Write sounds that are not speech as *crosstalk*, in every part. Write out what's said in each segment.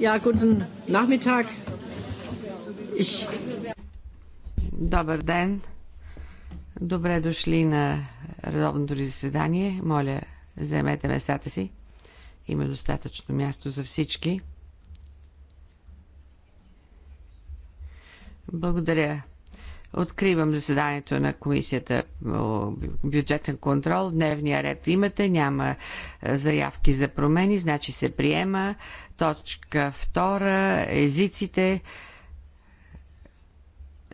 Ja, guten Nachmittag. Ich... Добър ден. Добре дошли на редовното ли заседание. Моля, заемете местата си. Има достатъчно място за всички. Благодаря Откривам заседанието на комисията бюджетен контрол. Дневния ред имате, няма е, заявки за промени, значи се приема. Точка втора, езиците.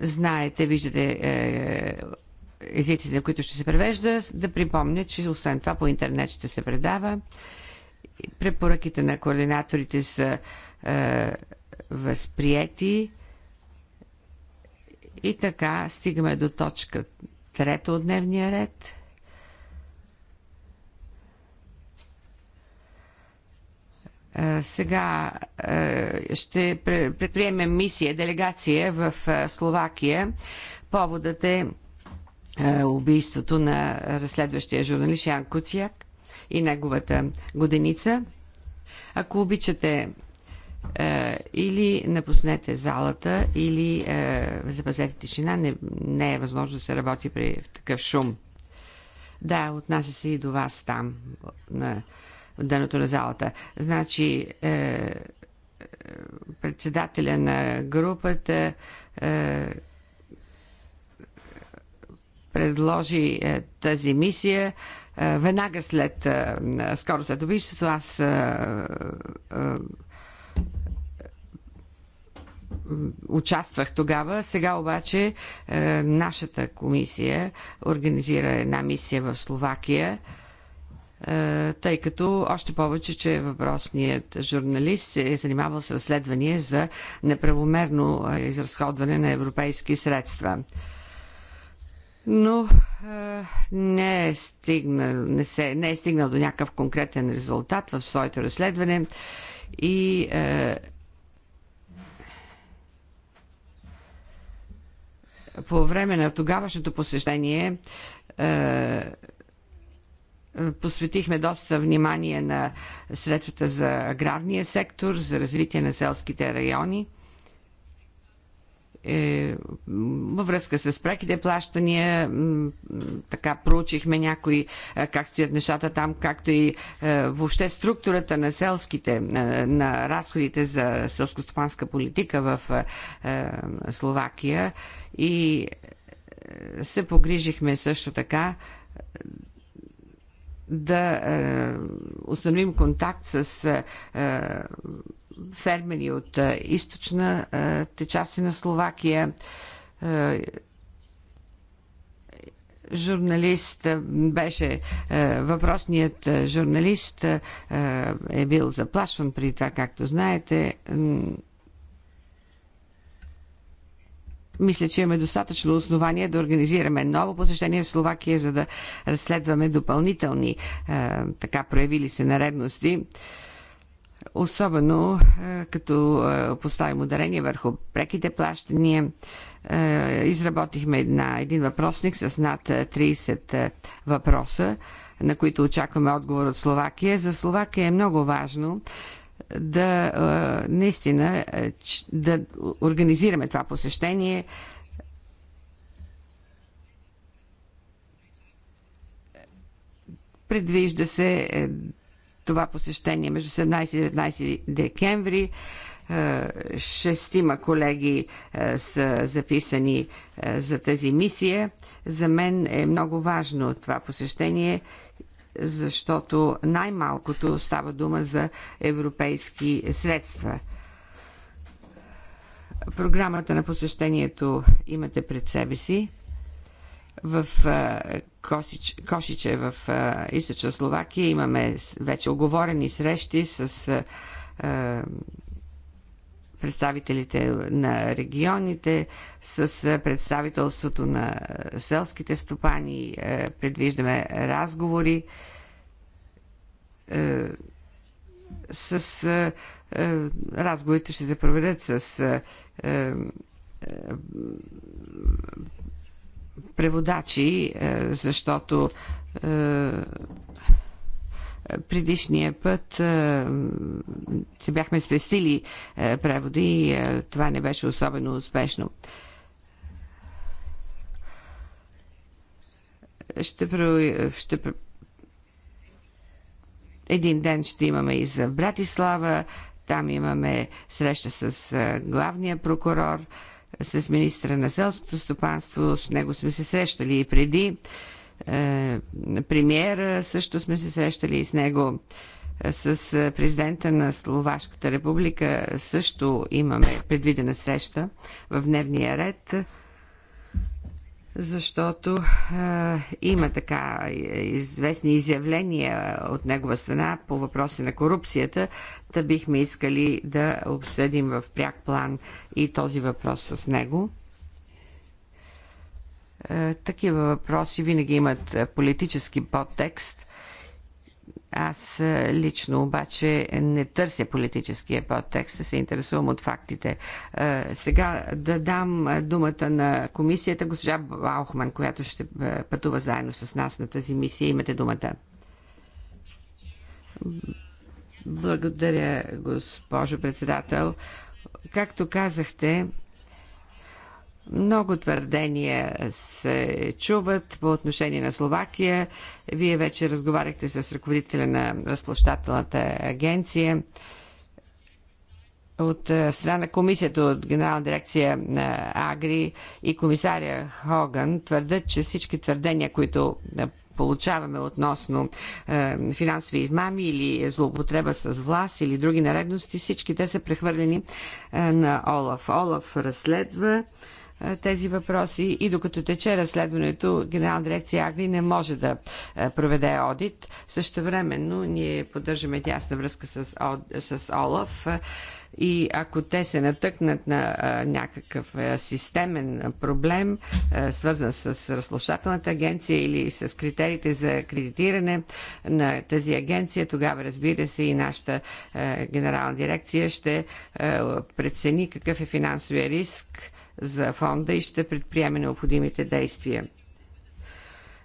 Знаете, виждате е, езиците, на които ще се превежда. Да припомня, че освен това по интернет ще се предава. Препоръките на координаторите са е, възприяти и така стигаме до точка трета от дневния ред. Сега ще предприемем мисия, делегация в Словакия. Поводът е убийството на разследващия журналист Ян Куцияк и неговата годеница. Ако обичате, е, или напуснете залата, или е, запазете тишина. Не, не е възможно да се работи при такъв шум. Да, отнася се и до вас там, на дъното на залата. Значи, е, е председателя на групата е, предложи е, тази мисия. Е, веднага след, е, скоро след убийството, аз е, е, участвах тогава. Сега обаче е, нашата комисия организира една мисия в Словакия, е, тъй като още повече, че въпросният журналист се е занимавал с разследвания за неправомерно е, изразходване на европейски средства но е, не, е стигнал, не, се, не е стигнал до някакъв конкретен резултат в своето разследване и е, По време на тогавашното посещение е, посветихме доста внимание на средствата за аграрния сектор, за развитие на селските райони е, във връзка с преките плащания, така проучихме някои е, как стоят нещата там, както и е, въобще структурата на селските, на, на разходите за селскостопанска политика в е, е Словакия. Е, и е, се погрижихме също така е, да е, установим контакт с е, е фермери от е, източна е, части на Словакия. Е, журналист беше е, въпросният журналист е, е бил заплашван при това, както знаете. Е, мисля, че имаме достатъчно основание да организираме ново посещение в Словакия, за да разследваме допълнителни е, така проявили се наредности. Особено е, като е, поставим ударение върху преките плащания, изработихме една, един въпросник с над 30 въпроса, на които очакваме отговор от Словакия. За Словакия е много важно да наистина да организираме това посещение. Предвижда се е, това посещение между 17 и 19 декември. Е, шестима колеги е, са записани за тази мисия. За мен е много важно това посещение защото най-малкото става дума за европейски средства. Програмата на посещението имате пред себе си в Косич, Кошиче в източна Словакия имаме вече оговорени срещи с представителите на регионите, с представителството на селските стопани. Е, предвиждаме разговори е, с е, разговорите ще се проведат с преводачи, защото Предишния път се бяхме спестили преводи и това не беше особено успешно. Ще, про... ще един ден ще имаме и за Братислава. Там имаме среща с главния прокурор, с министра на селското стопанство. С него сме се срещали и преди. Е, премиера. Също сме се срещали и с него. Е, с е, президента на Словашката република също имаме предвидена среща в дневния ред защото е, има така известни изявления от негова страна по въпроси на корупцията, да бихме искали да обсъдим в пряк план и този въпрос с него. Е, такива въпроси винаги имат е, политически подтекст. Аз е, лично обаче не търся политическия подтекст, се интересувам от фактите. Сега да дам думата на комисията госпожа Баухман, която ще пътува заедно с нас на тази мисия. Имате думата. Благодаря, госпожо председател. Както казахте, много твърдения се чуват по отношение на Словакия. Вие вече разговаряхте с ръководителя на разплащателната агенция. От страна на комисията от Генерална дирекция на Агри и комисаря Хоган твърдят, че всички твърдения, които получаваме относно е, финансови измами или злоупотреба с власт или други наредности, всички те са прехвърлени е, на Олаф. Олаф разследва. Е, е, тези въпроси и докато тече разследването, Генерална дирекция Агри не може да е, проведе одит. времено ние поддържаме тясна връзка с, с ОЛАФ е, и ако те се натъкнат на а, някакъв а, системен проблем, а, свързан с разлушателната агенция или с критериите за кредитиране на тази агенция, тогава разбира се и нашата а, генерална дирекция ще а, прецени какъв е финансовия риск за фонда и ще предприеме необходимите действия.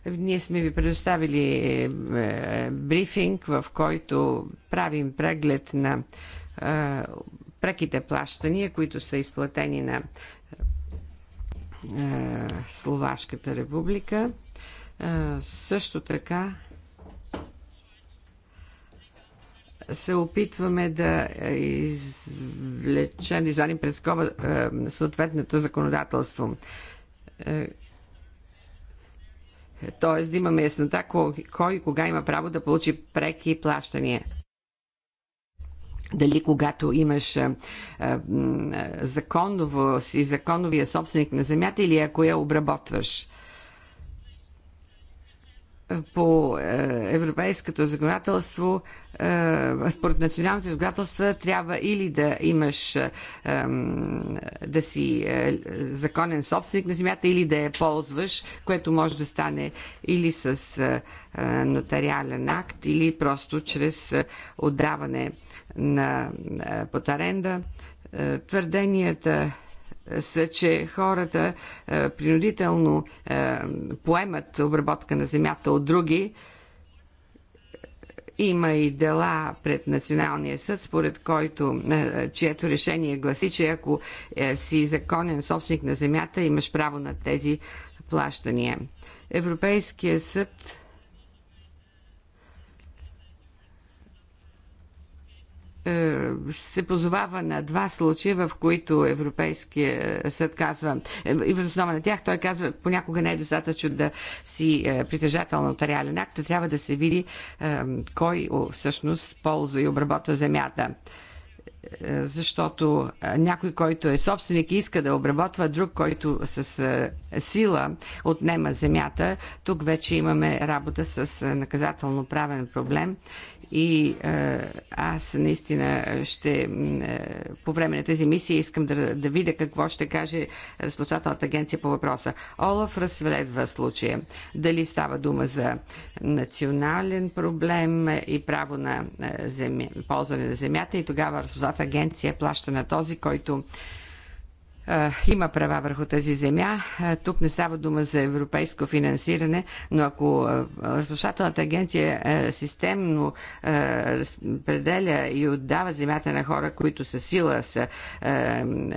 Ние сме ви предоставили е, е, брифинг, в който правим преглед на е, преките плащания, които са изплатени на Словашката република. Също така се опитваме да извлечем, извадим пред скоба е, съответното законодателство. Е, тоест да имаме яснота кой и кога има право да получи преки плащания дали когато имаш а, е, а, законово си законовия собственик на земята или ако я обработваш по е, европейското законодателство, е, според националните законодателства, трябва или да имаш да си е, законен собственик на земята, или да я ползваш, което може да стане или с нотариален акт, или просто чрез отдаване на под аренда. Твърденията са, че хората е, принудително е, поемат обработка на земята от други. Има и дела пред Националния съд, според който, е, чието решение гласи, че ако си законен собственик на земята, имаш право на тези плащания. Европейския съд Е, се позовава на два случая, в които Европейския съд казва, е, и въз основа на тях той казва, понякога не е достатъчно да си е, притежател на нотариален акт, трябва да се види кой всъщност ползва и обработва земята защото някой, който е собственик и иска да обработва друг, който с сила отнема земята, тук вече имаме работа с наказателно-правен проблем и аз наистина ще, по време на тези мисия, искам да, да видя какво ще каже разплащателната агенция по въпроса. Олаф разследва случая. Дали става дума за национален проблем и право на земя, ползване на земята и тогава разплащателната агенция плаща на този, който има права върху тази земя. Тук не става дума за европейско финансиране, но ако разплащателната агенция системно разпределя и отдава земята на хора, които със сила са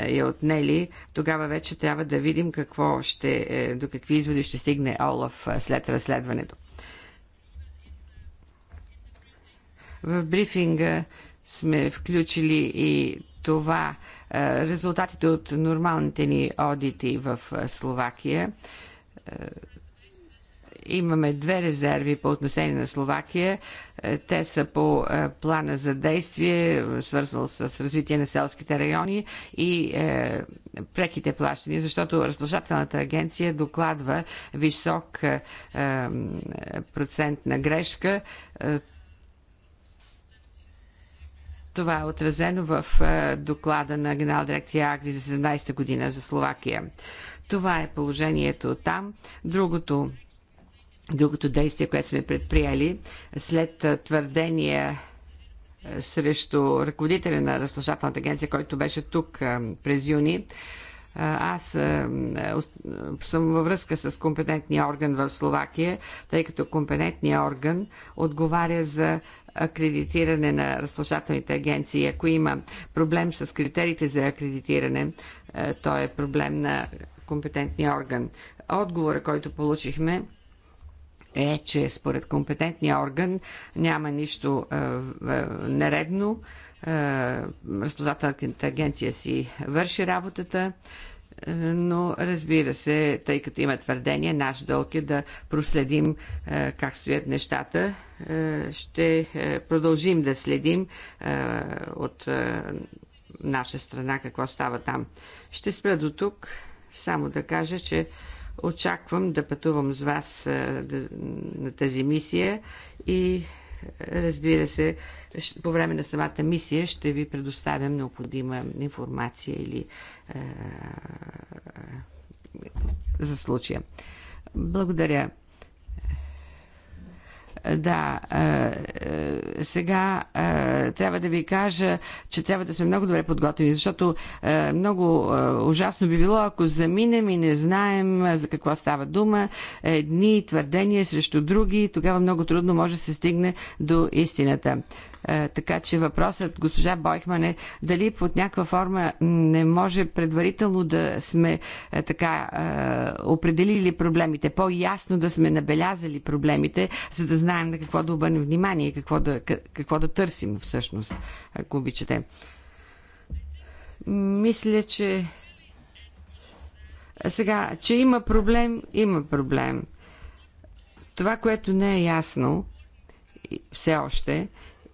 я отнели, тогава вече трябва да видим какво ще, е, до какви изводи ще стигне Олаф след разследването. В брифинга сме включили и това, е, резултатите от нормалните ни одити в е, Словакия. Е, имаме две резерви по отношение на Словакия. Те са по плана за действие, свързал с развитие на селските райони и преките плащания, защото разложателната агенция докладва висок процент на грешка това е отразено в е, доклада на генерал дирекция Агди за 17-та година за Словакия. Това е положението там. Другото, другото действие, което сме предприели след е, твърдение е, срещу ръководителя на разплащателната агенция, който беше тук през юни, аз съм във връзка с компетентния орган в Словакия, тъй като компетентния орган отговаря за акредитиране на разплащателните агенции. Ако има проблем с критериите за акредитиране, е, то е проблем на компетентния орган. Отговора, който получихме, е, че според компетентния орган няма нищо е, е, нередно. Е, Разплодателната агенция си върши работата. Е, е, но разбира се, тъй като има твърдение, наш дълг е да проследим е, как стоят нещата. Е, ще продължим да следим от наша страна какво става там. Ще спра до тук, само да кажа, че очаквам да пътувам с вас на тази мисия и Разбира се, по време на самата мисия ще ви предоставям необходима информация или е, за случая. Благодаря. Да, е, е, сега е, трябва да ви кажа, че трябва да сме много добре подготвени, защото много ужасно би било, ако заминем и не знаем за какво става дума, едни твърдения срещу други, тогава много трудно може да се стигне до истината. Е, така че въпросът, госпожа Бойхман, е дали под някаква форма не може предварително да сме е, така е, определили проблемите, по-ясно да сме набелязали проблемите, за да знаем на какво да обърнем внимание и какво да, какво да търсим всъщност, ако обичате. Мисля, че сега, че има проблем, има проблем. Това, което не е ясно все още,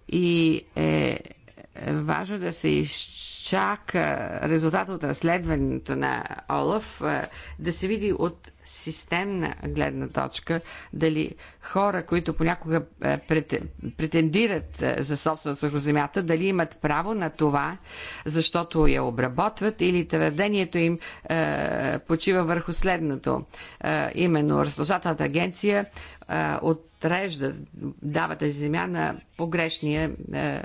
и е, е важно да се изчака резултата от разследването на Олаф, е, да се види от системна гледна точка, дали хора, които понякога е, претендират е, за собственост върху земята, дали имат право на това, защото я обработват или твърдението им е, почива върху следното. Е, именно разложателната агенция е, отрежда, дава тази земя на погрешния е,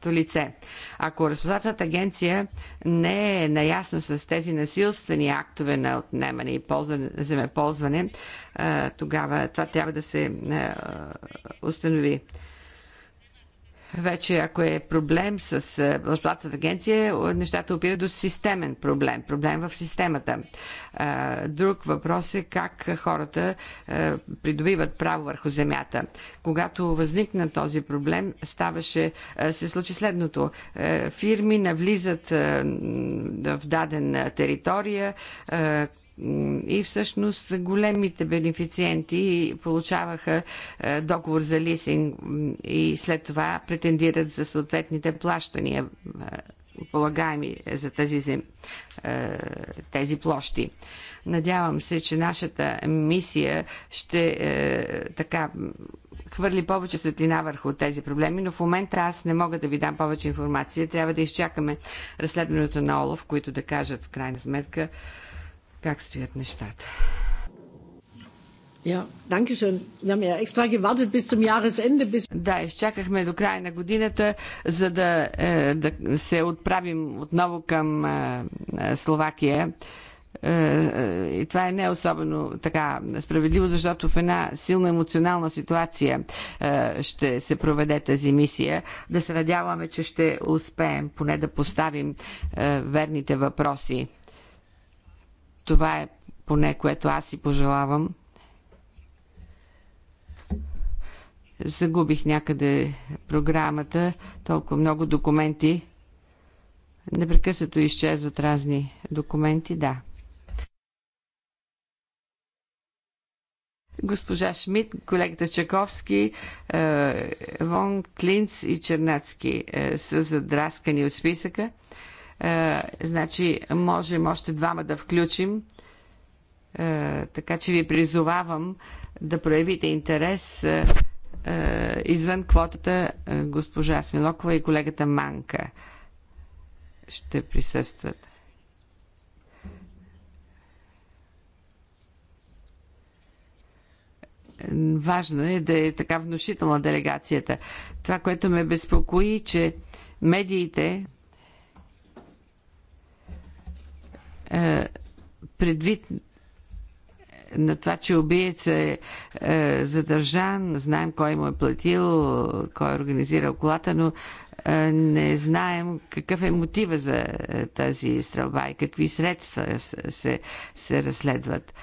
то лице. Ако разпознателната агенция не е наясно с тези насилствени актове на отнемане и ползване, време ползване, тогава това трябва да се установи вече ако е проблем с възплатната агенция, нещата опират до системен проблем, проблем в системата. Друг въпрос е как хората придобиват право върху земята. Когато възникна този проблем, ставаше, се случи следното. Фирми навлизат в даден територия, и всъщност големите бенефициенти получаваха е, договор за лисинг и след това претендират за съответните плащания е, полагаеми за тази, е, тези площи. Надявам се, че нашата мисия ще така хвърли повече светлина върху тези проблеми, но в момента аз не мога да ви дам повече информация. Трябва да изчакаме разследването на Олов, които да кажат в крайна сметка как стоят нещата. Ja, danke schön. Wir haben ja extra gewartet bis zum Jahresende. Bis... Да, изчакахме до края на годината, за да, е, да се отправим отново към е, е, Словакия. Е, е, и това е не особено така справедливо, защото в една силна емоционална ситуация е, ще се проведе тази мисия. Да се надяваме, че ще успеем поне да поставим верните въпроси. Това е поне което аз си пожелавам. Загубих някъде програмата, толкова много документи. Непрекъснато изчезват разни документи, да. госпожа Шмидт, колегата Чаковски, е, Вон Клинц и Чернацки е, са задраскани от списъка. Е, значи, можем още двама да включим. Е, така че ви призовавам да проявите интерес е, е, извън квотата е, госпожа Смилокова и колегата Манка ще присъстват. Важно е да е така внушителна делегацията. Това, което ме безпокои, че медиите Е, предвид на това, че убиец е, е задържан, знаем кой му е платил, кой е организирал колата, но е, не знаем какъв е мотива за е, тази стрелба и какви средства се, се, се разследват.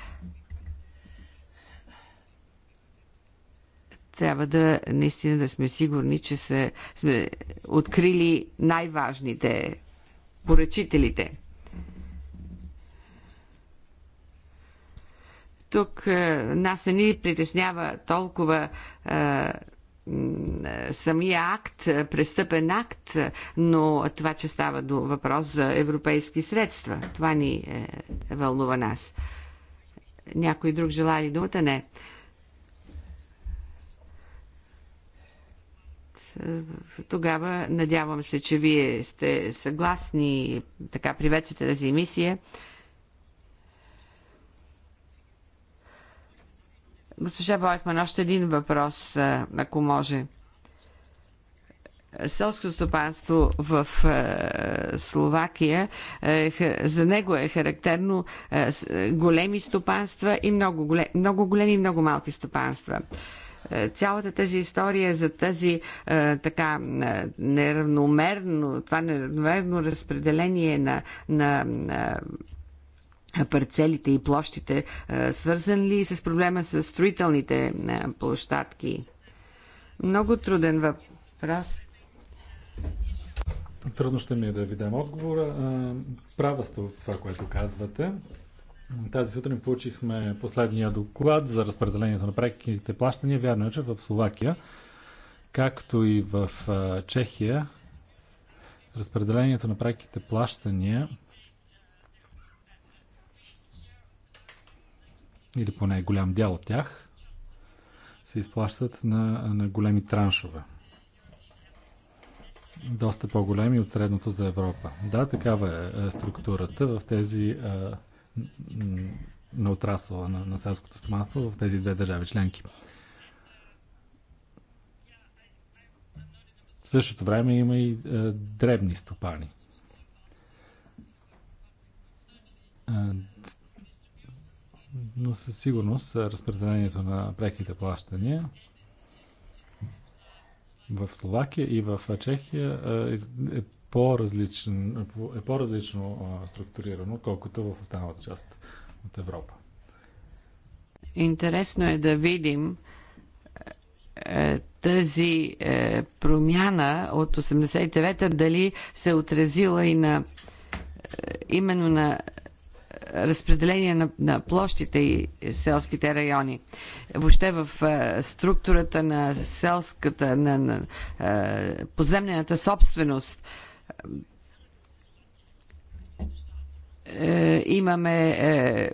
Трябва да наистина да сме сигурни, че се, сме открили най-важните поръчителите. Тук е, нас не ни притеснява толкова е, самия акт, престъпен акт, но това, че става до въпрос за европейски средства, това ни е, вълнува нас. Някой друг желая ли думата? Не. Тогава надявам се, че вие сте съгласни, така приветствате тази емисия. Госпожа Бойтман, още един въпрос, е, ако може. Селското стопанство в е, Словакия, е, за него е характерно големи стопанства и много големи, много големи и много малки стопанства цялата тази история за тази е, така неравномерно, това неравномерно разпределение на, на, на парцелите и площите, свързан ли с проблема с строителните площадки? Много труден въпрос. Трудно ще ми е да ви дам отговора. Права сте в това, което казвате. Тази сутрин получихме последния доклад за разпределението на преките плащания. Вярно е, че в Словакия, както и в Чехия, разпределението на преките плащания или поне голям дял от тях, се изплащат на, на големи траншове. Доста по-големи от средното за Европа. Да, такава е, е структурата в тези а, е, на отрасъла на, на селското стоманство в тези две държави членки. В същото време има и а, е, дребни стопани но със сигурност разпределението на преките плащания в Словакия и в Чехия е, е по-различно, е по-различно структурирано, колкото в останалата част от Европа. Интересно е да видим е, е, тази промяна от 89-та дали се отразила и на именно на разпределение на, на площите и селските райони. Въобще в е, структурата на селската, на, на е, поземлената собственост е, имаме е,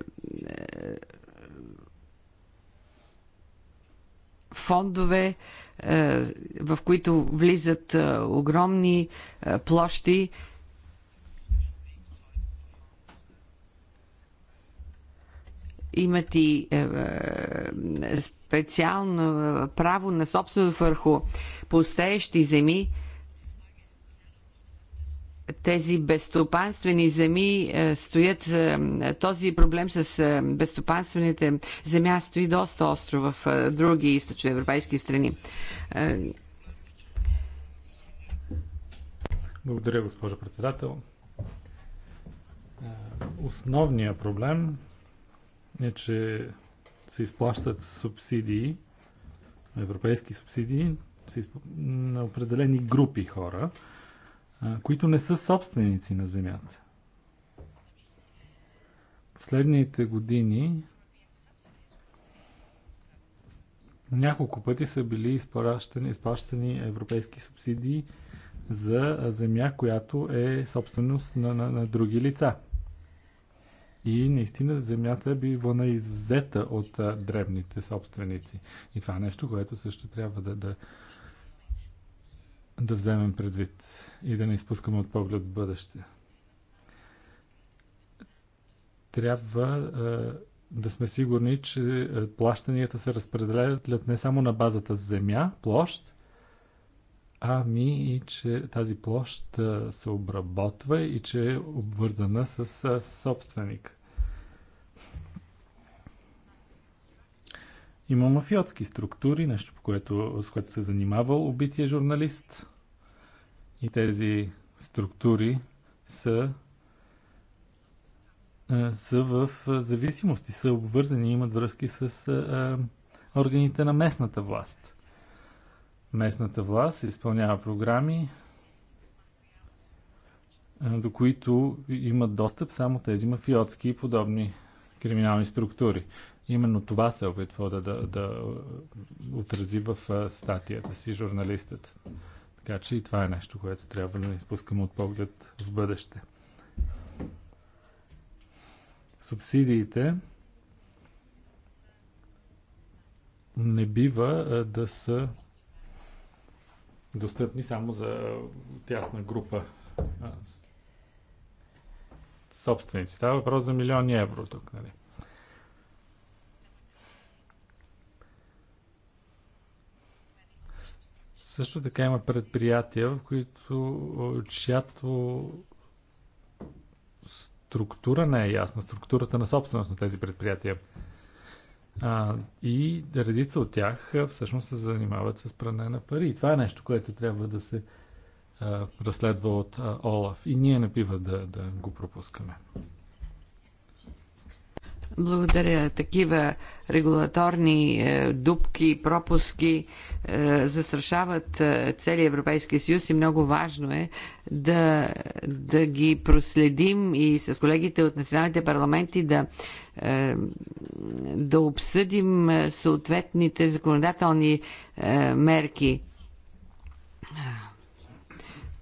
фондове, е, в които влизат е, огромни е, площи имат и е, е, специално е, право на собственост върху пустеещи земи, тези безстопанствени земи стоят, този проблем с безстопанствените земя стои доста остро в други източноевропейски страни. Благодаря, госпожо председател. Основният проблем е, че се изплащат субсидии, европейски субсидии, на определени групи хора, които не са собственици на земята. Последните години няколко пъти са били изплащани, изплащани европейски субсидии за земя, която е собственост на, на, на други лица и наистина земята бива иззета от а, древните собственици. И това е нещо, което също трябва да, да, да вземем предвид и да не изпускаме от поглед в бъдеще. Трябва а, да сме сигурни, че плащанията се разпределят не само на базата земя, площ, ами и че тази площ се обработва и че е обвързана с собственик. Има мафиотски структури, нещо, по което, с което се е занимавал убития журналист. И тези структури са, е, са в зависимости, са обвързани, имат връзки с е, органите на местната власт. Местната власт изпълнява програми, до които имат достъп само тези мафиотски и подобни криминални структури. Именно това се опитва да, да, да отрази в статията си журналистът. Така че и това е нещо, което трябва да не изпускаме от поглед в бъдеще. Субсидиите не бива да са достъпни само за тясна група собственици. Става въпрос за милиони евро тук. Нали? Също така има предприятия, в които чиято структура не е ясна, структурата на собственост на тези предприятия. А, и редица от тях всъщност се занимават с пране на пари. И това е нещо, което трябва да се а, разследва от а, Олаф. И ние не бива да, да го пропускаме. Благодаря. Такива регулаторни е, дупки, пропуски е, застрашават е, целия Европейски съюз и много важно е да, да ги проследим и с колегите от националните парламенти да, да обсъдим съответните законодателни мерки.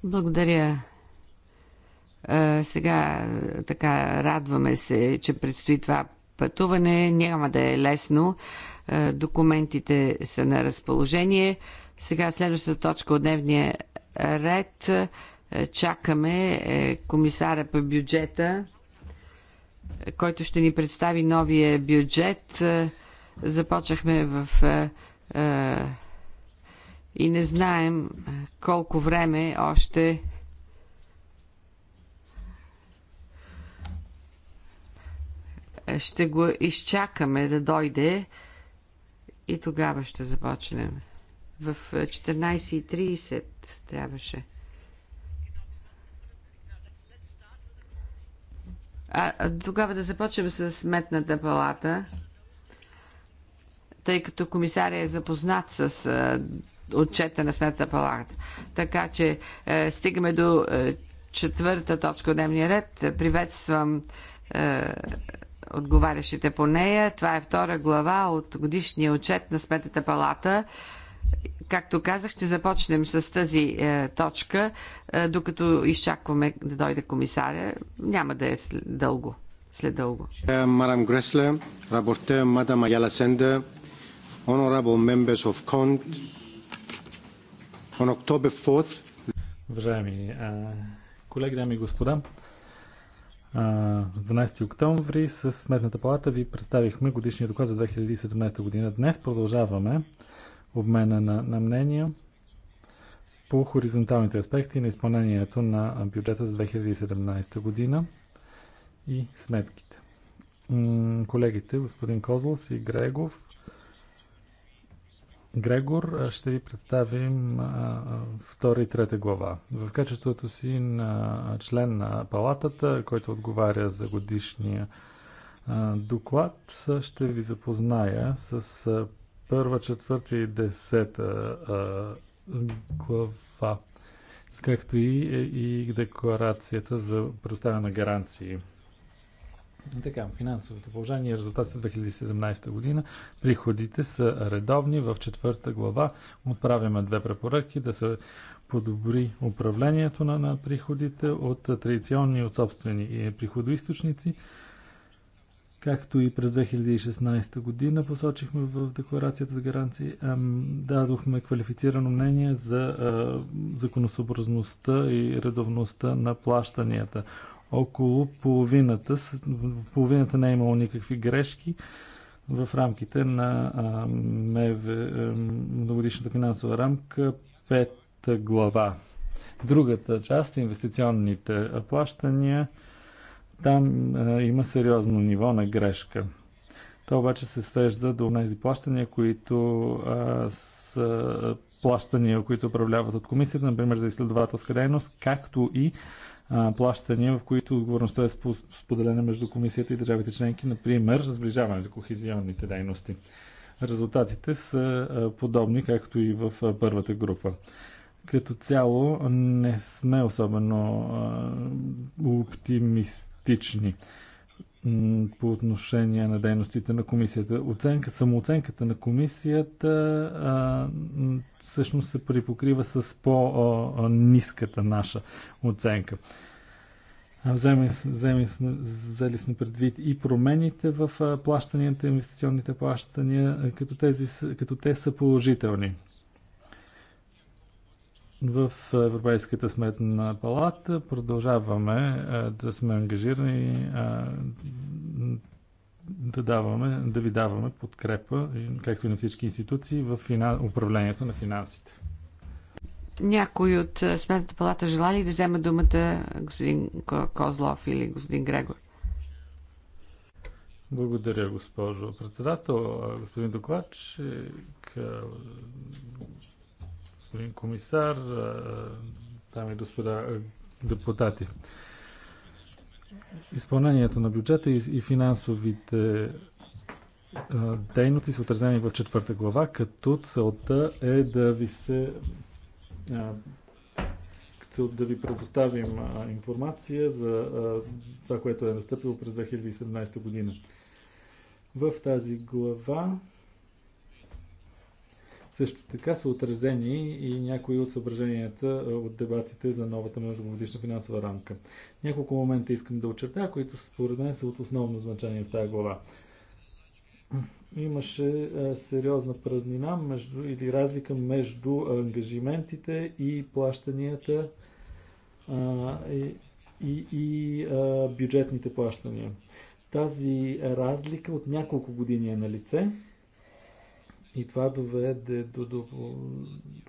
Благодаря. Сега така радваме се, че предстои това пътуване няма да е лесно. Е, документите са на разположение. Сега следващата точка от дневния ред. Е, чакаме е, комисара по бюджета, който ще ни представи новия бюджет. Започнахме в и не знаем колко време още Ще го изчакаме да дойде и тогава ще започнем. В 14.30 е, трябваше. А, тогава да започнем с сметната палата, тъй като комисария е запознат с а, е, отчета на сметната палата. Така че е, стигаме до е, четвърта точка от дневния ред. Приветствам е, отговарящите по нея. Това е втора глава от годишния отчет на Сметната палата. Както казах, ще започнем с тази е, точка, е, докато изчакваме да дойде комисаря. Няма да е дълго. След дълго. Е, Марам Гресле, рапорте, мадам Аяла Сенде, honorable members of CONT, on October 4th. Уважаеми е, колеги, дами и господа, 12 октомври с Сметната палата ви представихме годишния доклад за 2017 година. Днес продължаваме обмена на, на мнения по хоризонталните аспекти на изпълнението на бюджета за 2017 година и сметките. Колегите, господин Козлос и Грегов, Грегор ще ви представим втора и трета глава. В качеството си на член на палатата, който отговаря за годишния доклад, ще ви запозная с първа, четвърта и десета глава, както и, и декларацията за предоставяне на гаранции. Така, финансовото положение и резултатите 2017 година. Приходите са редовни. В четвърта глава отправяме две препоръки да се подобри управлението на, на приходите от традиционни и от собствени е, приходоисточници. Както и през 2016 година посочихме в декларацията за гаранции, дадохме квалифицирано мнение за законосъобразността и редовността на плащанията около половината. В половината не е имало никакви грешки в рамките на е, многодишната финансова рамка, пет глава. Другата част, инвестиционните плащания, там а, е, има сериозно ниво на грешка. То обаче се свежда до тези плащания, които а, са плащания, които управляват от комисията, например за изследователска дейност, както и плащания, в които отговорността е споделена между комисията и държавите членки, например, сближаване на кохезионните дейности. Резултатите са подобни, както и в първата група като цяло не сме особено оптимистични по отношение на дейностите на комисията. Оценка, самооценката на комисията а, всъщност се припокрива с по-ниската наша оценка. Вземи, вземи, взели сме предвид и промените в плащанията, инвестиционните плащания, като, тези, като те са положителни в Европейската сметна палата продължаваме е, да сме ангажирани е, да, даваме, да ви даваме подкрепа, както и на всички институции, в управлението на финансите. Някой от е, Сметната палата желали ли да взема думата господин Козлов или господин Грегор? Благодаря, госпожо председател. Господин докладчик, господин комисар, дами и господа депутати. Изпълнението на бюджета и финансовите дейности са отразени в четвърта глава, като целта е да ви се цел да ви предоставим информация за това, което е настъпило през 2017 година. В тази глава също така са отразени и някои от съображенията от дебатите за новата междугодишна финансова рамка. Няколко момента искам да очертая, които според мен са от основно значение в тази глава. Имаше сериозна празнина между, или разлика между ангажиментите и плащанията а, и, и, и а, бюджетните плащания. Тази разлика от няколко години е на лице и това доведе до, до,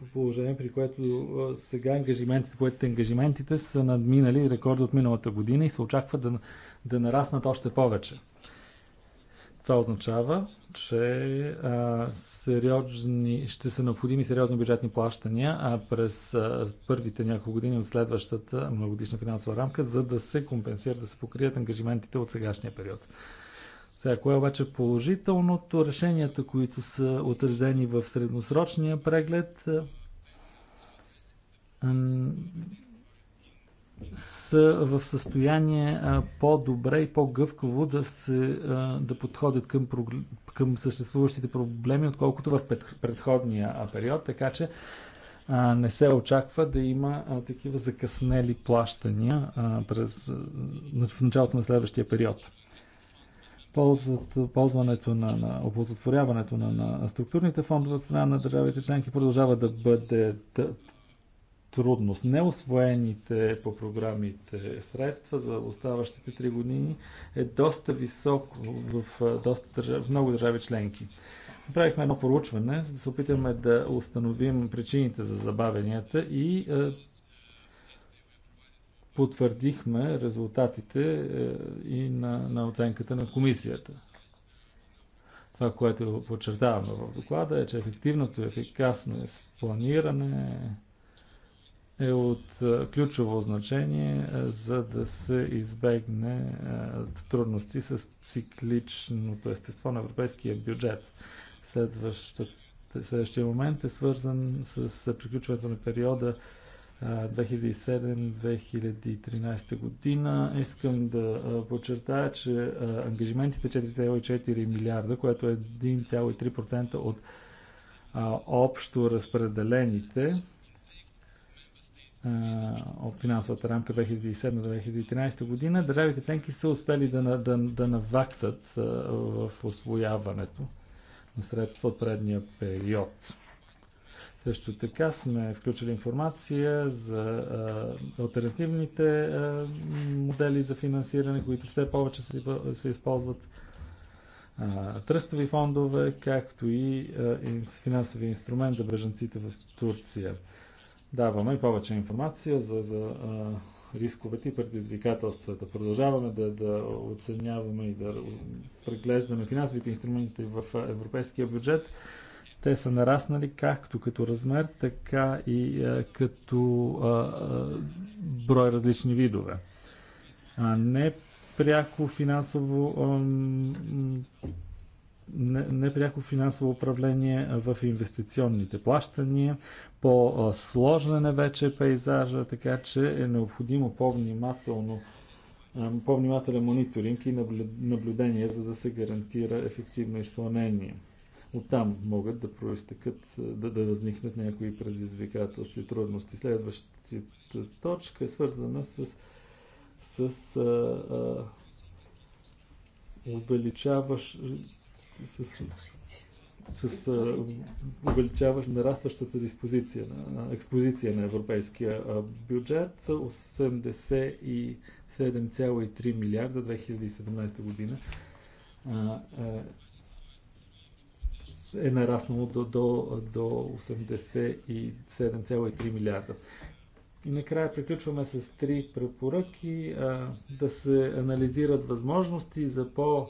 до положение, при което сега ангажиментите, поетите ангажиментите са надминали рекорда от миналата година и се очаква да, да нараснат още повече. Това означава, че а, сериозни, ще са необходими сериозни бюджетни плащания а през а, първите няколко години от следващата многодишна финансова рамка, за да се компенсира, да се покрият ангажиментите от сегашния период. Сега, кое е обаче положителното? Решенията, които са отразени в средносрочния преглед, е, са в състояние е, по-добре и по-гъвкаво да, се, да подходят към, към съществуващите проблеми, отколкото в предходния период, така че не се очаква да има такива закъснели плащания през, в началото на следващия период ползват, ползването на, на оползотворяването на, на структурните фондове от страна на държавите членки продължава да бъде трудност. Неосвоените по програмите средства за оставащите три години е доста висок в, в, доста в много държави членки. Направихме едно поручване, за да се опитаме да установим причините за забавенията и потвърдихме резултатите е, и на, на оценката на комисията. Това, което подчертаваме в доклада е, че ефективното и ефикасно планиране е от е, ключово значение, е, за да се избегне трудности с цикличното естество на европейския бюджет. Следващата, следващия момент е свързан с приключването на периода 2007-2013 година. Искам да подчертая, че ангажиментите 4,4 милиарда, което е 1,3% от общо разпределените от финансовата рамка 2007-2013 година, държавите членки са успели да, да, да наваксат в освояването на средства от предния период. Също така сме включили информация за а, альтернативните а, модели за финансиране, които все повече се, се използват. А, тръстови фондове, както и финансови инструмент за бежанците в Турция. Даваме повече информация за, за рисковете и предизвикателствата. Продължаваме да, да оценяваме и да преглеждаме финансовите инструменти в европейския бюджет те са нараснали както като размер, така и а, е, като а, е, а, е, брой различни видове. А не пряко финансово А, непряко не финансово управление в инвестиционните плащания, по-сложен е вече пейзажа, така че е необходимо по-внимателно по-внимателен мониторинг и наблюдение, за да се гарантира ефективно изпълнение. Оттам могат да проистекат, да, да възникнат някои предизвикателства и трудности. Следващата точка е свързана с, с а, а, увеличаваш с, с а, увеличаваш нарастващата диспозиция на, експозиция на европейския бюджет 87,3 милиарда 2017 година а, а, е нараснало до, до, до 87,3 милиарда. И накрая приключваме с три препоръки а, да се анализират възможности за по-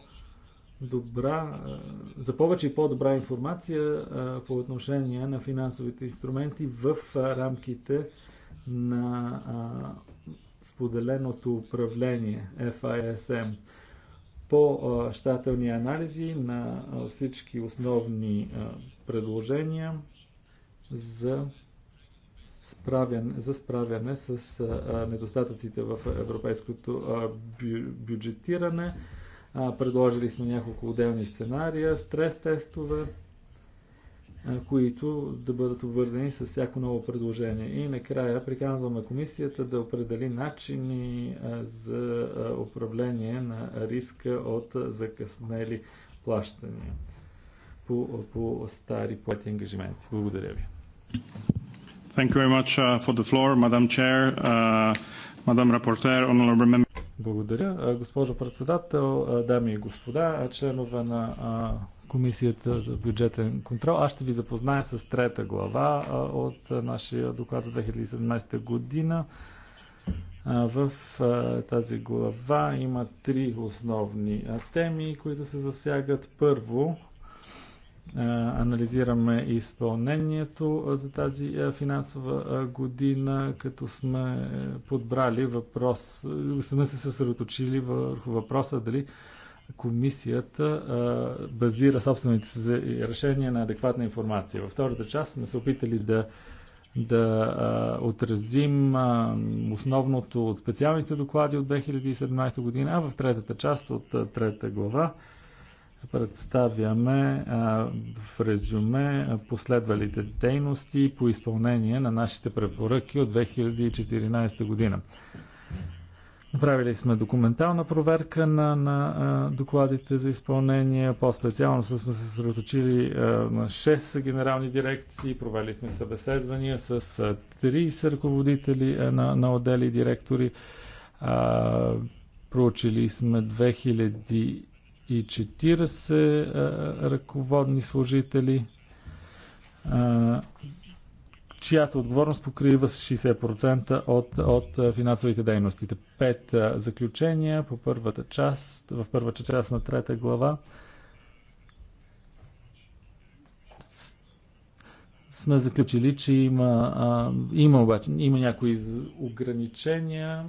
добра, за повече и по-добра информация по отношение на финансовите инструменти в рамките на споделеното управление FISM по-щателни анализи на всички основни предложения за справяне, за справяне с недостатъците в европейското бюджетиране. Предложили сме няколко отделни сценария, стрес тестове, които да бъдат обвързани с всяко ново предложение. И накрая приказваме комисията да определи начини за управление на риска от закъснели плащания по, по стари поети ангажименти. Благодаря ви. Thank you very much uh, for the floor, Madam Chair, uh, Madam Rapporteur, Honorable Member. Благодаря. Госпожо председател, дами и господа, членове на Комисията за бюджетен контрол. Аз ще ви запозная с трета глава от нашия доклад за 2017 година. В тази глава има три основни теми, които се засягат. Първо, анализираме изпълнението за тази финансова година, като сме подбрали въпрос, сме се съсредоточили върху въпроса дали комисията а, базира собствените си решения на адекватна информация. Във втората част сме се опитали да, да а, отразим а, основното от специалните доклади от 2017 година, а в третата част от а, трета глава представяме а, в резюме последвалите дейности по изпълнение на нашите препоръки от 2014 година. Направили сме документална проверка на, на а, докладите за изпълнение. По-специално сме се съсредоточили на 6 генерални дирекции. Провели сме събеседвания с 30 ръководители а, на, на отдели и директори. А, проучили сме 2040 а, ръководни служители. А, чиято отговорност покрива с 60% от, от финансовите дейности. Пет заключения по първата част, в първата част на трета глава. Сме заключили, че има, а, има обаче има някои ограничения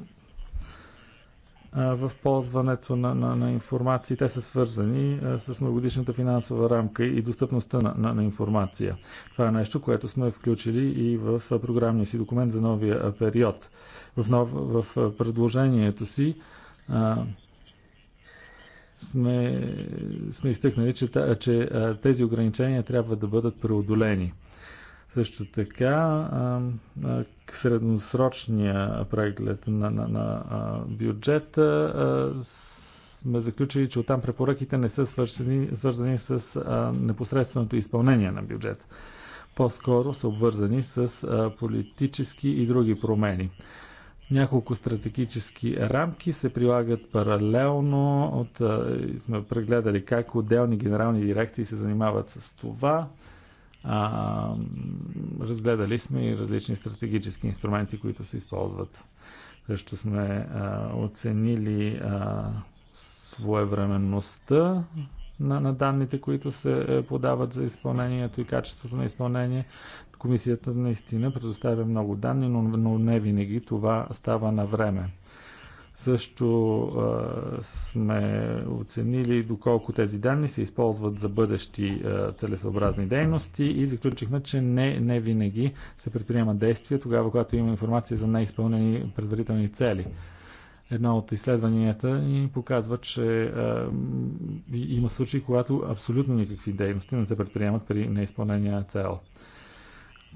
в ползването на, на, на информации. Те са свързани с многодишната финансова рамка и достъпността на, на, на информация. Това е нещо, което сме включили и в програмния си документ за новия период. В, нов, в предложението си а, сме, сме изтъкнали, че, че тези ограничения трябва да бъдат преодолени също така, средносрочния преглед на, на, на бюджета сме заключили, че оттам препоръките не са свързани, свързани с непосредственото изпълнение на бюджет, По-скоро са обвързани с политически и други промени. Няколко стратегически рамки се прилагат паралелно. От, сме прегледали как отделни генерални дирекции се занимават с това а, разгледали сме и различни стратегически инструменти, които се използват. Също сме а, оценили а, своевременността на, на данните, които се е, подават за изпълнението и качеството на изпълнение. Комисията наистина предоставя много данни, но, но не винаги това става на време. Също а, сме оценили доколко тези данни се използват за бъдещи а, целесообразни дейности и заключихме, че не, не винаги се предприема действие тогава, когато има информация за неизпълнени предварителни цели. Едно от изследванията ни показва, че а, има случаи, когато абсолютно никакви дейности не се предприемат при неизпълнение на цел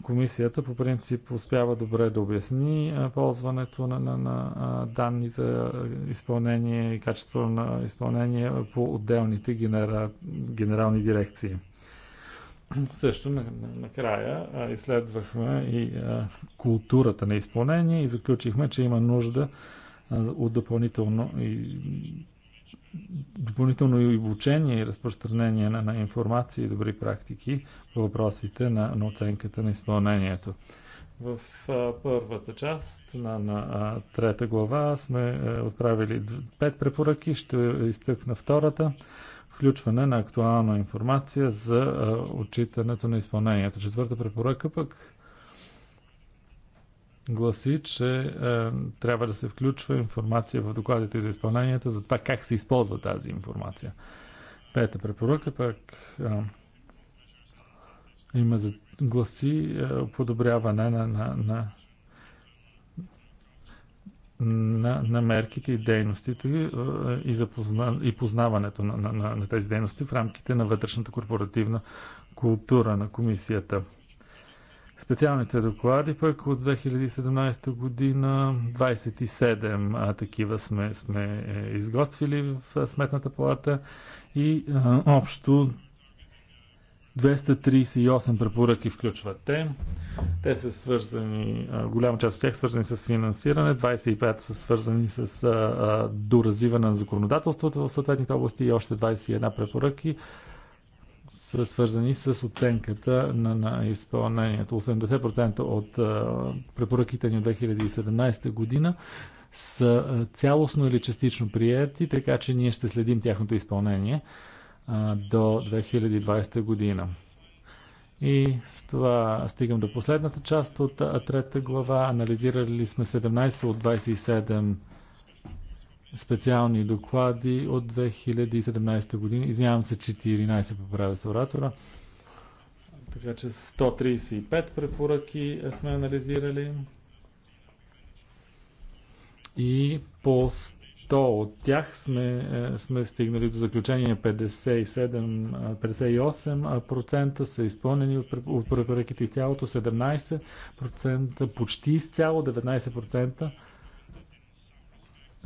комисията по принцип успява добре да обясни ползването на, на, на данни за изпълнение и качество на изпълнение по отделните генера, генерални дирекции. Също накрая на, на изследвахме и а, културата на изпълнение и заключихме, че има нужда а, от допълнително и допълнително и обучение и разпространение на, на информация и добри практики по въпросите на, на оценката на изпълнението. В а, първата част на, на а, трета глава сме а, е, отправили пет препоръки, ще изтъкна втората включване на актуална информация за а, отчитането на изпълнението. Четвърта препоръка пък гласи, че е, трябва да се включва информация в докладите за изпълненията за това как се използва тази информация. Пета препоръка пък е, има за гласи е, подобряване на, на, на, на, на мерките и дейностите е, и, запозна, и познаването на, на, на, на тези дейности в рамките на вътрешната корпоративна култура на комисията. Специалните доклади пък от 2017 година 27 а, такива сме, сме е, изготвили в Сметната палата и а, общо 238 препоръки включват те. Те са свързани, голяма част от тях свързани с финансиране, 25 са свързани с а, а, доразвиване на законодателството в съответните области и още 21 препоръки са свързани с оценката на, на изпълнението. 80% от а, препоръките ни от 2017 година са цялостно или частично приети, така че ние ще следим тяхното изпълнение а, до 2020 година. И с това стигам до последната част от трета глава. Анализирали сме 17 от 27 специални доклади от 2017 година. Извинявам се, 14 поправя се оратора. Така че 135 препоръки сме анализирали. И по 100 от тях сме, е, сме стигнали до заключение 57-58% е, са изпълнени от препоръките изцялото, 17% почти изцяло, 19%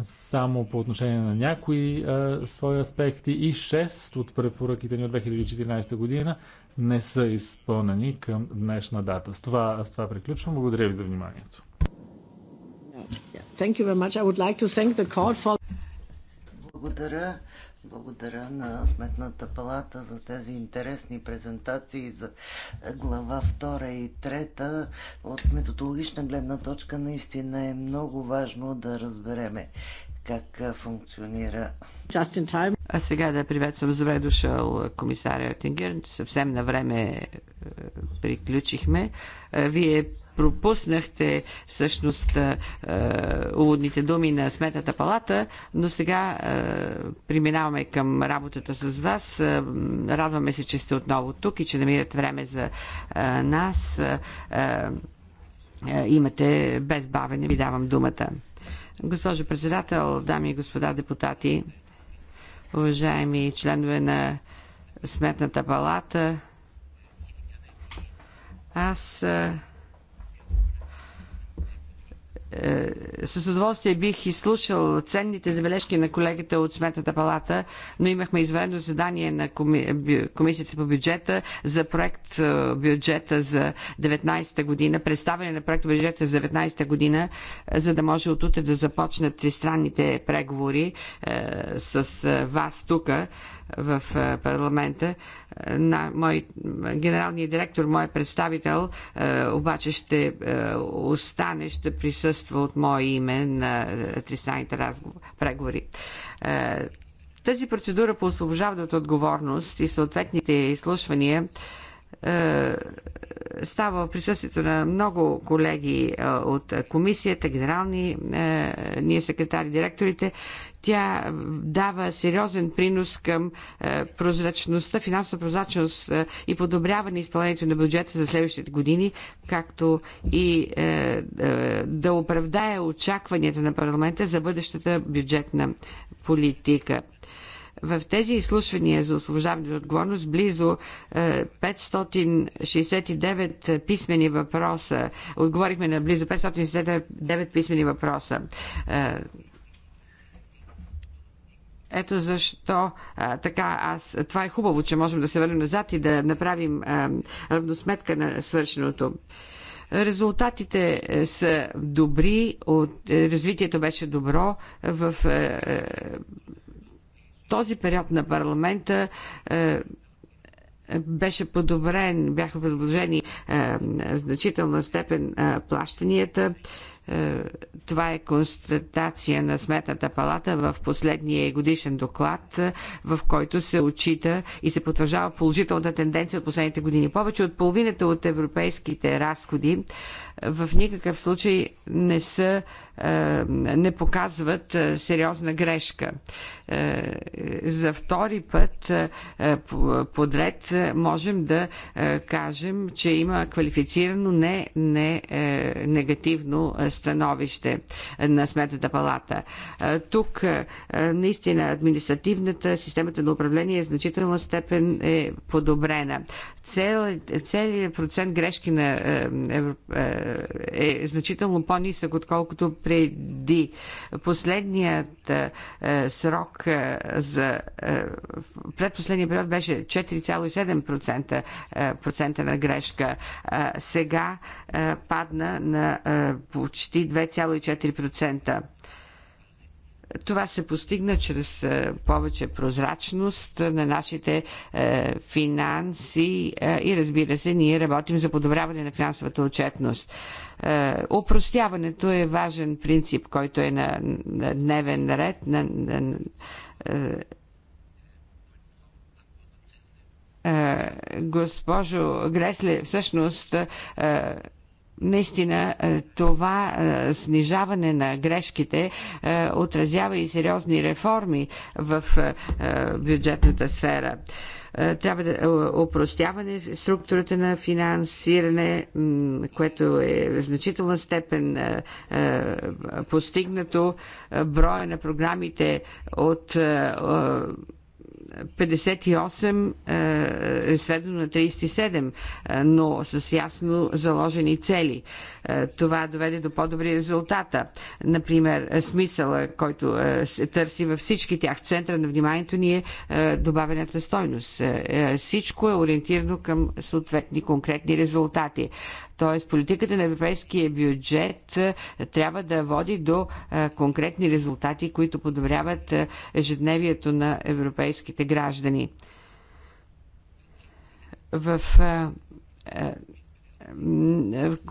само по отношение на някои а, свои аспекти и 6 от препоръките ни от 2014 година не са изпълнени към днешна дата. С това, с това приключвам. Благодаря ви за вниманието. Благодаря. Благодаря на Сметната палата за тези интересни презентации за глава 2 и 3. От методологична гледна точка наистина е много важно да разбереме как функционира. А сега да приветствам с добре дошъл комисаря Тингер. Съвсем на време е, приключихме. Е, вие пропуснахте всъщност е, уводните думи на Сметната палата, но сега е, преминаваме към работата с вас. Радваме се, че сте отново тук и че намирате време за е, нас. Е, е, имате без Ви давам думата. Госпожо председател, дами и господа депутати, уважаеми членове на Сметната палата, аз е, с удоволствие бих изслушал ценните забележки на колегата от Сметната палата, но имахме извънредно задание на коми... Комисията по бюджета за проект е, бюджета за 19-та година, представяне на проект бюджета за 19-та година, за да може от утре да започнат тристранните преговори е, с е, вас тук в парламента. Е, на мой е, генералния директор, мой представител, е, обаче ще остане, ще присъства от мое име на тристранните преговори. Тази процедура по освобождаване от отговорност и съответните изслушвания става в присъствието на много колеги от комисията, генерални ние секретари, директорите тя дава сериозен принос към е, прозрачността, финансова прозрачност е, и подобряване изпълнението на бюджета за следващите години, както и е, да оправдае очакванията на парламента за бъдещата бюджетна политика. В тези изслушвания за освобождаване от отговорност близо 569 писмени въпроса. Отговорихме на близо 569 писмени въпроса ето защо а, така аз. Това е хубаво, че можем да се върнем назад и да направим а, равносметка на свършеното. Резултатите е, са добри, от, е, развитието беше добро в А, е, този период на парламента. Е, беше подобрен, бяха предложени е, в значителна степен е, плащанията. Е, е, това е констатация на Сметната палата в последния годишен доклад, е, в който се отчита и се потвърждава положителната тенденция от последните години. Повече от половината от европейските разходи в никакъв случай не са е, не показват е, сериозна грешка. Е, за втори път подред можем да кажем, че има квалифицирано не, не негативно становище на Сметната палата. Тук наистина административната системата на управление е значителна степен е подобрена. Цел, целият процент грешки на е значително по-нисък, отколкото преди. Последният е, срок е, за е, предпоследния период беше 4,7% процента на грешка. Сега падна на почти 2,4%. Това се постигна чрез е, повече прозрачност на нашите е, финанси е, и разбира се, ние работим за подобряване на финансовата отчетност. Опростяването е важен принцип, който е на дневен ред, на, на, госпожо Гресле, всъщност наистина е, това е, снижаване на грешките е, отразява и сериозни реформи в бюджетната сфера трябва да опростяване структурата на финансиране, което е в значителна степен постигнато. Броя на програмите от 58 е, е сведено на 37, е, но с ясно заложени цели. Е, това доведе до по-добри резултата. Например, е, смисъла, който е, се търси във всички тях. В центъра на вниманието ни е добавената стойност. Всичко е ориентирано към съответни конкретни резултати. Тоест, политиката на европейския бюджет трябва да води до конкретни резултати, които подобряват ежедневието на европейските граждани. В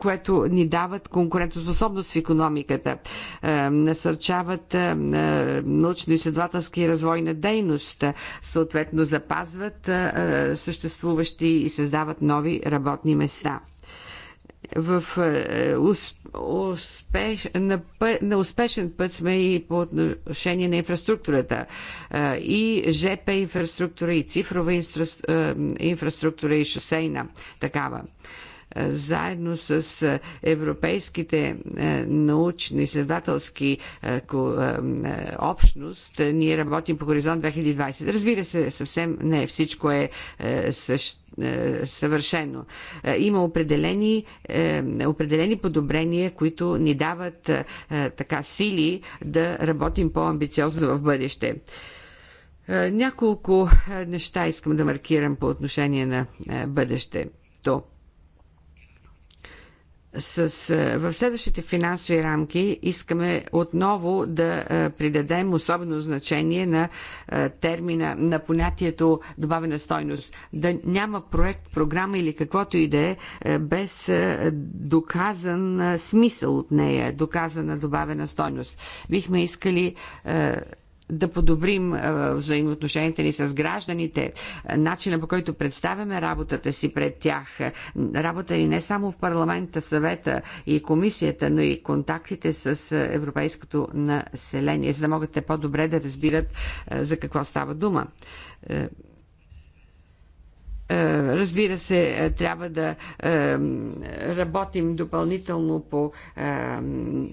което ни дават конкурентоспособност в економиката, е, насърчават е, е, научно-изследователски развой на дейност, съответно запазват съществуващи и създават нови работни места в успеш, на, пъ, на успешен път сме и по отношение на инфраструктурата. И ЖП инфраструктура, и цифрова инфраструктура, и шосейна такава. Е, заедно с е, европейските е, научно изследователски общност, ние работим по Хоризонт 2020. Разбира се, съвсем не всичко е същ съвършено. Има определени, определени подобрения, които ни дават така сили да работим по-амбициозно в бъдеще. Няколко неща искам да маркирам по отношение на бъдещето с, е, в следващите финансови рамки искаме отново да е, придадем особено значение на е, термина, на понятието добавена стойност. Да няма проект, програма или каквото и да е, без доказан смисъл от нея, доказана добавена стойност. Бихме искали да подобрим взаимоотношенията ни с гражданите, начина по който представяме работата си пред тях, работа ни не само в парламента, съвета и комисията, но и контактите с европейското население, за да могат те по-добре да разбират за какво става дума. Е, е, разбира се, е, трябва да е, работим допълнително по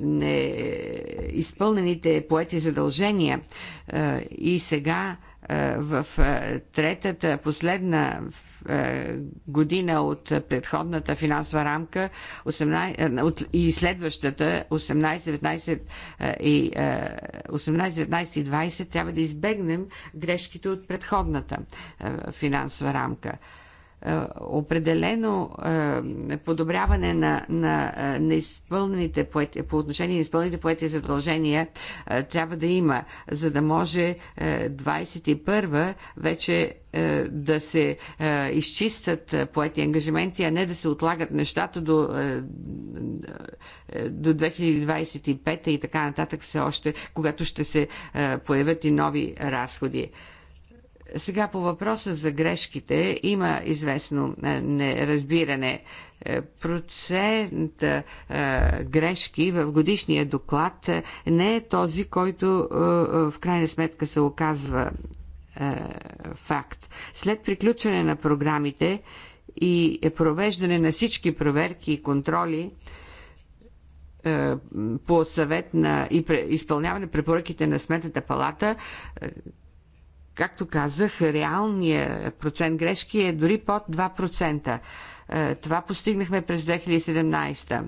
неизпълнените поети задължения. И сега в третата, последна е, година от предходната финансова рамка 18, е, и следващата 18-19 е, и 18-19 и 20 трябва да избегнем грешките от предходната финансова рамка. Е, определено е, подобряване на, на, е, на изпълнените поети, по отношение на изпълнените поети задължения трябва да има, за да може 21 вече да се изчистят поети ангажименти, а не да се отлагат нещата до, до 2025 и така нататък все още, когато ще се появят и нови разходи. Сега по въпроса за грешките има известно е, неразбиране. Е, процент е, грешки в годишния доклад не е този, който в крайна сметка се оказва факт. След приключване на програмите и провеждане на всички проверки и контроли, по съвет на и изпълняване препоръките на Сметната палата, Както казах, реалният процент грешки е дори под 2%. Е, това постигнахме през 2017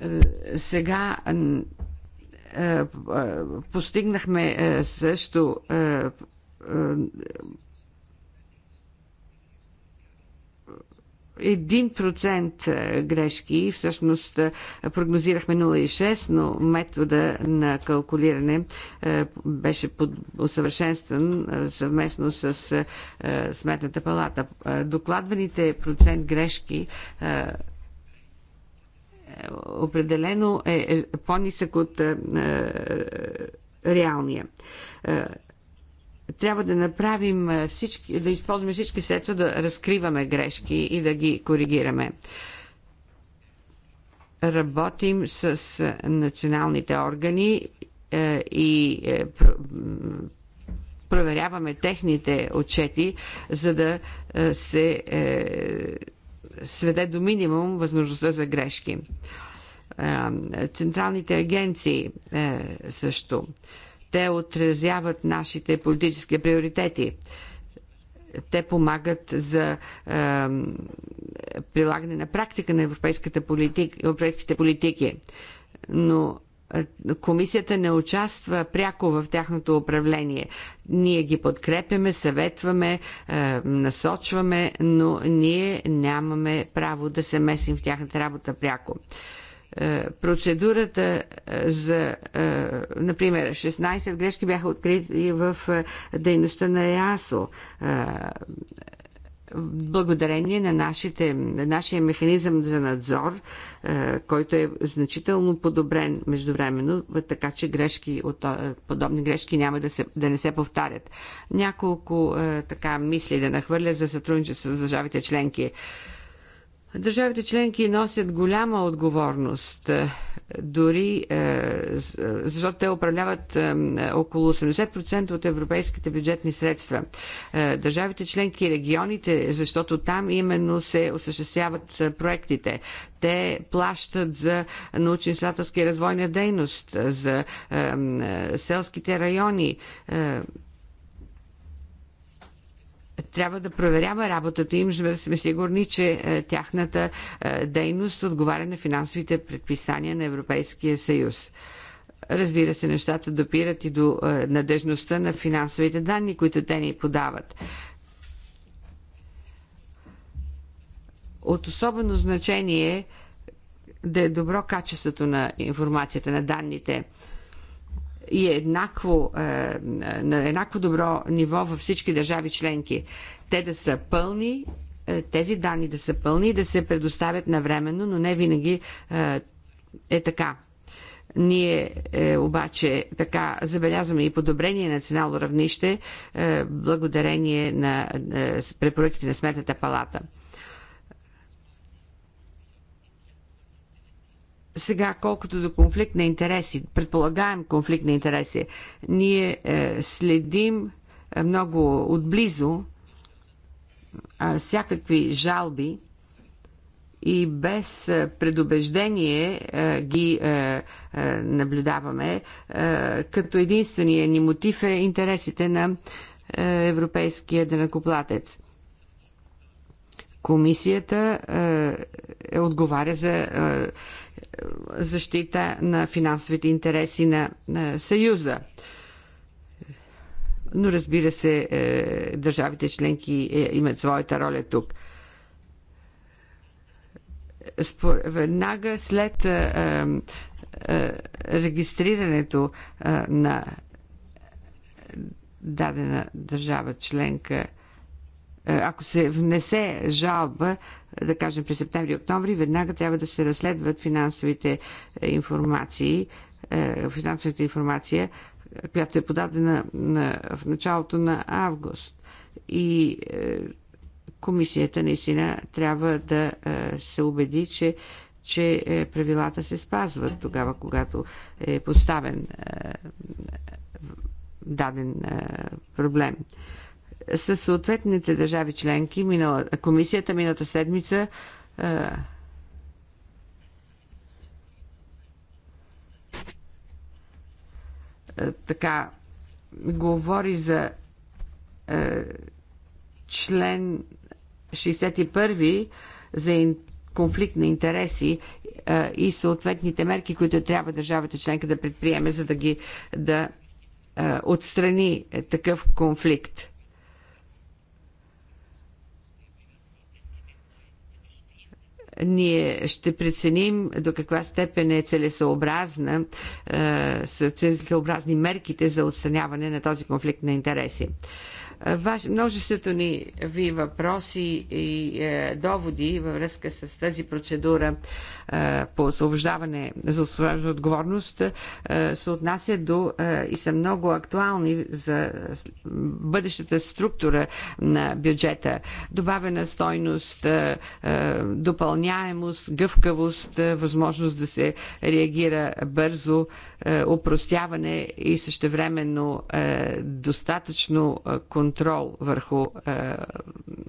е, сега е, постигнахме също 1% е, грешки, всъщност е, прогнозирахме 0,6, но метода на калкулиране е, беше усъвършенстван съвместно с Сметната палата. Докладваните процент грешки определено е по-нисък от реалния трябва да направим всички, да използваме всички средства да разкриваме грешки и да ги коригираме. Работим с националните органи и е, проверяваме техните отчети, за да се е, сведе до минимум възможността за грешки. Централните агенции е, също. Те отразяват нашите политически приоритети те помагат за е, прилагане на практика на европейската политик, европейските политики. Но комисията не участва пряко в тяхното управление. Ние ги подкрепяме, съветваме, е, насочваме, но ние нямаме право да се месим в тяхната работа пряко. Е, процедурата е, за, е, например, 16 грешки бяха открити в дейността на ЕАСО благодарение на нашите, нашия механизъм за надзор, който е значително подобрен междувременно, така че грешки от, подобни грешки няма да, се, да не се повтарят. Няколко така мисли да нахвърля за сътрудничество с държавите членки. Държавите членки носят голяма отговорност, е, дори е, е, защото те управляват около 80% от европейските бюджетни средства. Държавите членки и регионите, защото там именно се осъществяват проектите. Те плащат за научно-изследователска и развойна дейност, за селските райони, трябва да проверява работата им, за да сме сигурни, че е, тяхната е, дейност отговаря на финансовите предписания на Европейския съюз. Разбира се, нещата допират и до е, надежността на финансовите данни, които те ни подават. От особено значение е да е добро качеството на информацията, на данните и е еднакво, на еднакво добро ниво във всички държави членки. Те да са пълни, е, тези данни да са пълни и да се предоставят навременно, но не винаги е, е така. Ние е, обаче така забелязваме и подобрение на национално равнище е, благодарение на е, препоръките на Сметната палата. Сега, колкото до конфликт на интереси, предполагаем конфликт на интереси, ние е, следим е, много отблизо е, всякакви жалби и без е, предубеждение е, ги е, наблюдаваме, като единствения ни мотив е интересите на европейския денакоплатец. Комисията е, е, отговаря за е, защита на финансовите интереси на, на Съюза. Но разбира се, е, държавите членки е, имат своята роля тук. Спор, веднага след е, е, е регистрирането е, на дадена държава членка е, ако се внесе жалба, да кажем през септември-октомври, веднага трябва да се разследват финансовите е, информации, е, финансовата информация, която е подадена в началото на август. И комисията наистина трябва да се убеди, че че правилата се спазват тогава, когато е поставен даден проблем с съответните държави членки. Минала, комисията миналата седмица а, а, така говори за а, член 61 за ин, конфликт на интереси а, и съответните мерки, които трябва държавата членка да предприеме, за да ги да отстрани такъв конфликт ние ще преценим до каква степен е целесообразна, е, са целесообразни мерките за отстраняване на този конфликт на интереси. Е, ваш, множеството ни ви въпроси и е, доводи във връзка с тази процедура е, по освобождаване за освобождаване отговорност е, се отнасят до е, и са много актуални за бъдещата структура на бюджета. Добавена стойност, е, е, допълняемост, гъвкавост, е, възможност да се реагира бързо. Е, опростяване е, и същевременно е, достатъчно е, контрол върху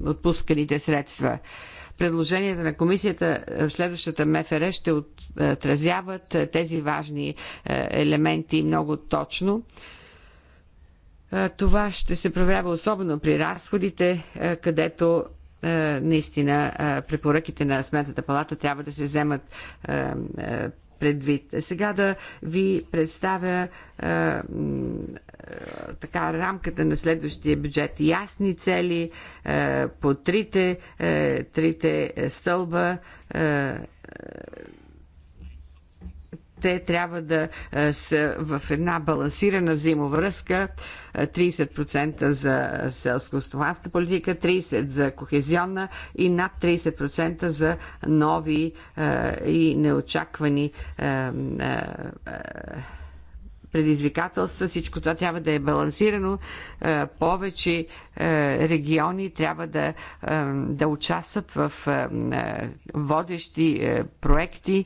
отпусканите средства предложенията на комисията в следващата МФР ще отразяват тези важни елементи много точно. Това ще се проверява особено при разходите, където наистина препоръките на Сметната палата трябва да се вземат предвид. Сега да ви представя е, е, така рамката на следващия бюджет. Ясни цели е, по трите, е, трите стълба. Е, те трябва да е, са в една балансирана взаимовръзка 30% е, за селско стоманска политика, 30% за кохезионна и над 30% за нови е, и неочаквани предизвикателства. Всичко това трябва да е балансирано. Повече региони трябва да, да участват в водещи проекти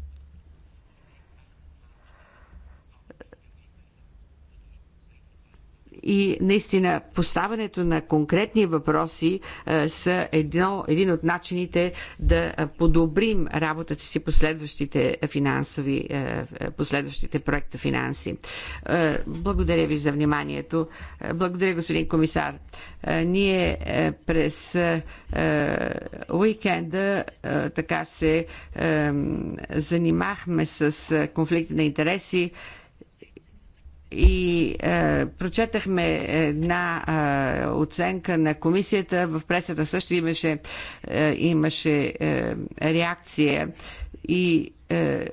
и наистина поставането на конкретни въпроси е, са едно, един от начините да е, подобрим работата си последващите финансови, по е, последващите проекта финанси. благодаря ви за вниманието. Благодаря, господин комисар. Ние през уикенда така се занимахме с конфликт на интереси и е, прочетахме една е, оценка на комисията. В пресата също имаше, е, имаше е, реакция и е,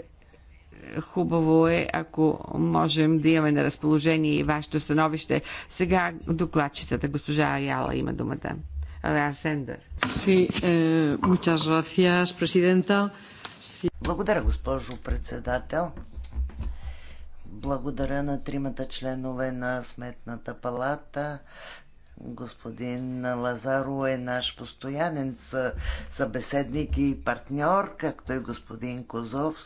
хубаво е, ако можем да имаме на разположение и вашето становище. Сега докладчицата, госпожа Аяла, има думата. Алеа Сендър. Sí, е, eh, sí. Благодаря, госпожо председател. Благодаря на тримата членове на Сметната палата. Господин Лазаро е наш постоянен събеседник и партньор, както и господин Козов.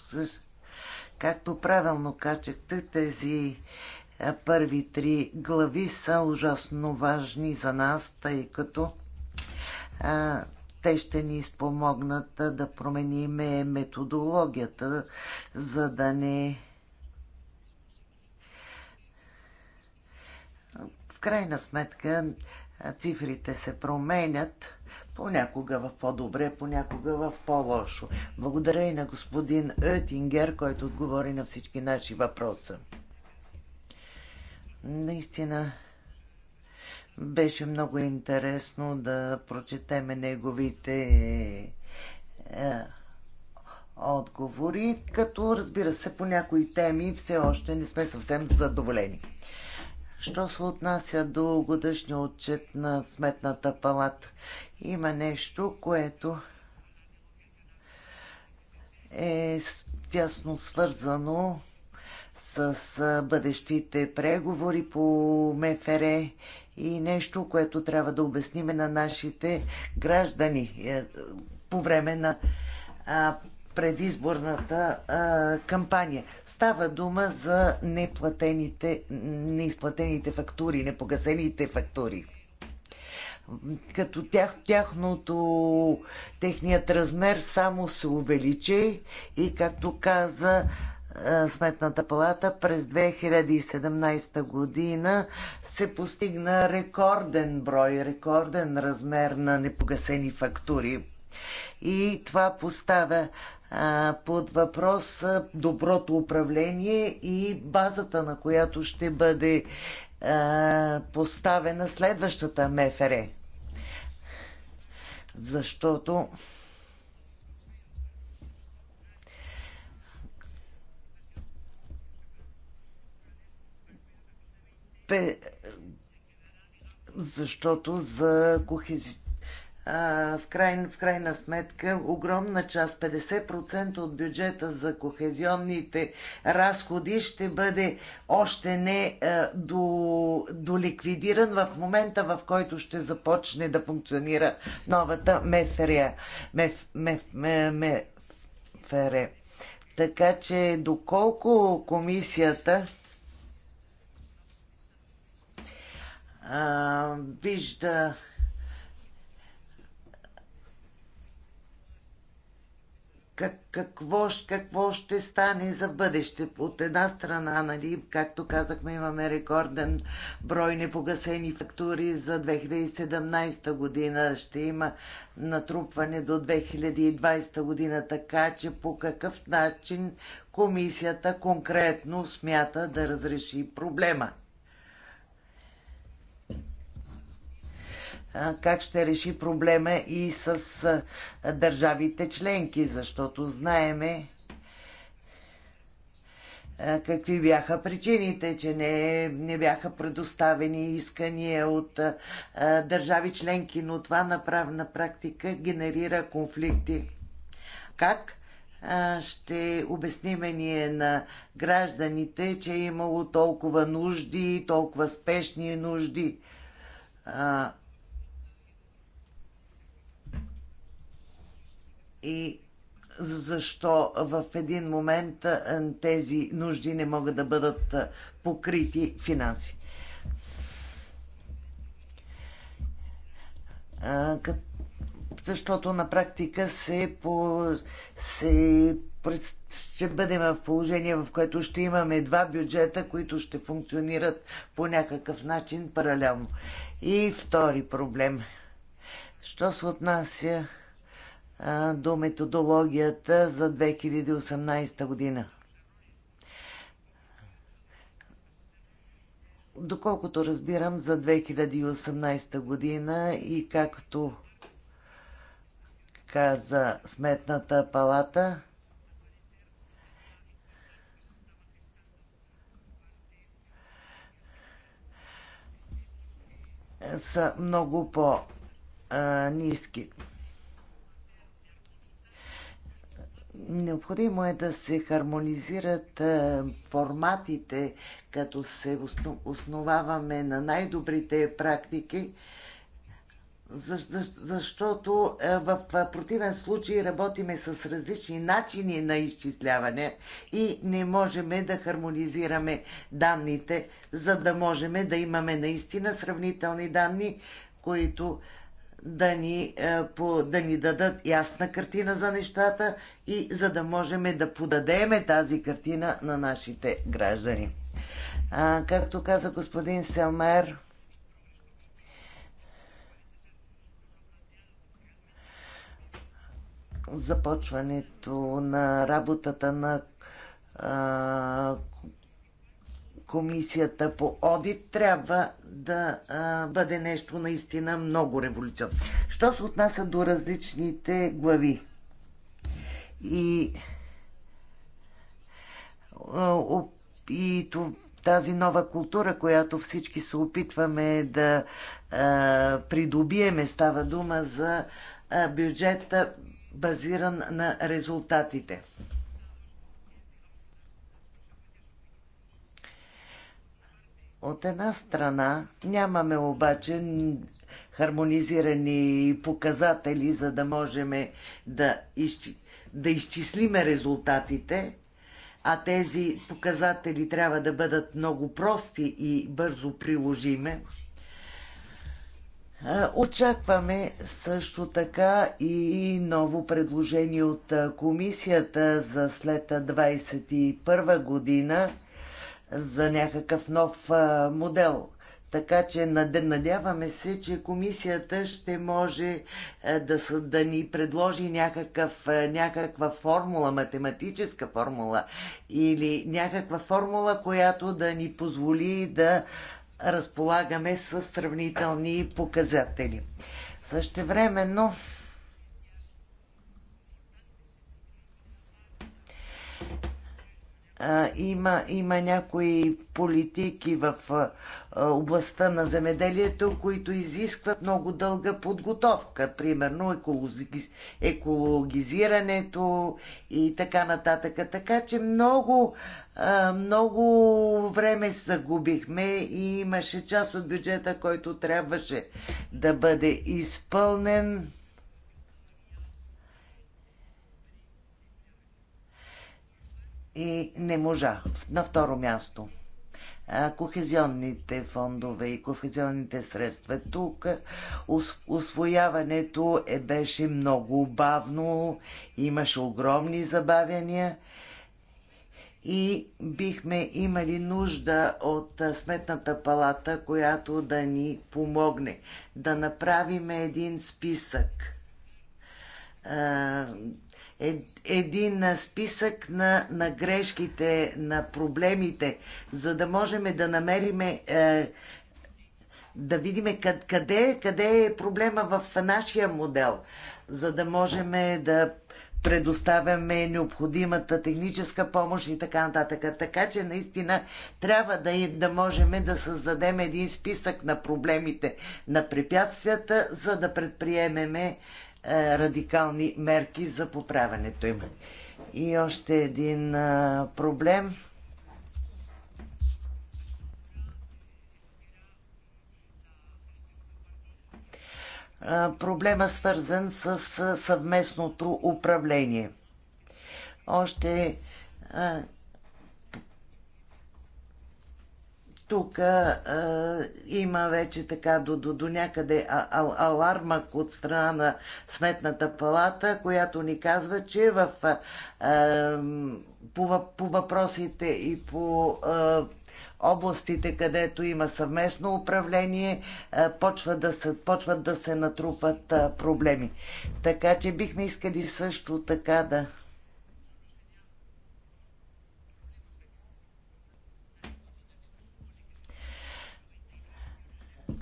Както правилно качехте, тези първи три глави са ужасно важни за нас, тъй като а, те ще ни спомогнат да промениме методологията, за да не крайна сметка цифрите се променят понякога в по-добре, понякога в по-лошо. Благодаря и на господин Етингер, който отговори на всички наши въпроса. Наистина беше много интересно да прочетеме неговите е, отговори, като разбира се по някои теми все още не сме съвсем задоволени. Що се отнася до годишния отчет на Сметната палата? Има нещо, което е тясно свързано с бъдещите преговори по МФР и нещо, което трябва да обясниме на нашите граждани е, по време на предизборната а, кампания. Става дума за неплатените, неизплатените фактури, непогасените фактури. Като тях, тяхното, техният размер само се увеличи и, както каза а, Сметната палата, през 2017 година се постигна рекорден брой, рекорден размер на непогасени фактури и това поставя под въпрос доброто управление и базата, на която ще бъде поставена следващата МФР. Защото защото за кохези в, край, в крайна сметка огромна част, 50% от бюджета за кохезионните разходи ще бъде още не до, до в момента, в който ще започне да функционира новата Меферия Меф, меф, меф, Така че доколко комисията а, вижда как, какво, какво ще стане за бъдеще. От една страна, нали, както казахме, имаме рекорден брой непогасени фактури за 2017 година. Ще има натрупване до 2020 година, така че по какъв начин комисията конкретно смята да разреши проблема. как ще реши проблема и с държавите членки, защото знаеме какви бяха причините, че не, не бяха предоставени искания от държави членки, но това на практика генерира конфликти. Как ще обясниме ние на гражданите, че е имало толкова нужди, толкова спешни нужди? и защо в един момент тези нужди не могат да бъдат покрити финанси. Защото на практика се, по, се ще бъдем в положение, в което ще имаме два бюджета, които ще функционират по някакъв начин паралелно. И втори проблем. Що се отнася до методологията за 2018 година. Доколкото разбирам за 2018 година и както каза Сметната палата, са много по-низки. Необходимо е да се хармонизират форматите, като се основаваме на най-добрите практики, защото в противен случай работиме с различни начини на изчисляване и не можем да хармонизираме данните, за да можем да имаме наистина сравнителни данни, които да ни, е, по, да ни дадат ясна картина за нещата и за да можем да подадеме тази картина на нашите граждани. А, както каза господин Селмер, започването на работата на а, комисията по одит трябва да а, бъде нещо наистина много революционно. Що се отнася до различните глави? И, и тази нова култура, която всички се опитваме да а, придобиеме, става дума за бюджета базиран на резултатите. От една страна нямаме обаче хармонизирани показатели, за да можем да, изчи, да изчислиме резултатите, а тези показатели трябва да бъдат много прости и бързо приложиме. Очакваме също така и ново предложение от комисията за след 2021 година за някакъв нов модел. Така че надяваме се, че комисията ще може да, да ни предложи някакъв, някаква формула, математическа формула или някаква формула, която да ни позволи да разполагаме с сравнителни показатели. Същевременно, времено има, има някои политики в областта на земеделието, които изискват много дълга подготовка, примерно екологизирането и така нататък. Така че много, много време загубихме и имаше част от бюджета, който трябваше да бъде изпълнен и не можа. На второ място кохезионните фондове и кохезионните средства. Тук освояването е, беше много бавно, имаше огромни забавяния и бихме имали нужда от Сметната палата, която да ни помогне да направим един списък е, един списък на, на грешките, на проблемите, за да можем да намериме е, да видим къде, къде е проблема в нашия модел, за да можем да предоставяме необходимата техническа помощ и така нататък. Така че наистина трябва да, да можем да създадем един списък на проблемите, на препятствията, за да предприемеме е, радикални мерки за поправянето им. И още един е, проблем. Е, проблема свързан с съвместното управление. Още тук а, има вече така до, до, до някъде а, а, аларма от страна на Сметната палата, която ни казва, че в, а, по, по въпросите и по а, областите, където има съвместно управление, почват да се, почват да се натрупват проблеми. Така че бихме искали също така да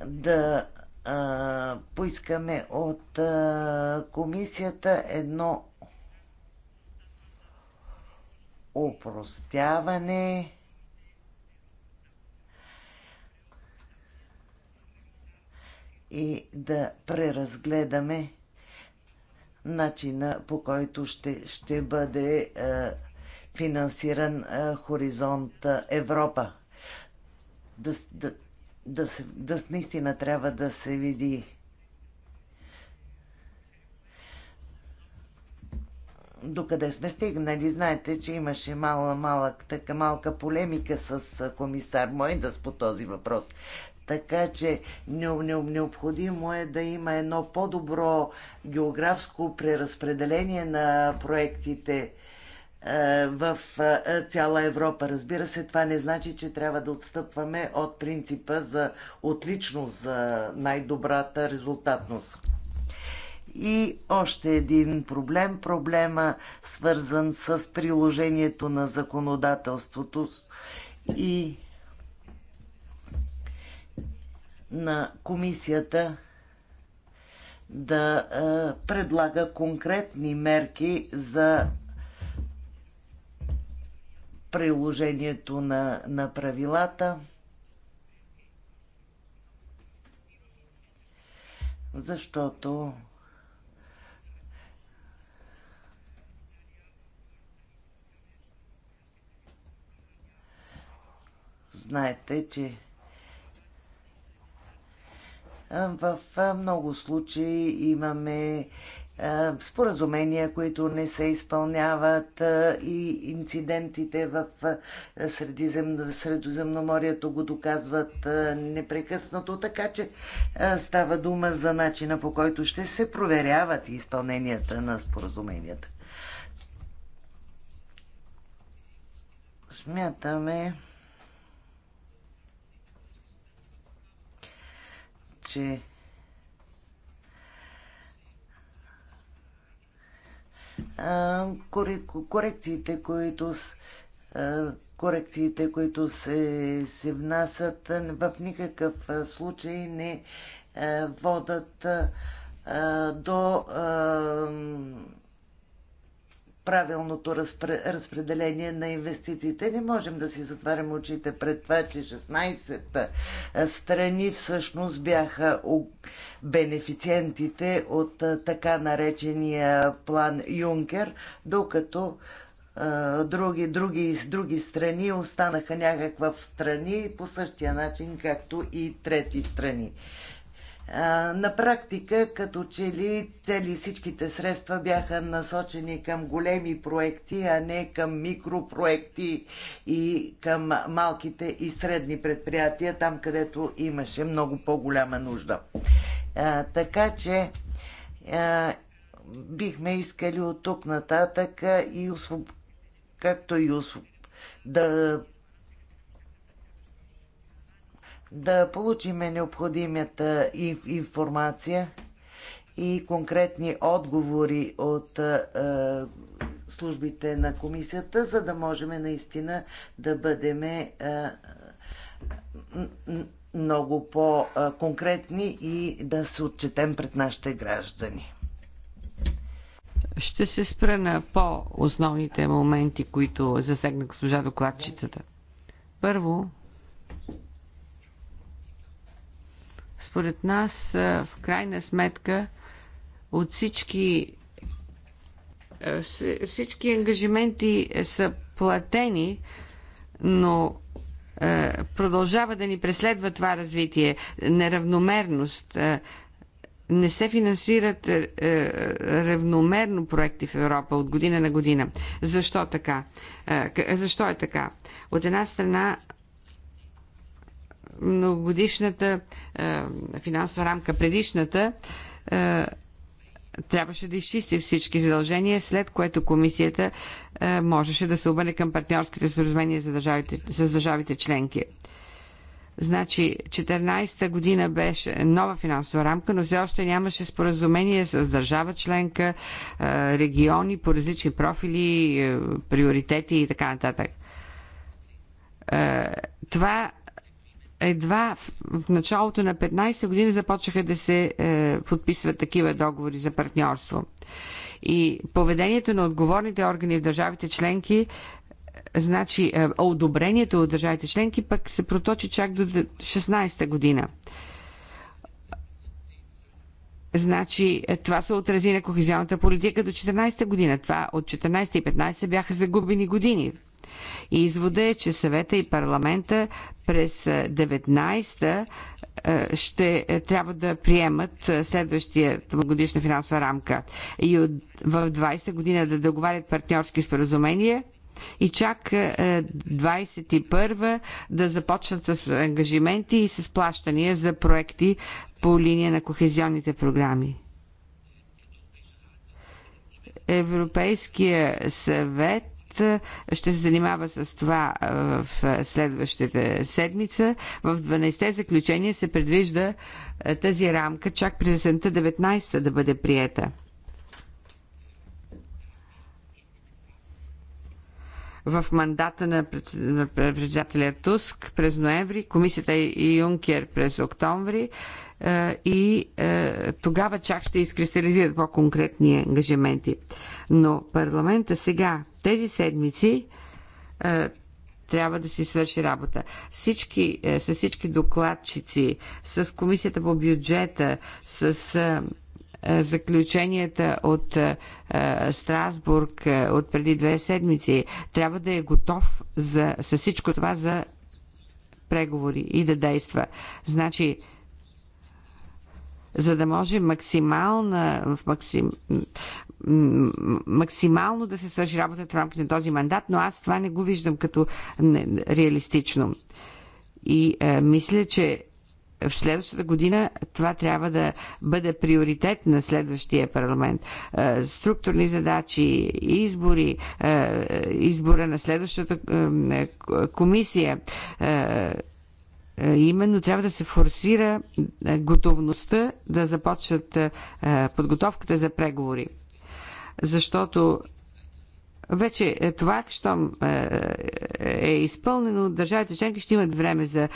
да а, поискаме от а, комисията едно упростяване. и да преразгледаме начина по който ще, ще бъде е, финансиран е, хоризонт Европа. Да, да, да, се, да наистина трябва да се види докъде сме стигнали. Знаете, че имаше мала, малък, така малка полемика с комисар Мойдас по този въпрос. Така че необходимо е да има едно по-добро географско преразпределение на проектите е, в е, цяла Европа. Разбира се, това не значи, че трябва да отстъпваме от принципа за отличност, за най-добрата резултатност. И още един проблем. Проблема свързан с приложението на законодателството и на комисията да е, предлага конкретни мерки за приложението на, на правилата. Защото знаете, че в много случаи имаме е, споразумения, които не се изпълняват е, и инцидентите в е, Средиземно, Средоземноморието го доказват непрекъснато, така че става дума за начина по който ще се проверяват изпълненията на споразуменията. Смятаме, че корекциите, които корекциите, които се, се внасят, в никакъв случай не водат до правилното разпре, разпределение на инвестициите. Не можем да си затварям очите пред това, че 16 страни всъщност бяха бенефициентите от така наречения план Юнкер, докато други, други, други страни останаха някаква в страни по същия начин, както и трети страни на практика, като че ли цели всичките средства бяха насочени към големи проекти, а не към микропроекти и към малките и средни предприятия, там където имаше много по-голяма нужда. А, така че а, бихме искали от тук нататък и както и да да получиме необходимата информация и конкретни отговори от службите на комисията, за да можем наистина да бъдем много по-конкретни и да се отчетем пред нашите граждани. Ще се спра на по-основните моменти, които засегна госпожа докладчицата. Първо, Според нас, в крайна сметка, от всички всички ангажименти са платени, но продължава да ни преследва това развитие, неравномерност. Не се финансират равномерно проекти в Европа от година на година. Защо така? Защо е така? От една страна многогодишната е, финансова рамка, предишната, е, трябваше да изчисти всички задължения, след което комисията е, можеше да се обърне към партньорските споразумения за държавите, с държавите членки. Значи, 14-та година беше нова финансова рамка, но все още нямаше споразумение с държава членка, региони по различни профили, приоритети и така нататък. Това едва в началото на 15 години започнаха да се е, подписват такива договори за партньорство. И поведението на отговорните органи в държавите членки е, значи е, одобрението от държавите членки пък се проточи чак до 16-та година. Значи е, това се отрази на кохезионната политика до 14-та година. Това от 14 и 15 бяха загубени години Извода е, че съвета и парламента през 19-та е, ще е, трябва да приемат е, следващия годишна финансова рамка и от, в 20 година да договарят партньорски споразумения и чак 21 да започнат с ангажименти и с плащания за проекти по линия на кохезионните програми. Европейския съвет ще се занимава с това в следващата седмица. В 12-те заключения се предвижда тази рамка чак през есента 19-та да бъде приета. в мандата на председателя Туск през ноември, комисията и Юнкер през октомври и тогава чак ще изкристализират по-конкретни ангажименти. Но парламента сега, тези седмици, е, трябва да си свърши работа. Всички, е, с всички докладчици, с комисията по бюджета, с е, заключенията от Страсбург от преди две седмици, трябва да е готов за, с всичко това за преговори и да действа. Значи, за да може максимална, в максим, максимално да се свържи работата в рамките на този мандат, но аз това не го виждам като реалистично. И е, мисля, че в следващата година това трябва да бъде приоритет на следващия парламент. Е, структурни задачи, избори, е, избора на следващата е, комисия, е, именно трябва да се форсира е, готовността да започнат е, подготовката за преговори. Защото вече това, щом е изпълнено, държавите членки ще имат време за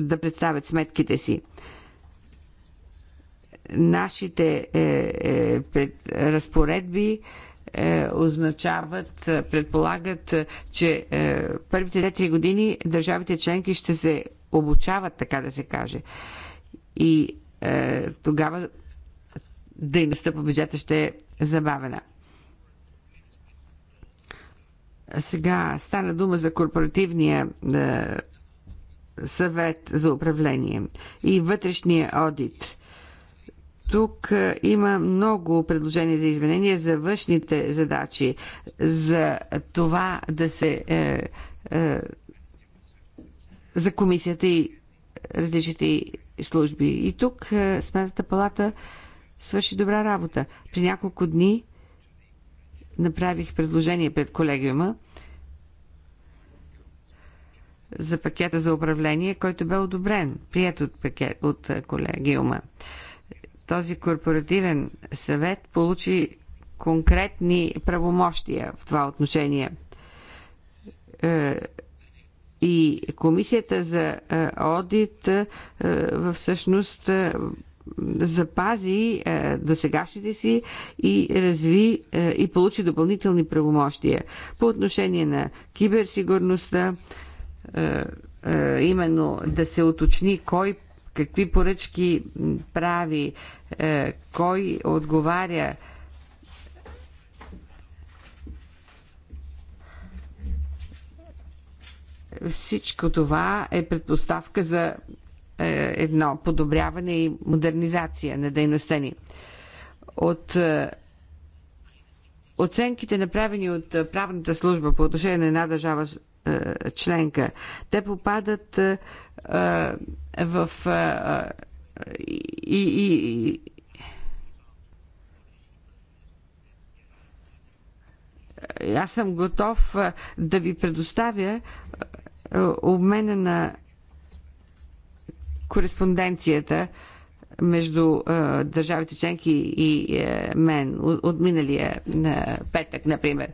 да представят сметките си нашите е, е, разпоредби е, означават, е, предполагат, е, че е, първите 3 години държавите членки ще се обучават, така да се каже. И е, тогава дейността по бюджета ще е забавена. Сега стана дума за корпоративния е, съвет за управление и вътрешния одит. Тук е, има много предложения за изменения за външните задачи, за това да се. Е, е, за комисията и различните служби. И тук е, Сметната палата свърши добра работа. При няколко дни направих предложение пред колегиума за пакета за управление, който бе одобрен, прият от, пакет, от е, колегиума. Е, този корпоративен съвет получи конкретни правомощия в това отношение. Е, и комисията за е, одит е, всъщност запази досегашните си и разви и получи допълнителни правомощия. По отношение на киберсигурността, именно да се уточни кой какви поръчки прави, е, кой отговаря. Всичко това е предпоставка за е, едно подобряване и модернизация на дейността ни. От е, оценките, направени от правната служба по отношение на една държава членка, те попадат в и, и, и аз съм готов да ви предоставя обмена на кореспонденцията между държавите членки и мен от, от миналия петък, например.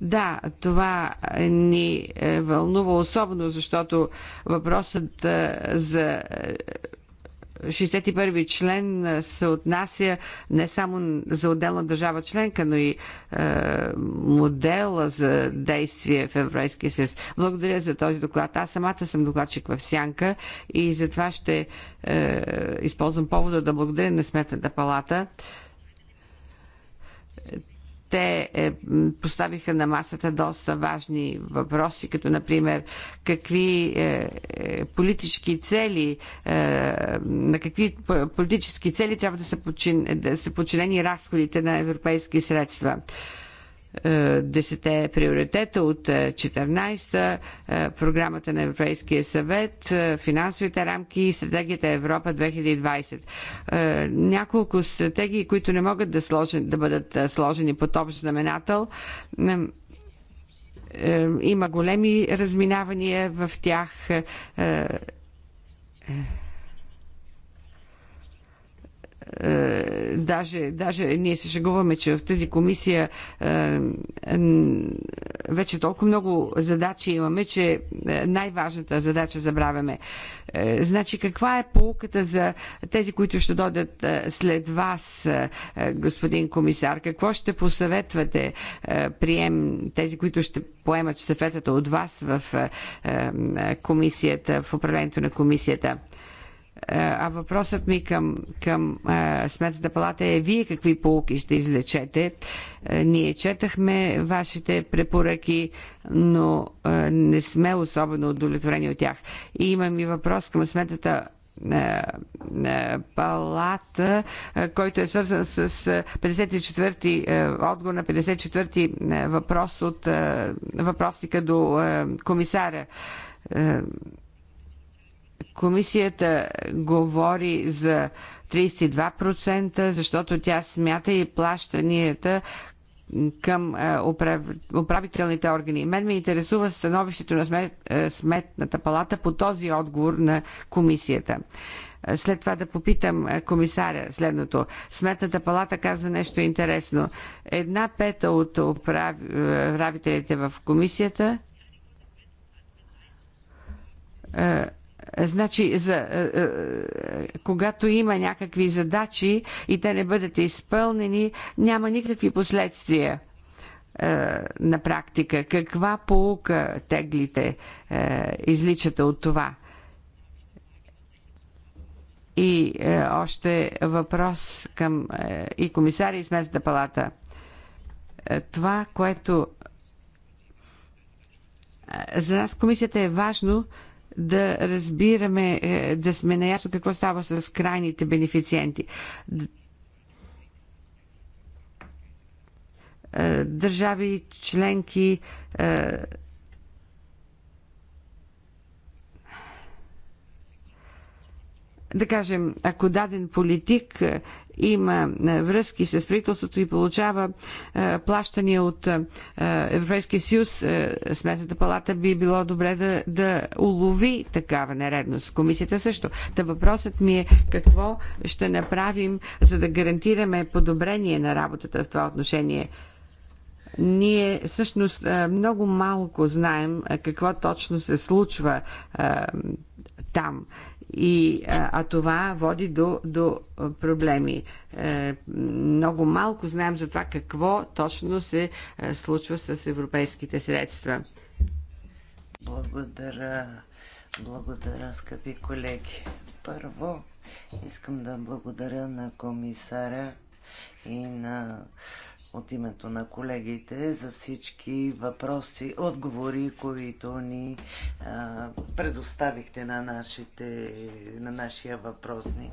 Да, това ни е вълнува особено, защото въпросът е, за 61-и е, член се отнася не само за отделна държава членка, но и модела за действие в Европейския съюз. Благодаря за този доклад. Аз самата съм докладчик в Сянка и затова ще използвам повода да благодаря на Сметната палата. Те е, поставиха на масата доста важни въпроси, като например какви е, е, политически цели, на какви политически цели трябва да са, да са подчинени разходите на европейски средства. Е, десете е приоритета от 14-та, е, програмата на Европейския съвет, финансовите рамки и стратегията Европа 2020. Няколко стратегии, които не могат да, сложен, да бъдат сложени под общ знаменател, има големи разминавания в тях е, даже, даже ние се шегуваме, че в тази комисия е, вече толкова много задачи имаме, че е, най-важната задача забравяме. Значи, каква е полуката за тези, които ще дойдат след вас, господин комисар? Какво ще посъветвате прием тези, които ще поемат щафетата от вас в комисията, в управлението на комисията? Е, а въпросът ми към, към е, Сметната палата е вие какви полуки ще излечете. Е, ние четахме вашите препоръки, но не сме особено удовлетворени от тях. И имам и въпрос към Сметната палата, който е свързан с 54-ти отговор на 54-ти въпрос от въпросника до комисаря Комисията говори за 32%, защото тя смята и плащанията към е, управителните органи. Мен ме интересува становището на смет... Е, Сметната палата по този отговор на комисията. Е, след това да попитам комисаря следното. Сметната палата казва нещо интересно. Една пета от управителите в комисията Значи, за, е, е, е, когато има някакви задачи и те не бъдат изпълнени, няма никакви последствия на практика. Каква полука теглите изличате от това? И е, още въпрос към е, и комисари и Сметната палата. Е, това, което е, за нас комисията е важно, е, да разбираме, е, да сме наясно какво става с крайните бенефициенти. Е, държави, членки, е, да кажем, ако даден политик има е, връзки с правителството и получава е, плащания от е, Европейския съюз, Сметната палата би било добре да, да улови такава нередност. Комисията също. Та въпросът ми е какво ще направим, за да гарантираме подобрение на работата в това отношение ние всъщност много малко знаем какво точно се случва там. И, а, а това води до, до проблеми. Е, много малко знаем за това какво точно се е, случва с европейските средства. Благодаря. Благодаря, скъпи колеги. Първо, искам да благодаря на комисаря и на от името на колегите за всички въпроси, отговори, които ни а, предоставихте на, нашите, на нашия въпросник.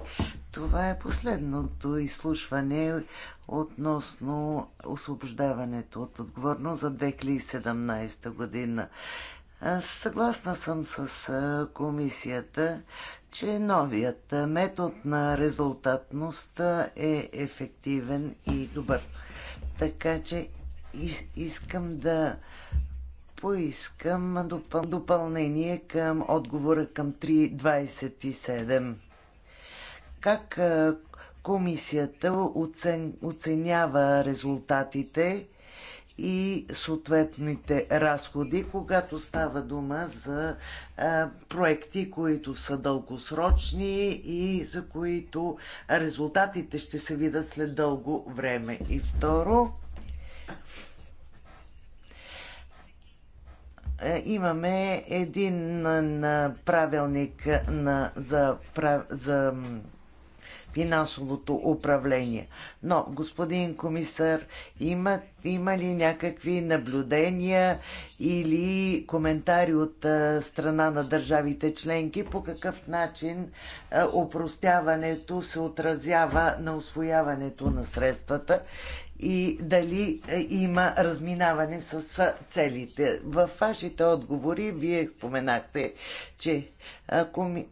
Това е последното изслушване относно освобождаването от отговорност за 2017 година. Съгласна съм с комисията, че новият метод на резултатност е ефективен и добър. Така че из, искам да поискам допъл, допълнение към отговора към 3.27. Как комисията оцен, оценява резултатите и съответните разходи, когато става дума за а, проекти, които са дългосрочни и за които резултатите ще се видят след дълго време. И второ, е, имаме един правилник на, за, прав, за финансовото управление. Но, господин комисар, има, има ли някакви наблюдения или коментари от а, страна на държавите членки по какъв начин а, упростяването се отразява на освояването на средствата и дали има разминаване с целите. Във вашите отговори вие споменахте, че коми...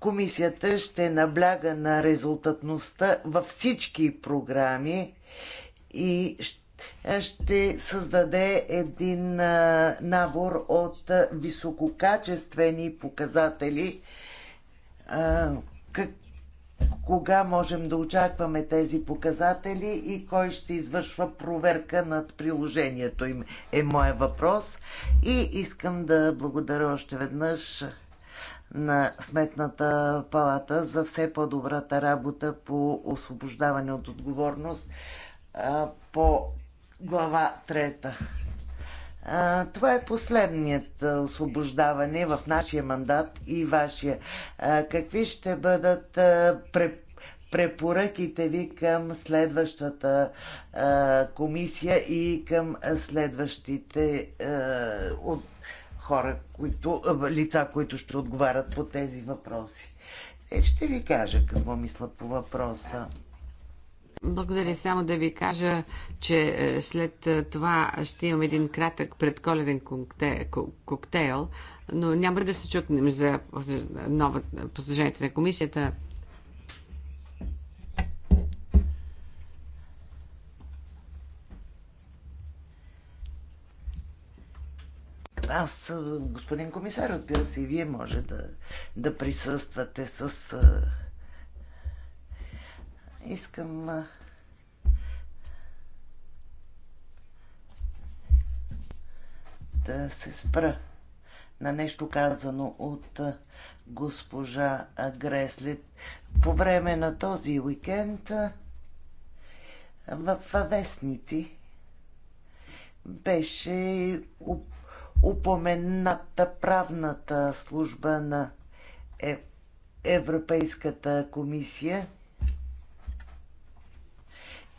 Комисията ще набляга на резултатността във всички програми и ще създаде един набор от висококачествени показатели. Кога можем да очакваме тези показатели и кой ще извършва проверка над приложението им е моят въпрос. И искам да благодаря още веднъж на Сметната палата за все по-добрата работа по освобождаване от отговорност по глава трета. Това е последният освобождаване в нашия мандат и вашия. Какви ще бъдат препоръките ви към следващата комисия и към следващите от хора, които, лица, които ще отговарят по тези въпроси. Е, ще ви кажа какво мисля по въпроса. Благодаря. Само да ви кажа, че е, след е, това ще имам един кратък предколеден коктейл, но няма да се чукнем за новата, постижението на комисията. аз, господин комисар, разбира се, и вие може да, да присъствате с... Искам... Да се спра на нещо казано от госпожа Греслет. По време на този уикенд в вестници беше упомената правната служба на е, Европейската комисия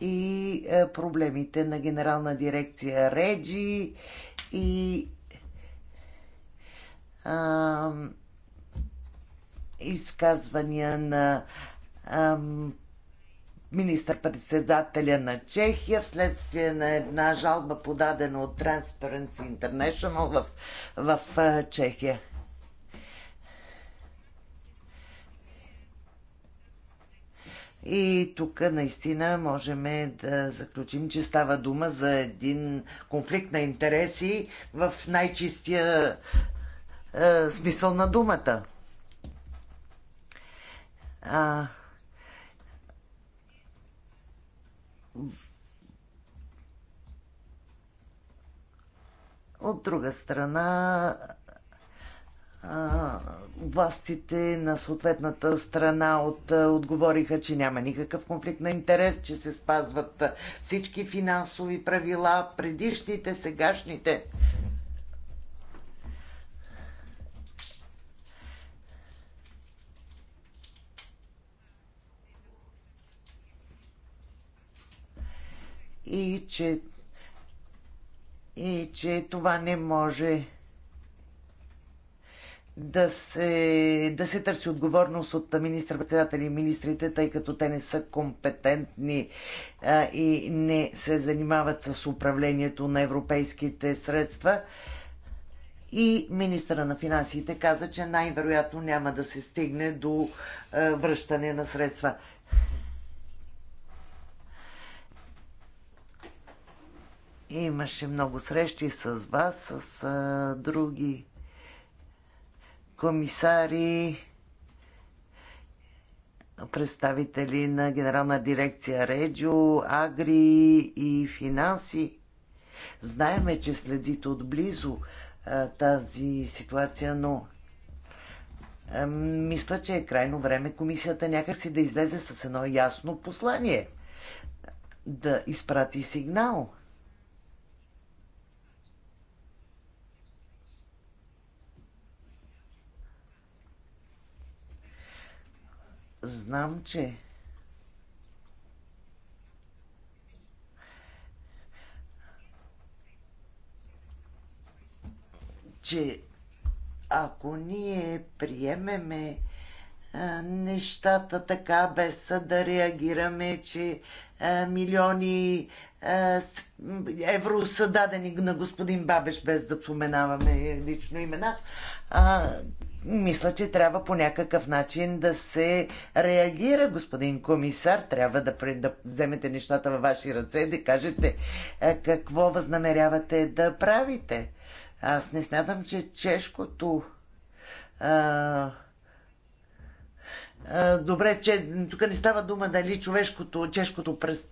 и е, проблемите на Генерална дирекция Реджи и а, изказвания на министър-председателя на Чехия вследствие на една жалба подадена от Transparency International в, в Чехия. И тук наистина можем да заключим, че става дума за един конфликт на интереси в най-чистия е, смисъл на думата. А, От друга страна, властите на съответната страна от, отговориха, че няма никакъв конфликт на интерес, че се спазват всички финансови правила, предишните, сегашните. и че, и че това не може да се, да се търси отговорност от министър-председателя и министрите, тъй като те не са компетентни а, и не се занимават с управлението на европейските средства. И министъра на финансите каза, че най-вероятно няма да се стигне до а, връщане на средства. Имаше много срещи с вас, с а, други комисари, представители на Генерална дирекция Реджо, Агри и Финанси. Знаеме, че следите отблизо а, тази ситуация, но а, мисля, че е крайно време комисията някакси да излезе с едно ясно послание, да изпрати сигнал – Знам, че че ако ние приемеме а, нещата така, без да реагираме, че а, милиони а, евро са дадени на господин Бабеш, без да споменаваме лично имена, мисля, че трябва по някакъв начин да се реагира, господин комисар. Трябва да, да вземете нещата във ваши ръце, и да кажете е, какво възнамерявате да правите. Аз не смятам, че чешкото. Е, е, добре, че тук не става дума дали човешкото, чешкото през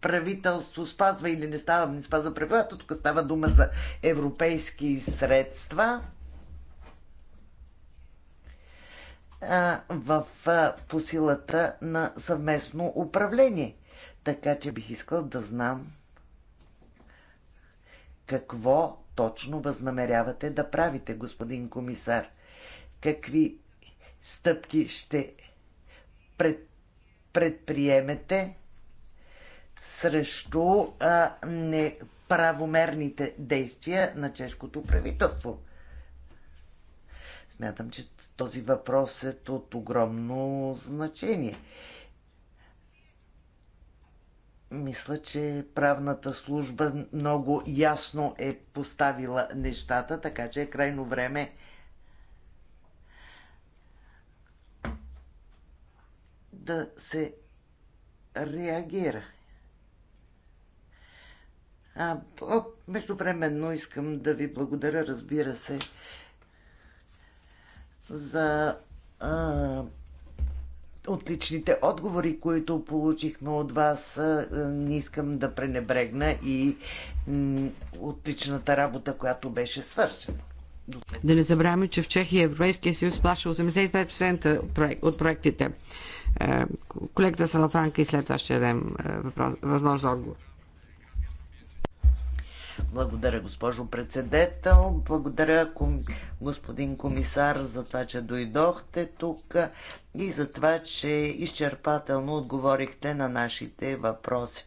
правителство спазва или не става, не спазва правилата. Тук става дума за европейски средства. в посилата на съвместно управление. Така че бих искал да знам какво точно възнамерявате да правите, господин комисар. Какви стъпки ще пред, предприемете срещу а, неправомерните действия на чешкото правителство. Смятам, че този въпрос е от огромно значение. Мисля, че правната служба много ясно е поставила нещата, така че е крайно време да се реагира. А, междувременно искам да ви благодаря, разбира се, за а, отличните отговори, които получихме от вас. Не искам да пренебрегна и отличната работа, която беше свършена. Да не забравяме, че в Чехия Европейския съюз плаща 85% от проектите. Е, колегата Салафранка и след това ще дадем е, възможност за отговор. Благодаря, госпожо председател. Благодаря, ком... господин комисар, за това, че дойдохте тук и за това, че изчерпателно отговорихте на нашите въпроси.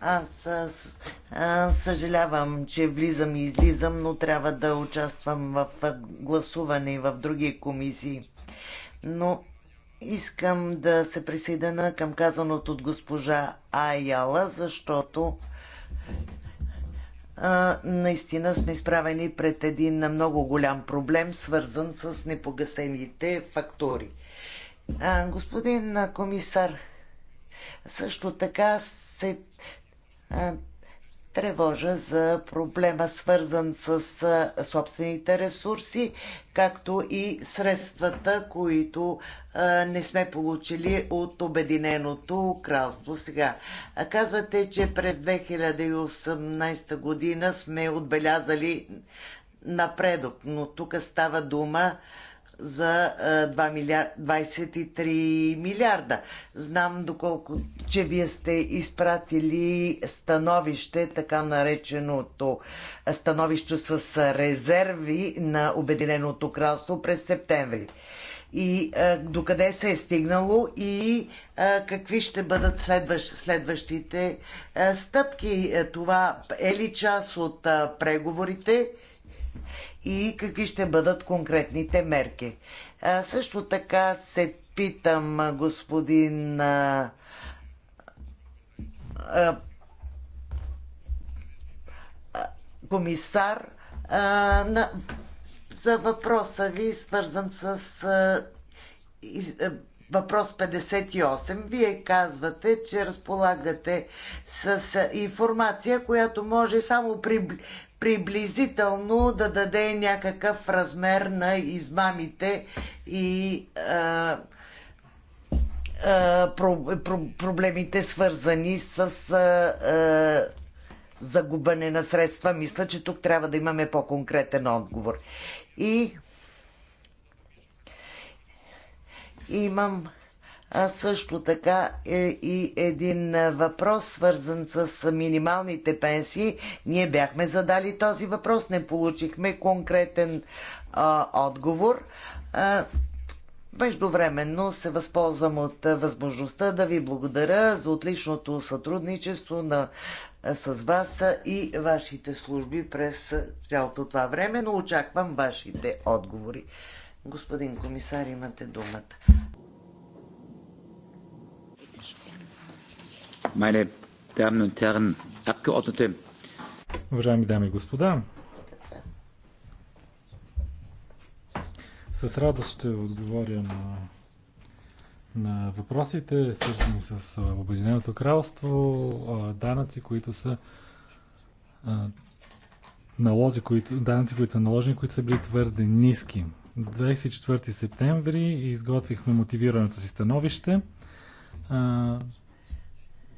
Аз, аз съжалявам, че влизам и излизам, но трябва да участвам в гласуване и в други комисии. Но искам да се присъединя към казаното от госпожа Аяла, защото наистина сме изправени пред един много голям проблем, свързан с непогасените А, господин комисар, също така се тревожа за проблема, свързан с собствените ресурси, както и средствата, които не сме получили от Обединеното кралство. Сега, казвате, че през 2018 година сме отбелязали напредок, но тук става дума за 2 е, милиар... 23 милиарда. Знам доколко, че вие сте изпратили становище, така нареченото е, становище с резерви на Обединеното кралство през септември. И а, е, докъде се е стигнало и а, какви ще бъдат следващ, следващите а, стъпки. Това е ли част от а, преговорите? и какви ще бъдат конкретните мерки. А, също така се питам, господин а, а, комисар, а, на, за въпроса ви, свързан с а, и, а, въпрос 58. Вие казвате, че разполагате с информация, която може само при, приблизително да даде някакъв размер на измамите и а, а, про, про, проблемите свързани с а, загубане на средства. Мисля, че тук трябва да имаме по-конкретен отговор. И имам а също така е и един въпрос, свързан с минималните пенсии. Ние бяхме задали този въпрос, не получихме конкретен а, отговор. А, Междувременно се възползвам от възможността да ви благодаря за отличното сътрудничество на, с вас и вашите служби през цялото това време, но очаквам вашите отговори. Господин комисар, имате думата. meine Damen und Herren Abgeordnete. Уважаеми дами и господа, с радост ще отговоря на, на въпросите, свързани с Обединеното кралство, данъци, които са налози, които, данъци, които са наложени, които са били твърде ниски. 24 септември изготвихме мотивираното си становище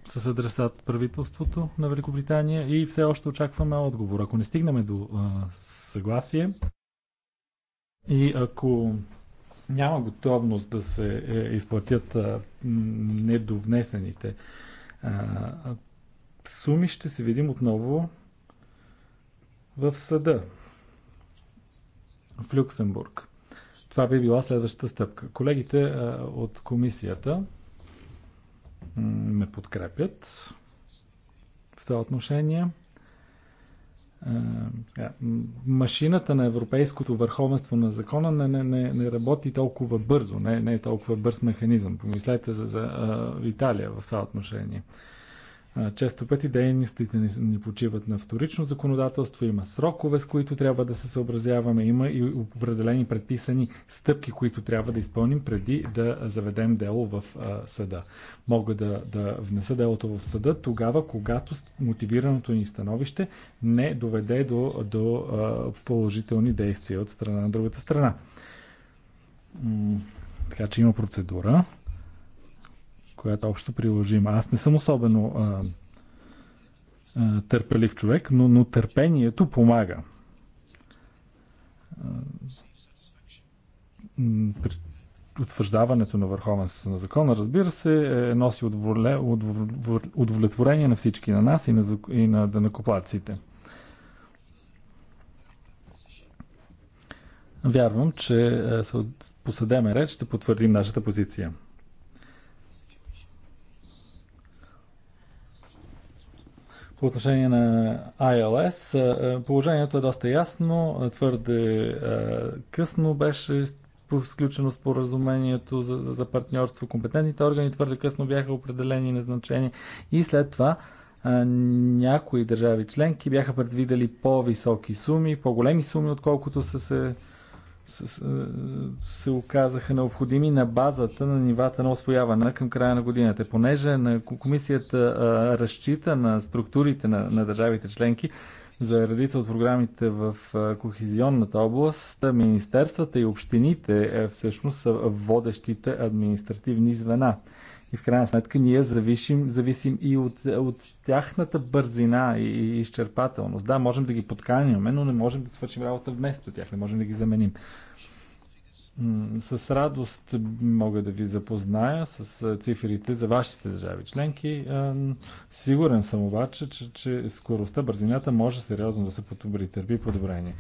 с адресат правителството на Великобритания и все още очакваме отговор. Ако не стигнем до а, съгласие и ако няма готовност да се е, изплатят а, недовнесените а, суми, ще се видим отново в съда в Люксембург. Това би била следващата стъпка. Колегите а, от комисията ме подкрепят в това отношение. Машината на европейското върховенство на закона не, не, не, не работи толкова бързо, не, не е толкова бърз механизъм. Помислете за, за а, Италия в това отношение. А, често пъти дейностите ни почиват на вторично законодателство, има срокове, с които трябва да се съобразяваме, има и определени предписани стъпки, които трябва да изпълним преди да заведем дело в съда. Мога да, да внеса делото в съда тогава, когато мотивираното ни становище не доведе до, до положителни действия от страна на другата страна. Така че има процедура която е общо приложима. Аз не съм особено а, а, търпелив човек, но, но търпението помага. утвърждаването на върховенството на закона, разбира се, е, е носи удоволе, удов, удовлетворение на всички, на нас и на, и на данакоплаците. Вярвам, че е, по съдеме реч ще потвърдим нашата позиция. По отношение на ILS, е, е, положението е доста ясно. Твърде е, късно беше сключено споразумението за, за, за партньорство. Компетентните органи твърде късно бяха определени и назначени. И след това някои държави членки бяха предвидели по-високи суми, по-големи суми, отколкото са се е, се оказаха необходими на базата на нивата на освояване към края на годината. Понеже на комисията разчита на структурите на, на държавите членки за редица от програмите в кохезионната област, министерствата и общините е, всъщност са водещите административни звена и в крайна сметка ние зависим, зависим и от, от тяхната бързина и, и изчерпателност. Да, можем да ги подканяме, но не можем да свършим работа вместо тях, не можем да ги заменим. С радост мога да ви запозная с цифрите за вашите държави членки. Сигурен съм обаче, че, че скоростта, бързината може сериозно да се подобри, търпи подобрение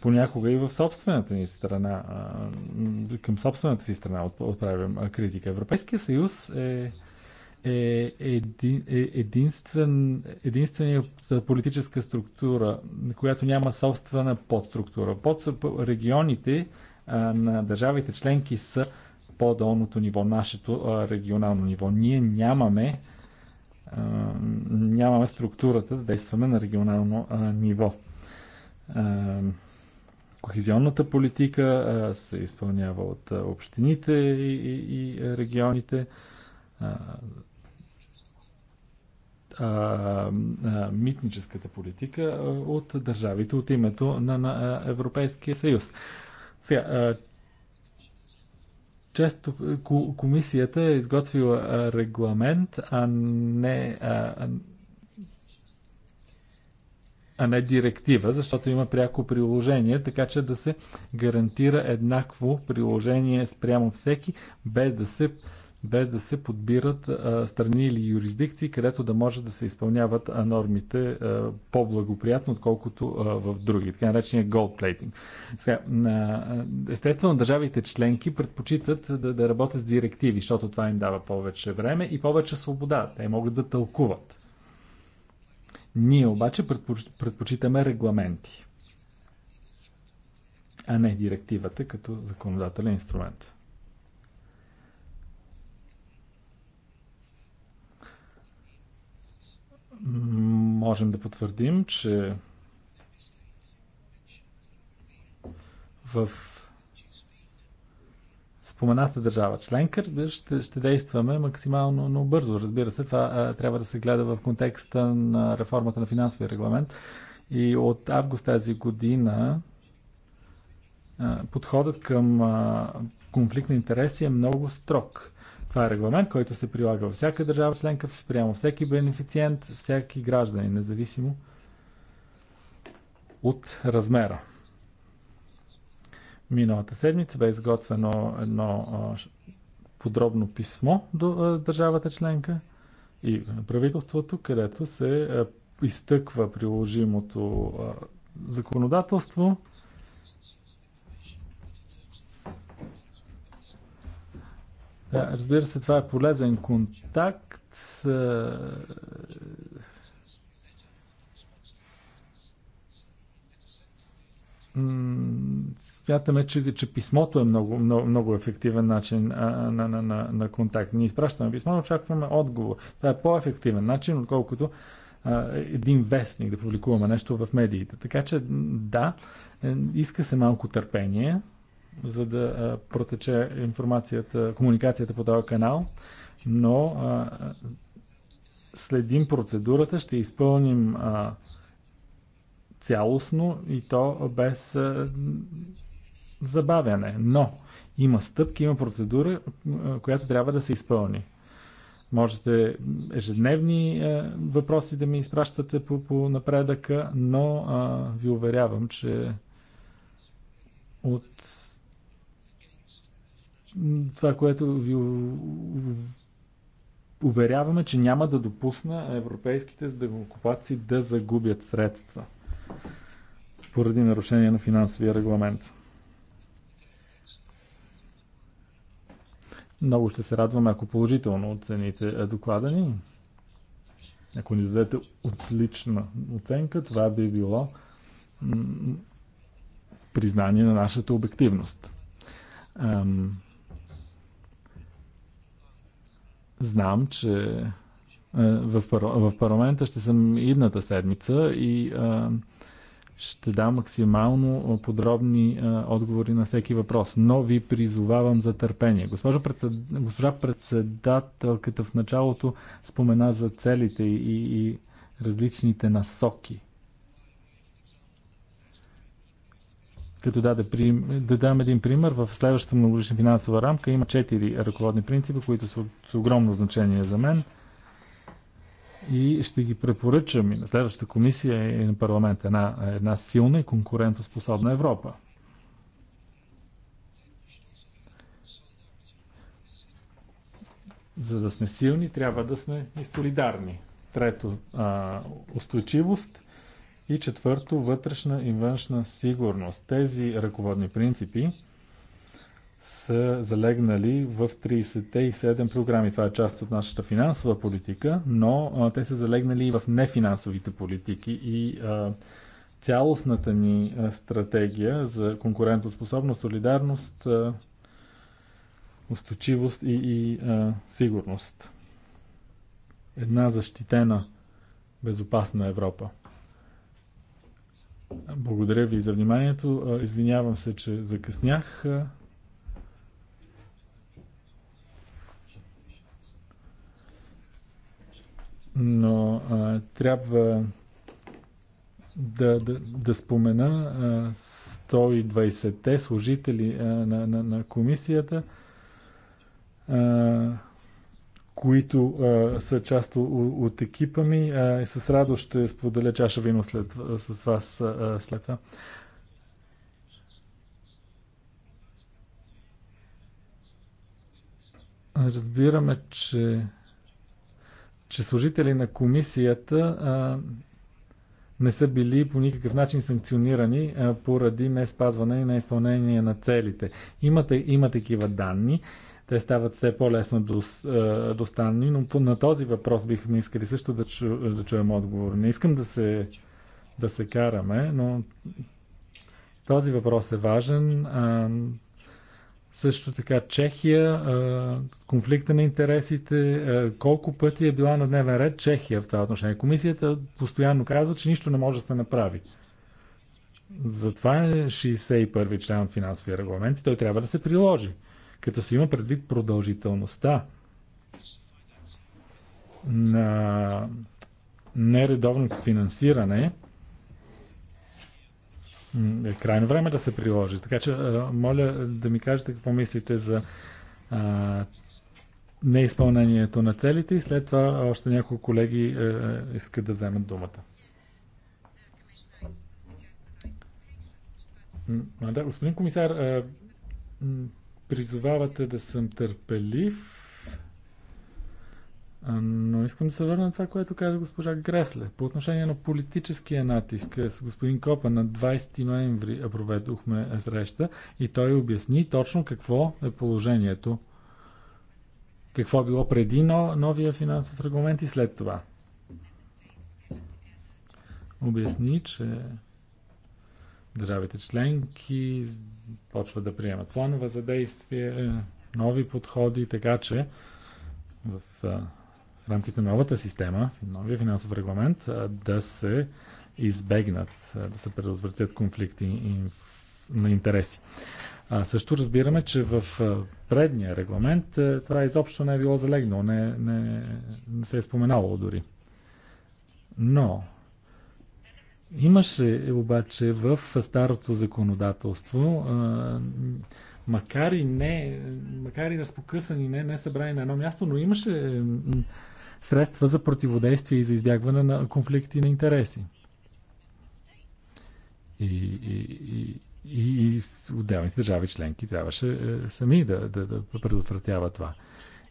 понякога и в собствената ни страна, към собствената си страна отправям критика. Европейския съюз е, е, един, е единствен, единствената политическа структура, която няма собствена подструктура. Под регионите на държавите членки са по-долното ниво, нашето регионално ниво. Ние нямаме нямаме структурата да действаме на регионално ниво. Кохезионната политика се изпълнява от общините и, и, и регионите. А, а, митническата политика от държавите от името на, на Европейския съюз. Сега, често комисията е изготвила регламент, а не, а, а не директива, защото има пряко приложение, така че да се гарантира еднакво приложение спрямо всеки, без да се, без да се подбират а, страни или юрисдикции, където да може да се изпълняват а, нормите а, по-благоприятно, отколкото а, в други, така наречения gold plating. Сега, а, естествено, държавите членки предпочитат да, да работят с директиви, защото това им дава повече време и повече свобода. Те могат да тълкуват ние обаче предпочитаме регламенти, а не директивата като законодателен инструмент. Можем да потвърдим, че в спомената държава членка, разбира се, ще, ще действаме максимално но бързо. Разбира се, това а, трябва да се гледа в контекста на реформата на финансовия регламент. И от август тази година а, подходът към а, конфликт на интереси е много строг. Това е регламент, който се прилага във всяка държава членка, спрямо всеки бенефициент, всеки гражданин, независимо от размера Миналата седмица бе изготвено едно подробно писмо до държавата членка и правителството, където се изтъква приложимото законодателство. Да, разбира се, това е полезен контакт. смятаме, че, че писмото е много, много, много ефективен начин а, на, на, на, на контакт. Ние изпращаме писмо, очакваме отговор. Това е по-ефективен начин, отколкото а, един вестник да публикуваме нещо в медиите. Така че, да, е, иска се малко търпение, за да а, протече информацията, комуникацията по този канал, но а, следим процедурата, ще изпълним. А, цялостно и то без забавяне. Но има стъпки, има процедура, която трябва да се изпълни. Можете ежедневни въпроси да ми изпращате по, по напредъка, но а, ви уверявам, че от това, което ви уверяваме, че няма да допусна европейските здравокопаци да загубят средства поради нарушение на финансовия регламент. Много ще се радваме, ако положително оцените доклада ни. Ако ни дадете отлична оценка, това би било признание на нашата обективност. Ам... Знам, че в, парламента ще съм идната седмица и ам ще дам максимално подробни отговори на всеки въпрос, но ви призовавам за търпение. Госпожа, председ... Госпожа председателката в началото спомена за целите и, и различните насоки. Като даде при... да дам един пример, в следващата многогодишна финансова рамка има четири ръководни принципа, които са от огромно значение за мен – и ще ги препоръчам и на следващата комисия и на парламент една, една силна и конкурентоспособна Европа. За да сме силни, трябва да сме и солидарни. Трето, а, устойчивост. И четвърто, вътрешна и външна сигурност. Тези ръководни принципи са залегнали в 37 програми. Това е част от нашата финансова политика, но а, те са залегнали и в нефинансовите политики и а, цялостната ни а, стратегия за конкурентоспособност, солидарност, а, устойчивост и, и а, сигурност. Една защитена, безопасна Европа. Благодаря ви за вниманието. Извинявам се, че закъснях. но а, трябва да, да, да спомена 120-те служители а, на, на, на комисията, а, които а, са част от екипа ми а, и с радост ще споделя чаша вино след, с вас а, след това. Разбираме, че че служители на комисията а, не са били по никакъв начин санкционирани а, поради не спазване и не изпълнение на целите. Имате, има такива данни. Те стават все по-лесно достанни, но по, на този въпрос бихме искали също да, чу, да чуем отговор. Не искам да се, да се караме, но този въпрос е важен. А, също така Чехия, конфликта на интересите, колко пъти е била на дневен ред Чехия в това отношение. Комисията постоянно казва, че нищо не може да се направи. Затова е 61-и член от финансовия регламент и той трябва да се приложи, като се има предвид продължителността на нередовното финансиране е крайно време да се приложи. Така че, моля да ми кажете какво мислите за а, неизпълнението на целите и след това още няколко колеги а, е, е, искат да вземат думата. Да, господин комисар, е, призовавате да съм търпелив. Но искам да се върна на това, което каза госпожа Гресле. По отношение на политическия натиск е, с господин Копа на 20 ноември проведохме среща и той обясни точно какво е положението. Какво е било преди новия финансов регламент и след това. Обясни, че държавите членки почват да приемат планове за действие, е, нови подходи, така че в в рамките на новата система, новия финансов регламент, да се избегнат, да се предотвратят конфликти на интереси. А, също разбираме, че в предния регламент това изобщо не е било залегнало, не, не, не се е споменало дори. Но имаше обаче в старото законодателство, макар и не, макар и разпокъсани, не, не събрани на едно място, но имаше средства за противодействие и за избягване на конфликти на интереси. И, и, и, и отделните държави членки трябваше е, сами да, да, да предотвратяват това.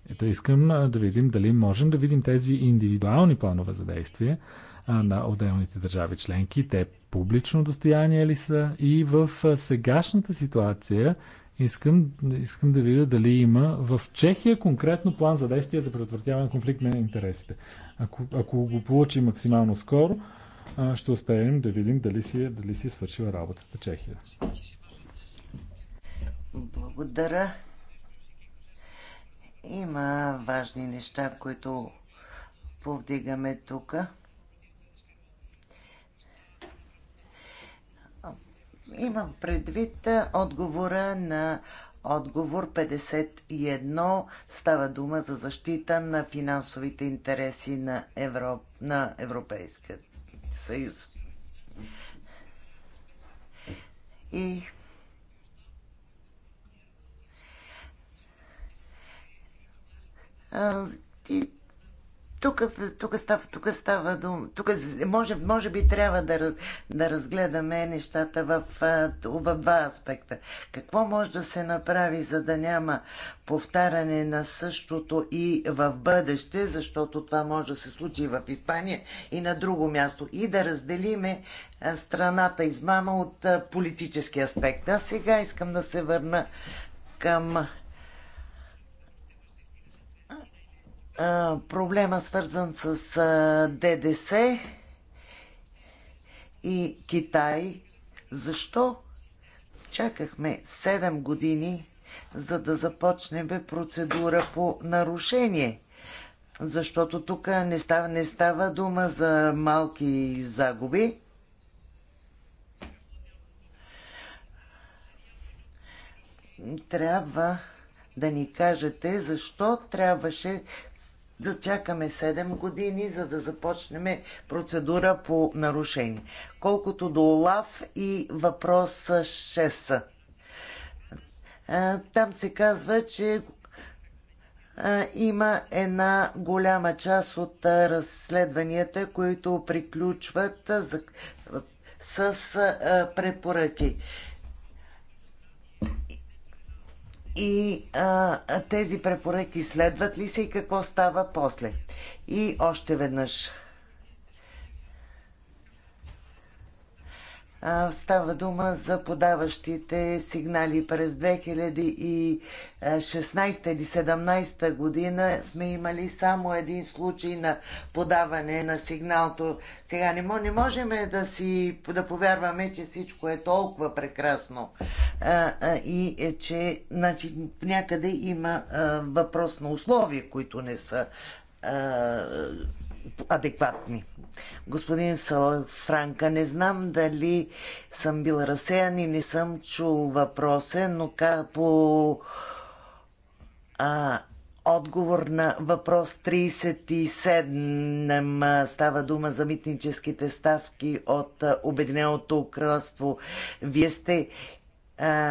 Ето искам е, да видим дали можем да видим тези индивидуални планове за действие на отделните държави членки. Те публично достояние ли са и в е, сегашната ситуация Искам, искам да видя дали има в Чехия конкретно план за действие за предотвратяване на конфликт на интересите. Ако, ако го получи максимално скоро, ще успеем да видим дали си, е, дали си е свършила работата Чехия. Благодаря. Има важни неща, които повдигаме тук. Имам предвид отговора на отговор 51. Става дума за защита на финансовите интереси на, Европ... на Европейския съюз. И и тук, тук, става, тук става дума. Тук може, може би трябва да, да разгледаме нещата в, в два аспекта. Какво може да се направи, за да няма повтаряне на същото и в бъдеще, защото това може да се случи и в Испания и на друго място. И да разделиме страната измама от политически аспект. А сега искам да се върна към проблема свързан с ДДС и Китай. Защо чакахме 7 години, за да започнем процедура по нарушение? Защото тук не става, не става дума за малки загуби. Трябва да ни кажете защо трябваше да чакаме 7 години, за да започнем процедура по нарушение. Колкото до ОЛАВ и въпрос 6. Там се казва, че има една голяма част от разследванията, които приключват с препоръки. и а, тези препоръки следват ли се и какво става после? И още веднъж Става дума за подаващите сигнали. През 2016 или 2017 година сме имали само един случай на подаване на сигналто. Сега не, можем да, си, да повярваме, че всичко е толкова прекрасно и е, че значи, някъде има въпрос на условия, които не са адекватни. Господин Франка, не знам дали съм бил разсеян и не съм чул въпроса, но по а, отговор на въпрос 37 става дума за митническите ставки от Обединеното кралство. Вие сте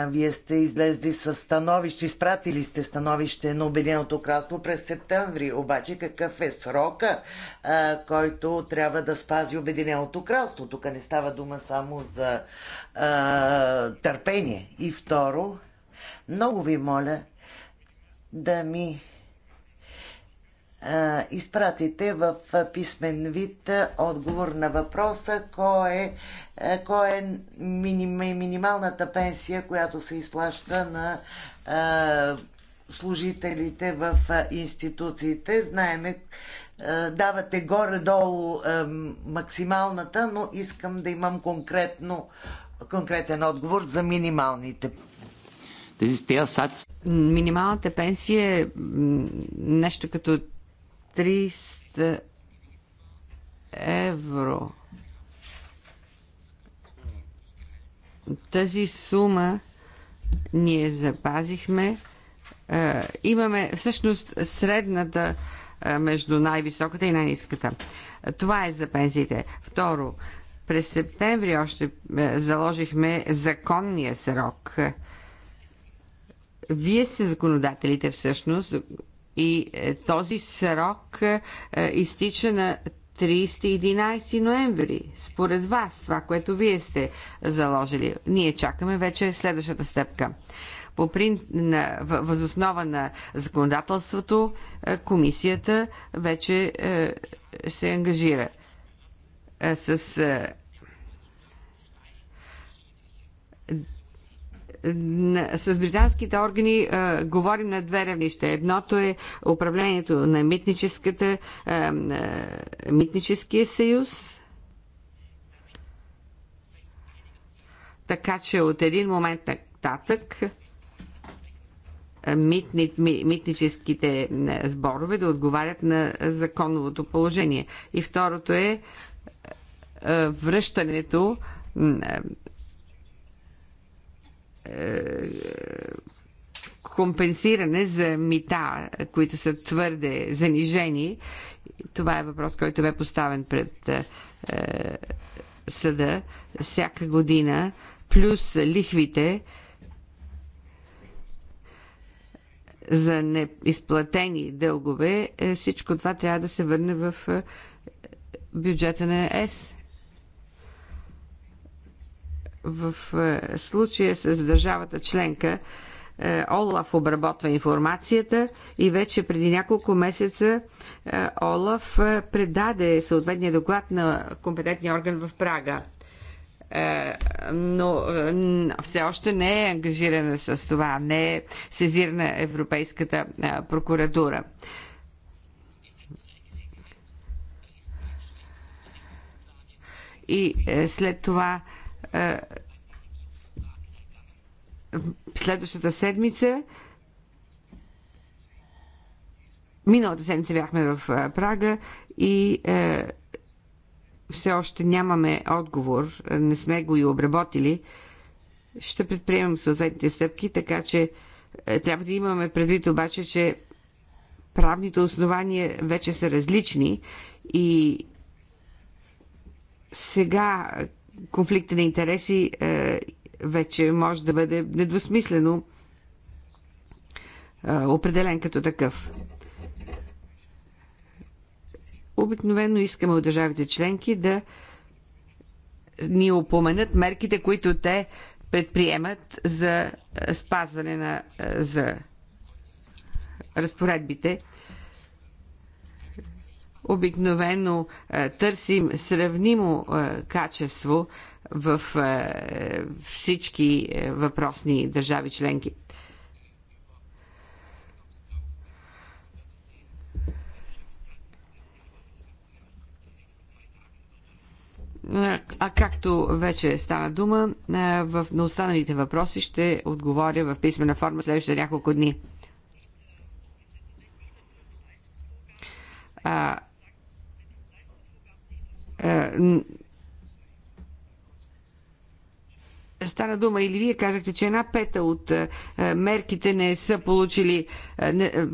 вие сте излезли с становище, изпратили сте становище на Обединеното кралство през септември. Обаче какъв е срока, а, който трябва да спази Обединеното кралство? Тук не става дума само за а, търпение. И второ, много ви моля да ми изпратите в писмен вид отговор на въпроса кой е, кой е минималната пенсия, която се изплаща на служителите в институциите. Знаеме, давате горе-долу максималната, но искам да имам конкретно, конкретен отговор за минималните. Минималната пенсия е нещо като 300 евро. Тази сума ние запазихме. Е, имаме всъщност средната е, между най-високата и най-низката. Това е за пензиите. Второ, през септември още е, заложихме законния срок. Вие сте законодателите всъщност, и е, този срок е, е, изтича на 30-11 ноември, според вас, това, което вие сте заложили. Ние чакаме вече следващата стъпка. По прин... на... Възоснова на законодателството, комисията вече се ангажира с с британските органи а, говорим на две равнища. Едното е управлението на митническата, а, митническия съюз, така че от един момент нататък митни, митническите сборове да отговарят на законовото положение. И второто е връщането компенсиране за мита, които са твърде занижени. Това е въпрос, който бе поставен пред е, съда всяка година, плюс лихвите за неизплатени дългове. Е, всичко това трябва да се върне в е, бюджета на ЕС. В е, случая с държавата членка е, Олаф обработва информацията и вече преди няколко месеца е, Олаф предаде съответния доклад на компетентния орган в Прага. Но все още не е ангажирана с това, не е сезирана Европейската прокуратура. И след това е, следващата седмица. Миналата седмица бяхме в е, Прага и е, все още нямаме отговор, не сме го и обработили. Ще предприемем съответните стъпки, така че е, трябва да имаме предвид обаче, че правните основания вече са различни и сега конфликта на интереси е, вече може да бъде недвусмислено е, определен като такъв. Обикновено искаме от държавите членки да ни опоменат мерките, които те предприемат за е, спазване на за разпоредбите Обикновено е, търсим сравнимо е, качество в е, всички въпросни държави членки. А както вече стана дума, в, на останалите въпроси ще отговоря в писмена форма следващите няколко дни. А, е, стана дума или вие казахте, че една пета от е, е, мерките не са получили,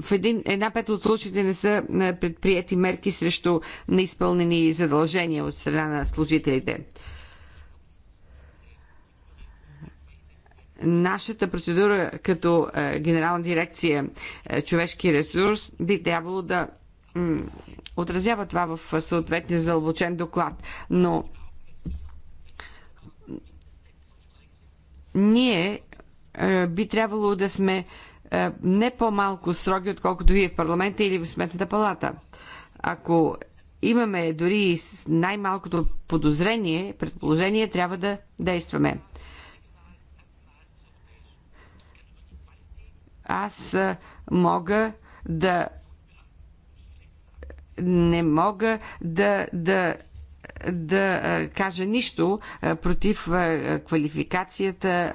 в един, една пета от случаите не са предприяти мерки срещу неизпълнени задължения от страна на служителите. нашата процедура като генерална дирекция човешки ресурс би трябвало да отразява това в съответния задълбочен доклад. Но ние е, би трябвало да сме е, не по-малко строги, отколкото вие в парламента или в сметната палата. Ако имаме дори най-малкото подозрение, предположение, трябва да действаме. Аз е, мога да не мога да, да да кажа нищо против квалификацията,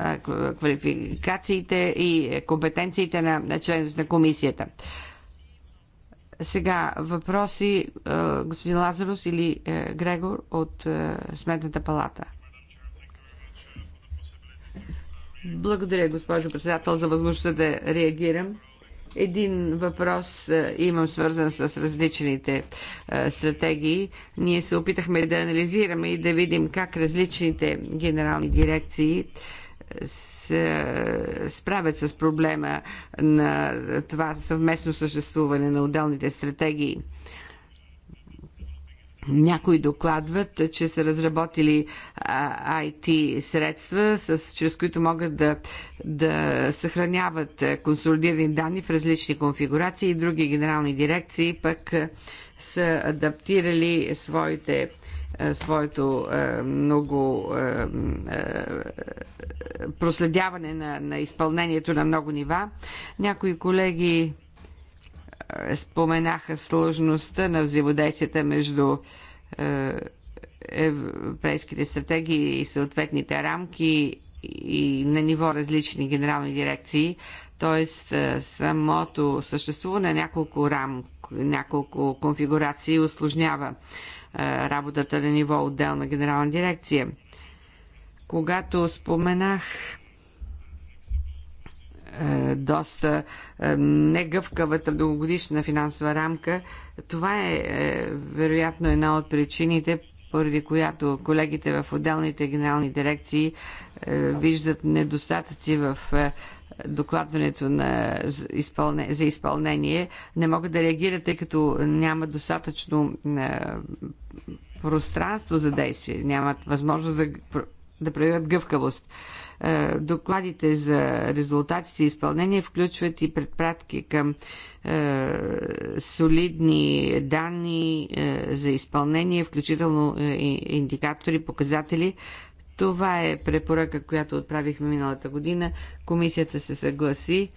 квалификациите и компетенциите на членовете на комисията. Сега въпроси господин Лазарус или Грегор от Сметната палата. Благодаря, госпожо председател, за възможността да реагирам. Един въпрос е, имам свързан с различните е, стратегии. Ние се опитахме да анализираме и да видим как различните генерални дирекции е, се справят с проблема на това съвместно съществуване на отделните стратегии някои докладват, че са разработили а, IT средства, с, чрез които могат да, да съхраняват е, консолидирани данни в различни конфигурации. Други генерални дирекции пък е, са адаптирали своите е, своето много проследяване на, на изпълнението на много нива. Някои колеги е, споменаха сложността на взаимодействията между е, европейските стратегии и съответните рамки и на ниво различни генерални дирекции, т.е. самото съществуване на няколко рам, няколко конфигурации осложнява е, работата на ниво отделна генерална дирекция. Когато споменах е, доста е, негъвкавата дългогодишна финансова рамка. Това е, е вероятно една от причините, поради която колегите в отделните генерални дирекции виждат недостатъци в докладването на, за изпълнение, не могат да реагират, тъй като няма достатъчно пространство за действие, нямат възможност да, да проявят гъвкавост. Е, докладите за резултатите и изпълнение включват и предпратки към е, солидни данни е, за изпълнение, включително индикатори, показатели, това е препоръка, която отправихме миналата година. Комисията се съгласи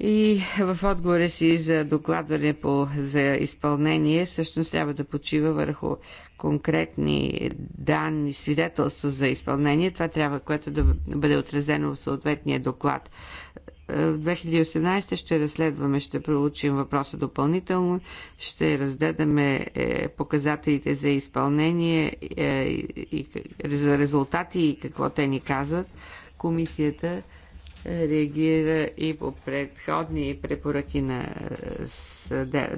и в отговора си за докладване по, за изпълнение, всъщност трябва да почива върху конкретни данни, свидетелство за изпълнение. Това трябва, което да бъде отразено в съответния доклад. Е, в 2018 ще разследваме, ще проучим въпроса допълнително, ще раздадаме е, показателите за изпълнение е, и за резултати и какво те ни казват. Комисията реагира и по предходни препоръки на,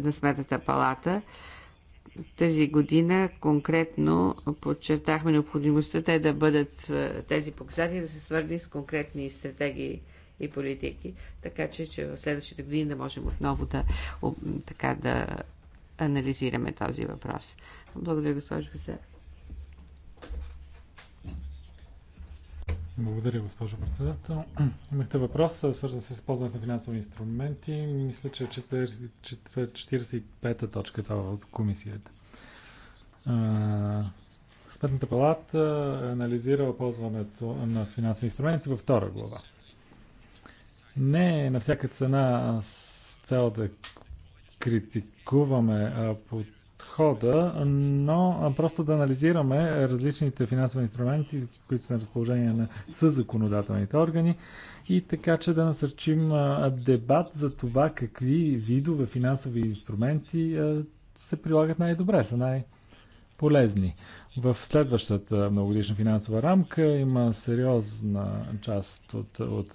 на Сметната палата. Тази година конкретно подчертахме необходимостта те да бъдат тези показатели да се свързани с конкретни стратегии и политики, така че, че в следващите години да можем отново да, така, да анализираме този въпрос. Благодаря, госпожо председател. Благодаря, госпожо председател. *clears throat* Имахте въпрос, свързан с използването на финансови инструменти. Мисля, че 45-та е точка това от комисията. Сметната палата анализира ползването на финансови инструменти във втора глава. Не е на всяка цена с цел да критикуваме а, по подхода, но просто да анализираме различните финансови инструменти, които са на разположение на законодателните органи и така, че да насърчим дебат за това какви видове финансови инструменти се прилагат най-добре, са най- полезни. В следващата многогодишна финансова рамка има сериозна част от, от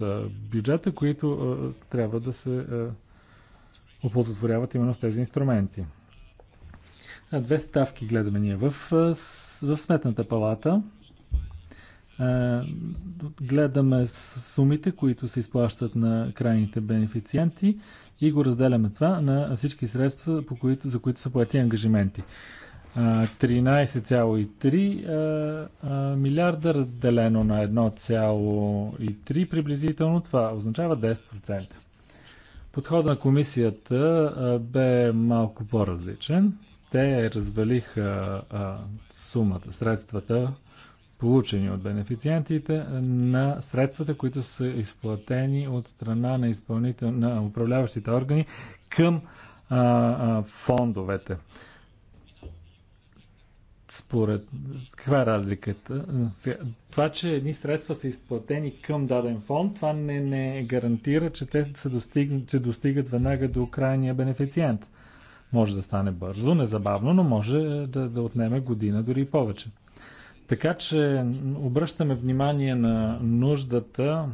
бюджета, които трябва да се оползотворяват именно с тези инструменти. Две ставки гледаме ние в, в Сметната палата. Гледаме сумите, които се изплащат на крайните бенефициенти и го разделяме това на всички средства, по които, за които са плати ангажименти. 13,3 милиарда разделено на 1,3 приблизително, това означава 10%. Подходът на комисията бе малко по-различен те развалиха а, сумата, средствата, получени от бенефициентите, на средствата, които са изплатени от страна на, изпълнител... на управляващите органи към а, а, фондовете. Според каква е разликата? Това, че едни средства са изплатени към даден фонд, това не, не гарантира, че те се достиг... че достигат веднага до крайния бенефициент. Може да стане бързо, незабавно, но може да, да отнеме година, дори и повече. Така че обръщаме внимание на нуждата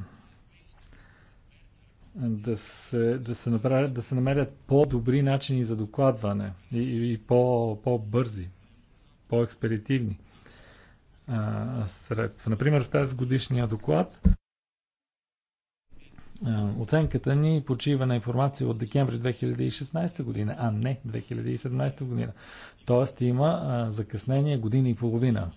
да се, да се, направят, да се намерят по-добри начини за докладване и, и, и по, по-бързи, по-експедитивни средства. Например, в тази годишния доклад е, оценката ни почива на информация от декември 2016 година, а не 2017 година. Тоест има е, закъснение година и половина.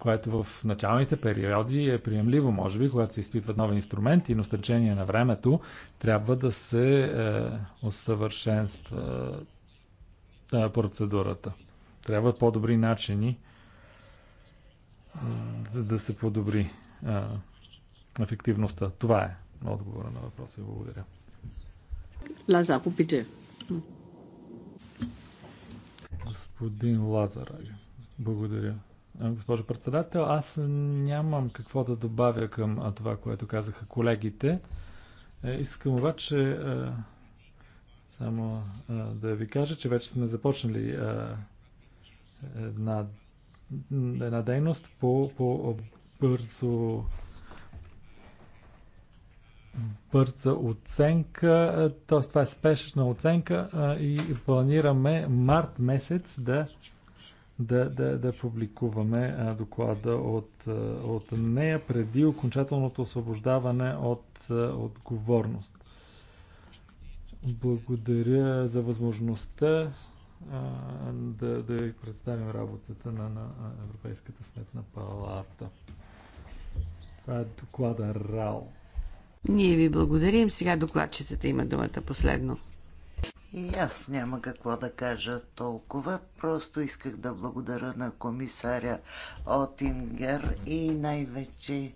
Което в началните периоди е приемливо, може би, когато се изпитват нови инструменти, но с течение на времето трябва да се е, усъвършенства е, процедурата. Трябва по-добри начини да се подобри е, ефективността. Това е на отговора на въпроса. Благодаря. Лазар, попите. Господин Лазар, благодаря. Госпожо председател, аз нямам какво да добавя към това, което казаха колегите. Е, искам обаче само да ви кажа, че вече сме започнали една, една дейност по, по бързо бърза оценка, е, т.е. това е спешна оценка е, и планираме март месец да, да, да, да публикуваме е, доклада от, от нея преди окончателното освобождаване от отговорност. Благодаря за възможността да, да ви представим работата на, на Европейската сметна палата. Това е доклада РАО. Ние ви благодарим. Сега докладчицата има думата последно. И аз няма какво да кажа толкова. Просто исках да благодаря на комисаря Отингер и най-вече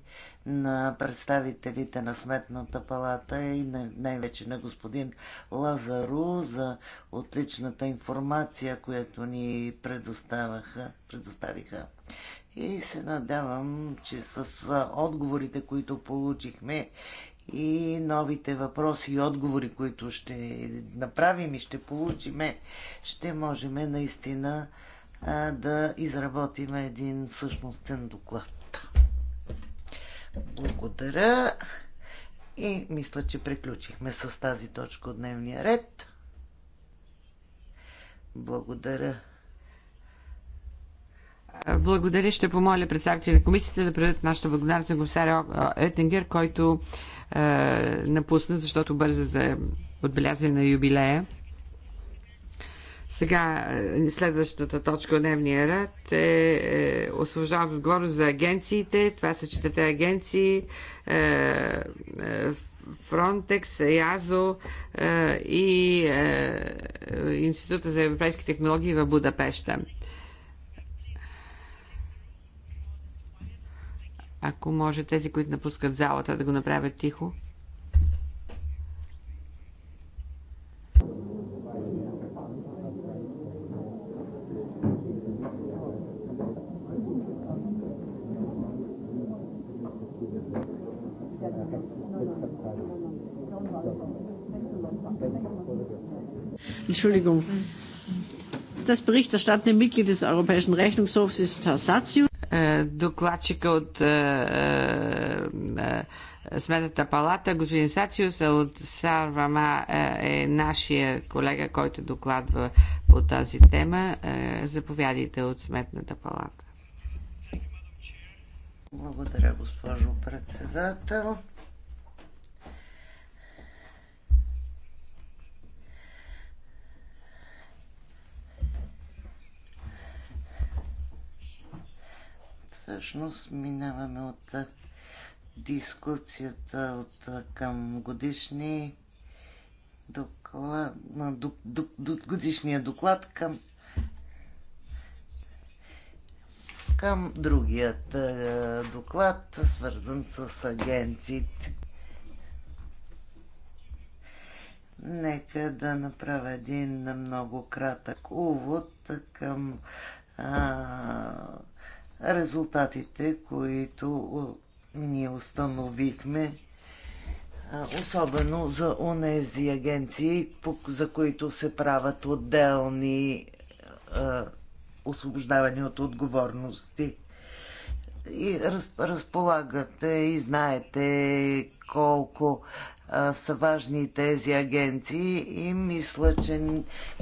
на представителите на Сметната палата и на, най-вече на господин Лазару за отличната информация, която ни предоставаха, предоставиха. И се надявам, че с отговорите, които получихме и новите въпроси и отговори, които ще направим и ще получиме, ще можем наистина да изработим един същностен доклад. Благодаря и мисля, че приключихме с тази точка от дневния ред. Благодаря. Благодаря. Ще помоля представители на комисията да предадат нашата благодарност на комисаря Етенгер, който е, напусна, защото бърза за отбелязване на юбилея. Сега е, следващата точка от дневния ред е, е освобождаването отговорност за агенциите. Това са четирите агенции Frontex, EASO и Института за европейски технологии в Будапешта. Ако може тези, които напускат залата, да го направят тихо. Entschuldigung. Das Berichterstattende Mitglied des Europäischen Rechnungshofs ist Herr Sazio. Е, докладчика от е, е, Сметната палата. Господин Сациус а от Сарвама е нашия колега, който докладва по тази тема. Заповядайте от Сметната палата. Благодаря, госпожо председател. всъщност минаваме от дискусията от към годишни доклад, до, до, до, годишния доклад към към другият доклад, свързан с агенциите. Нека да направя един много кратък увод към а, резултатите, които ние установихме, особено за онези агенции, за които се правят отделни освобождавани от отговорности. И разполагате и знаете колко а, са важни тези агенции и мисля, че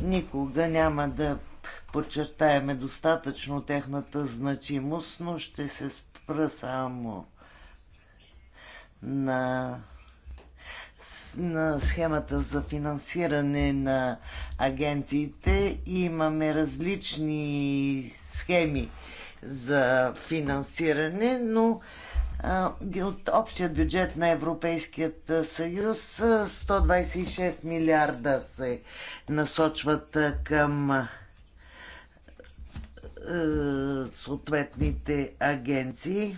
никога няма да подчертаеме достатъчно техната значимост, но ще се спра само на, на схемата за финансиране на агенциите. Имаме различни схеми за финансиране, но от общия бюджет на Европейският съюз 126 милиарда се насочват към е, съответните агенции.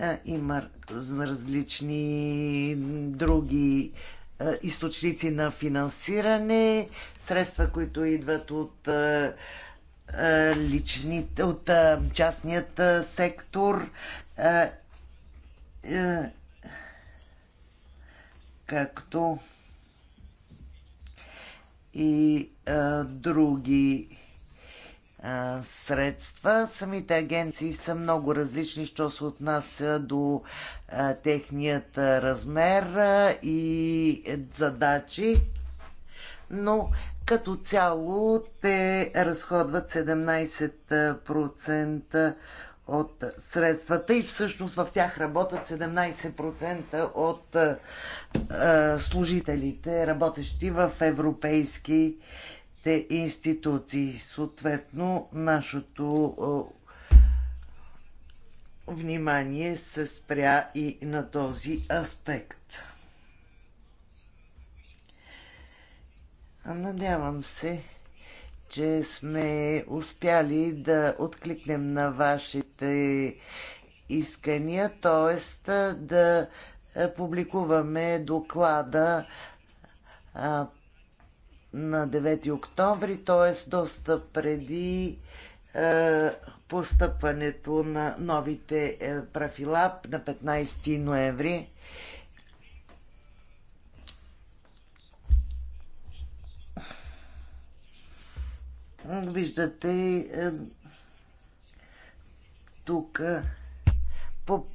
Е, има различни други е, източници на финансиране, средства, които идват от личните, от частният сектор, както и а, други а, средства. Самите агенции са много различни, що се отнася до а, техният размер а, и задачи, но като цяло те разходват 17% от средствата и всъщност в тях работят 17% от а, е, е, служителите, работещи в европейските институции. Съответно, нашето а, е, внимание се спря и на този аспект. Надявам се, че сме успяли да откликнем на вашите искания, т.е. да публикуваме доклада на 9 октомври, т.е. доста преди постъпването на новите е, правила на 15 ноември. Виждате е, тук е,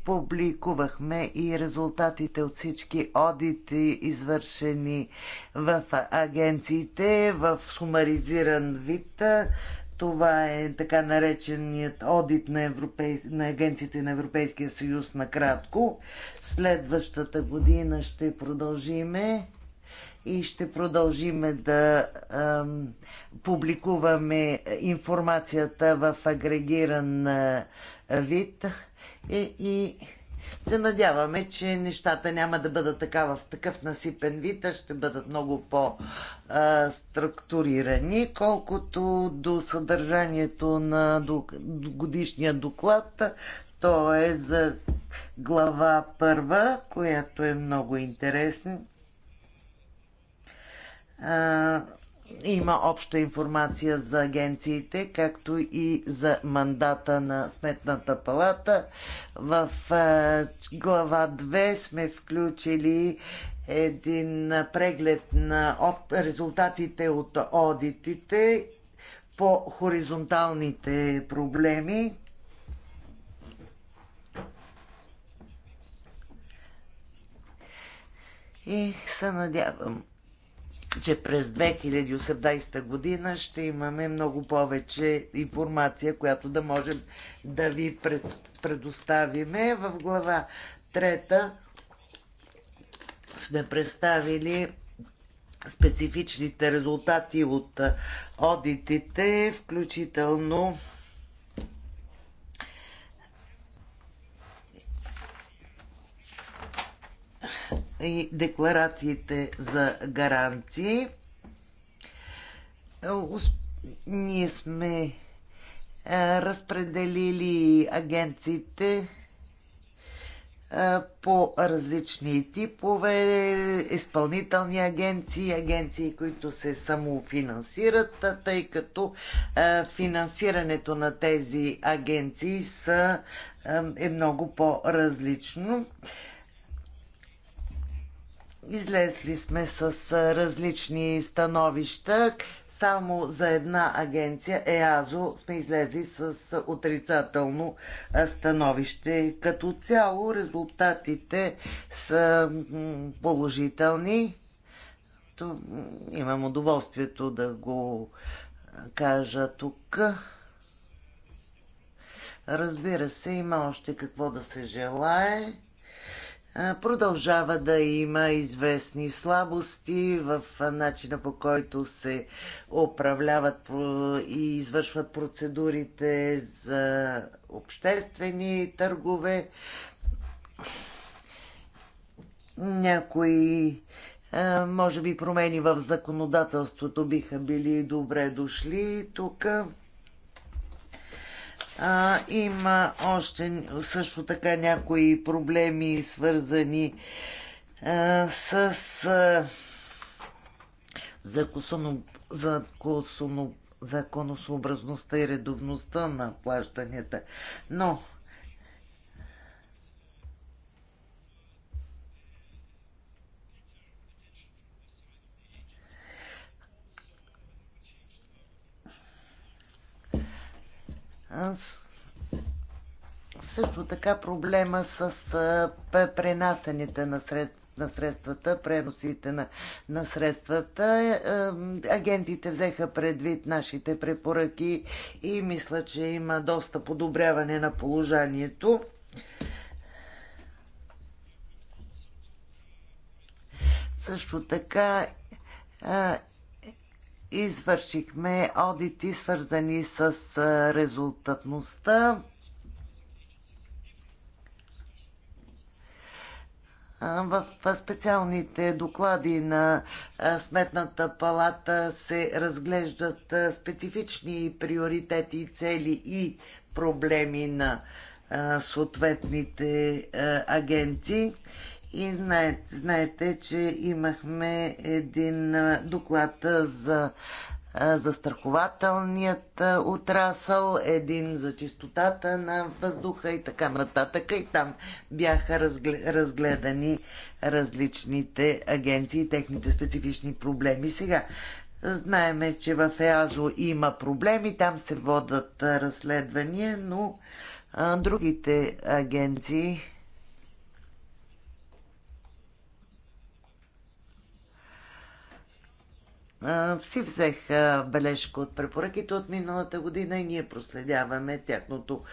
публикувахме и резултатите от всички одити, извършени в агенциите в сумаризиран вид. Това е така нареченият одит на, Европейс... на агенциите на Европейския съюз накратко. Следващата година ще продължиме и ще продължиме да ем, публикуваме информацията в агрегиран а, вид и, и се надяваме, че нещата няма да бъдат така в такъв насипен вид, а ще бъдат много по-структурирани. Колкото до съдържанието на годишния доклад, то е за глава първа, която е много интересна има обща информация за агенциите, както и за мандата на Сметната палата. В глава 2 сме включили един преглед на резултатите от одитите по хоризонталните проблеми. И се надявам че през 2018 година ще имаме много повече информация, която да можем да ви предоставиме. В глава 3 сме представили специфичните резултати от одитите, включително и декларациите за гаранции. Е, ние сме е, разпределили агенциите е, по различни типове, изпълнителни агенции, агенции, които се самофинансират, тъй като финансирането на тези агенции са, е много по-различно. Излезли сме с различни становища. Само за една агенция, ЕАЗО, сме излезли с отрицателно становище. Като цяло резултатите са положителни. Имам удоволствието да го кажа тук. Разбира се, има още какво да се желае Продължава да има известни слабости в начина по който се управляват и извършват процедурите за обществени търгове. Някои може би промени в законодателството биха били добре дошли тук. А, има още също така някои проблеми, свързани а, с а, законосъобразността и редовността на плащанията. Но също така проблема с пренасенето на, на средствата, преносите на, на средствата. Е, е, агенциите взеха предвид нашите препоръки и мисля, че има доста подобряване на положението. Също така е, извършихме одити, свързани с резултатността. В специалните доклади на Сметната палата се разглеждат специфични приоритети, цели и проблеми на съответните агенции. И знаете, знаете, че имахме един доклад за застрахователният отрасъл, един за чистотата на въздуха и така нататък. И там бяха разгледани различните агенции и техните специфични проблеми. Сега знаеме, че в ЕАЗО има проблеми, там се водат разследвания, но другите агенции си взех бележка от препоръките от миналата година и ние проследяваме тяхното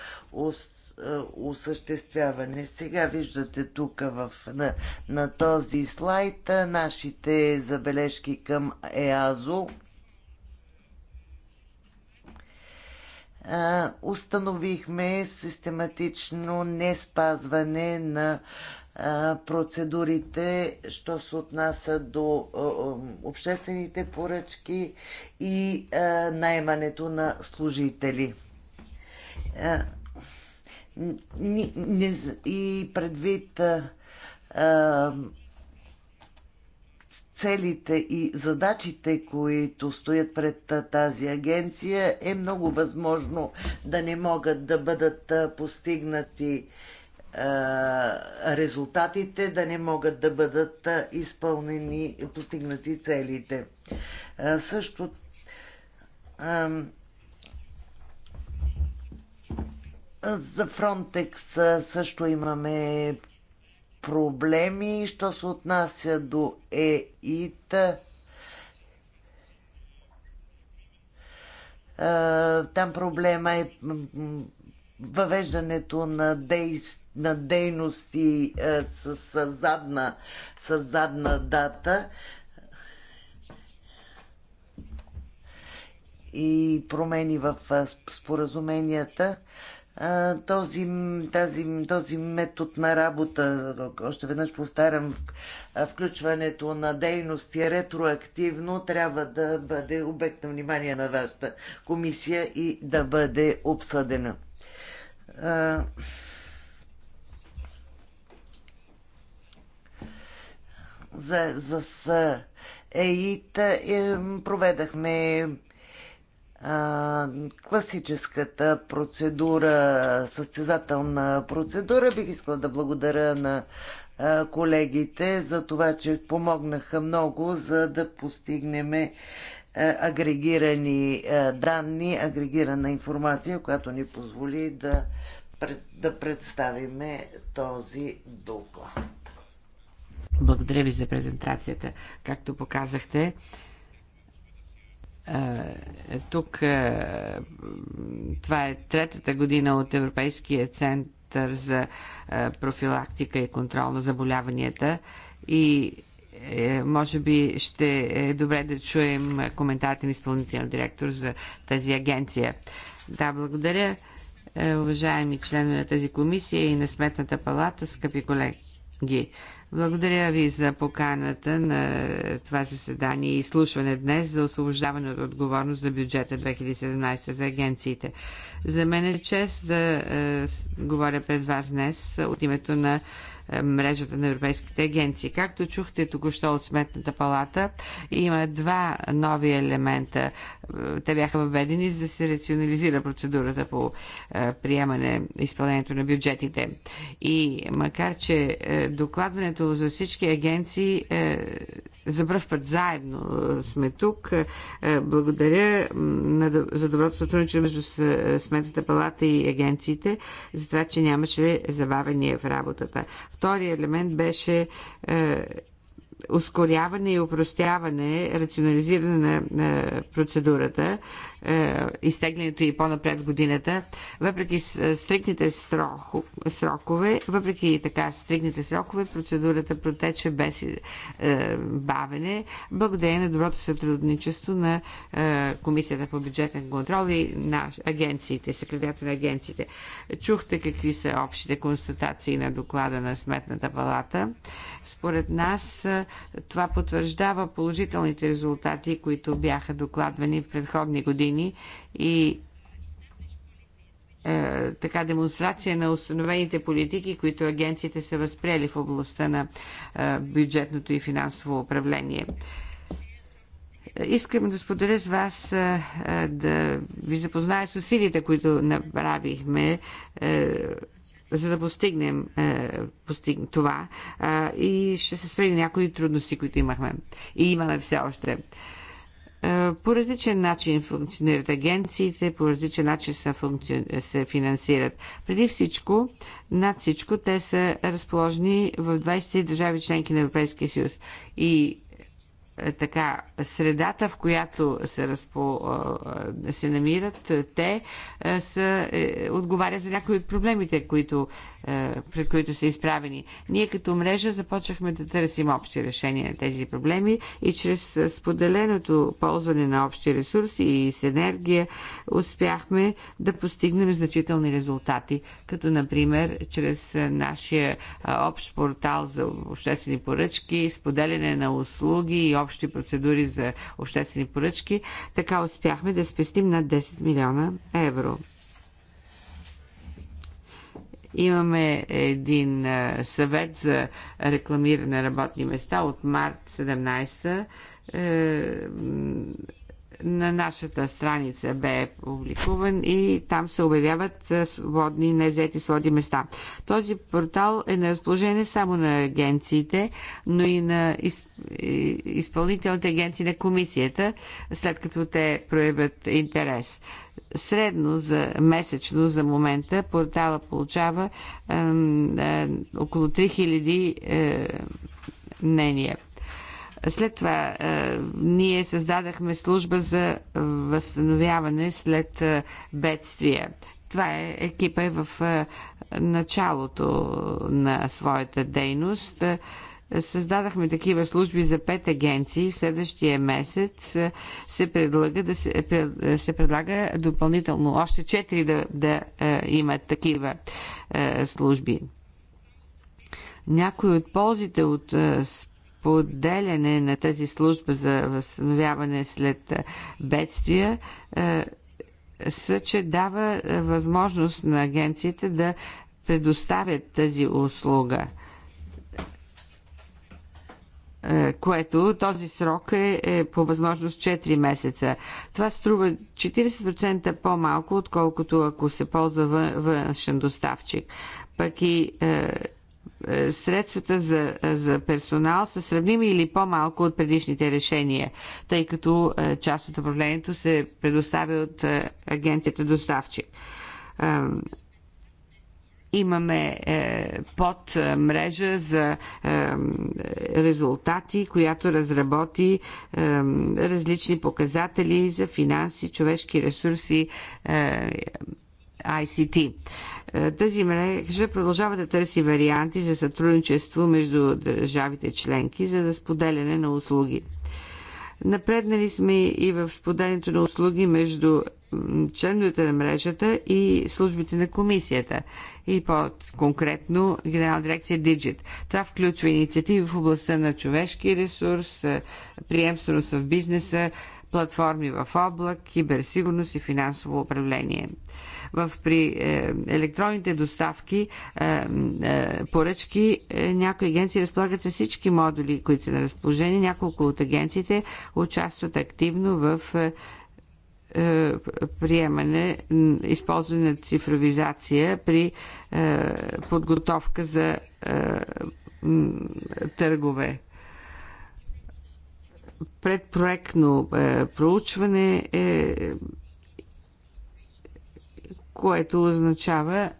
осъществяване. Сега виждате тук в, на, на този слайд нашите забележки към ЕАЗО. установихме систематично неспазване на процедурите, що се отнася до обществените поръчки и найемането на служители. И предвид целите и задачите, които стоят пред тази агенция, е много възможно да не могат да бъдат постигнати резултатите, да не могат да бъдат изпълнени, постигнати целите. Също за Фронтекс също имаме проблеми, що се отнася до ЕИТ. Там проблема е въвеждането на действия на дейности е, с, с, задна, с задна дата и промени в е, споразуменията. Е, този, тази, този метод на работа, още веднъж повтарям, е, включването на дейности ретроактивно трябва да бъде обект на внимание на вашата комисия и да бъде обсъдена. за, за с ЕИТ е, проведахме а, класическата процедура, състезателна процедура. Бих искала да благодаря на а, колегите за това, че помогнаха много, за да постигнем е, агрегирани а, е, данни, агрегирана информация, която ни позволи да, пред, да представиме този доклад. Благодаря ви за презентацията. Както показахте, тук това е третата година от Европейския център за профилактика и контрол на заболяванията и е, може би ще е добре да чуем коментарите на изпълнителния директор за тази агенция. Да, благодаря, е, уважаеми членове на тази комисия и на Сметната палата, скъпи колеги. Благодаря ви за поканата на това заседание и изслушване днес за освобождаване от отговорност за бюджета 2017 за агенциите. За мен е чест да е, говоря пред вас днес от името на е, мрежата на европейските агенции. Както чухте току-що от Сметната палата, има два нови елемента. Е, те бяха въведени за да се рационализира процедурата по е, приемане изпълнението на бюджетите. И макар, че докладването за всички агенции за първ път заедно е, сме тук. Е, благодаря за доброто сътрудничество между е, Сметната палата и агенциите, за това, че нямаше забавения в работата. Вторият елемент беше ускоряване и упростяване, рационализиране на процедурата. Е, изтеглянето и по-напред годината, въпреки е, стрикните срокове, въпреки така стрикните срокове, процедурата протече без е, бавене, благодарение на доброто сътрудничество на Комисията по бюджетен контрол и на агенциите, секретарите на агенциите. Чухте какви са общите констатации на доклада на Сметната палата. Според нас това потвърждава положителните резултати, които бяха докладвани в предходни години години и е, така демонстрация на установените политики, които агенциите са възприели в областта на е, бюджетното и финансово управление. Искам да споделя с вас, е, е, да ви запозная с усилията, които направихме е, за да постигнем това и ще се спрели някои трудности, които имахме и имаме все още. Е, по различен начин функционират агенциите, по различен начин се, функци... се финансират. Преди всичко, над всичко, те са разположени в 20 държави членки на Европейския съюз. И е, така, средата, в която се, разпо, е, се намират е, те, са, отговаря за някои от проблемите, които, пред които са изправени. Ние като мрежа започнахме да търсим общи решения на тези проблеми и чрез споделеното ползване на общи ресурси и с енергия успяхме да постигнем значителни резултати, като например чрез нашия общ портал за обществени поръчки, споделяне на услуги и общ общи процедури за обществени поръчки. Така успяхме да спестим над 10 милиона евро имаме един съвет за рекламиране на работни места от март 17 на нашата страница бе публикуван и там се обявяват свободни, незети свободни места. Този портал е на разположение само на агенциите, но и на из... изпълнителните агенции на комисията, след като те проявят интерес. Средно за месечно за момента портала получава е, е, около 3000 е, мнения след това е, ние създадахме служба за възстановяване след е, бедствия. Това е екипа е в е, началото на своята дейност. Създадахме такива служби за пет агенции. В следващия месец се предлага, да се, се предлага допълнително още четири да, да имат такива служби. Някои от ползите от поделяне на тази служба за възстановяване след бедствия са, че дава възможност на агенцията да предоставят тази услуга което този срок е, е по възможност 4 месеца. Това струва 40% по-малко, отколкото ако се ползва външен доставчик. Пък и е, е, средствата за, за персонал са сравними или по-малко от предишните решения, тъй като е, част от управлението се предоставя от е, агенцията доставчик имаме е, под мрежа за е, резултати, която разработи е, различни показатели за финанси, човешки ресурси, е, ICT. Е, тази мрежа продължава да търси варианти за сътрудничество между държавите членки за да споделяне на услуги. Напреднали сме и в споделянето на услуги между членовете на мрежата и службите на комисията и по-конкретно Генерална дирекция Digit. Това включва инициативи в областта на човешки ресурс, е, приемственост в бизнеса, платформи в облак, киберсигурност и финансово управление в, при е, електронните доставки, е, е, поръчки, е, някои агенции разполагат с всички модули, които са на разположение. Няколко от агенциите участват активно в е, е приемане, използване на цифровизация при е, подготовка за е, търгове. Предпроектно е, проучване е което означава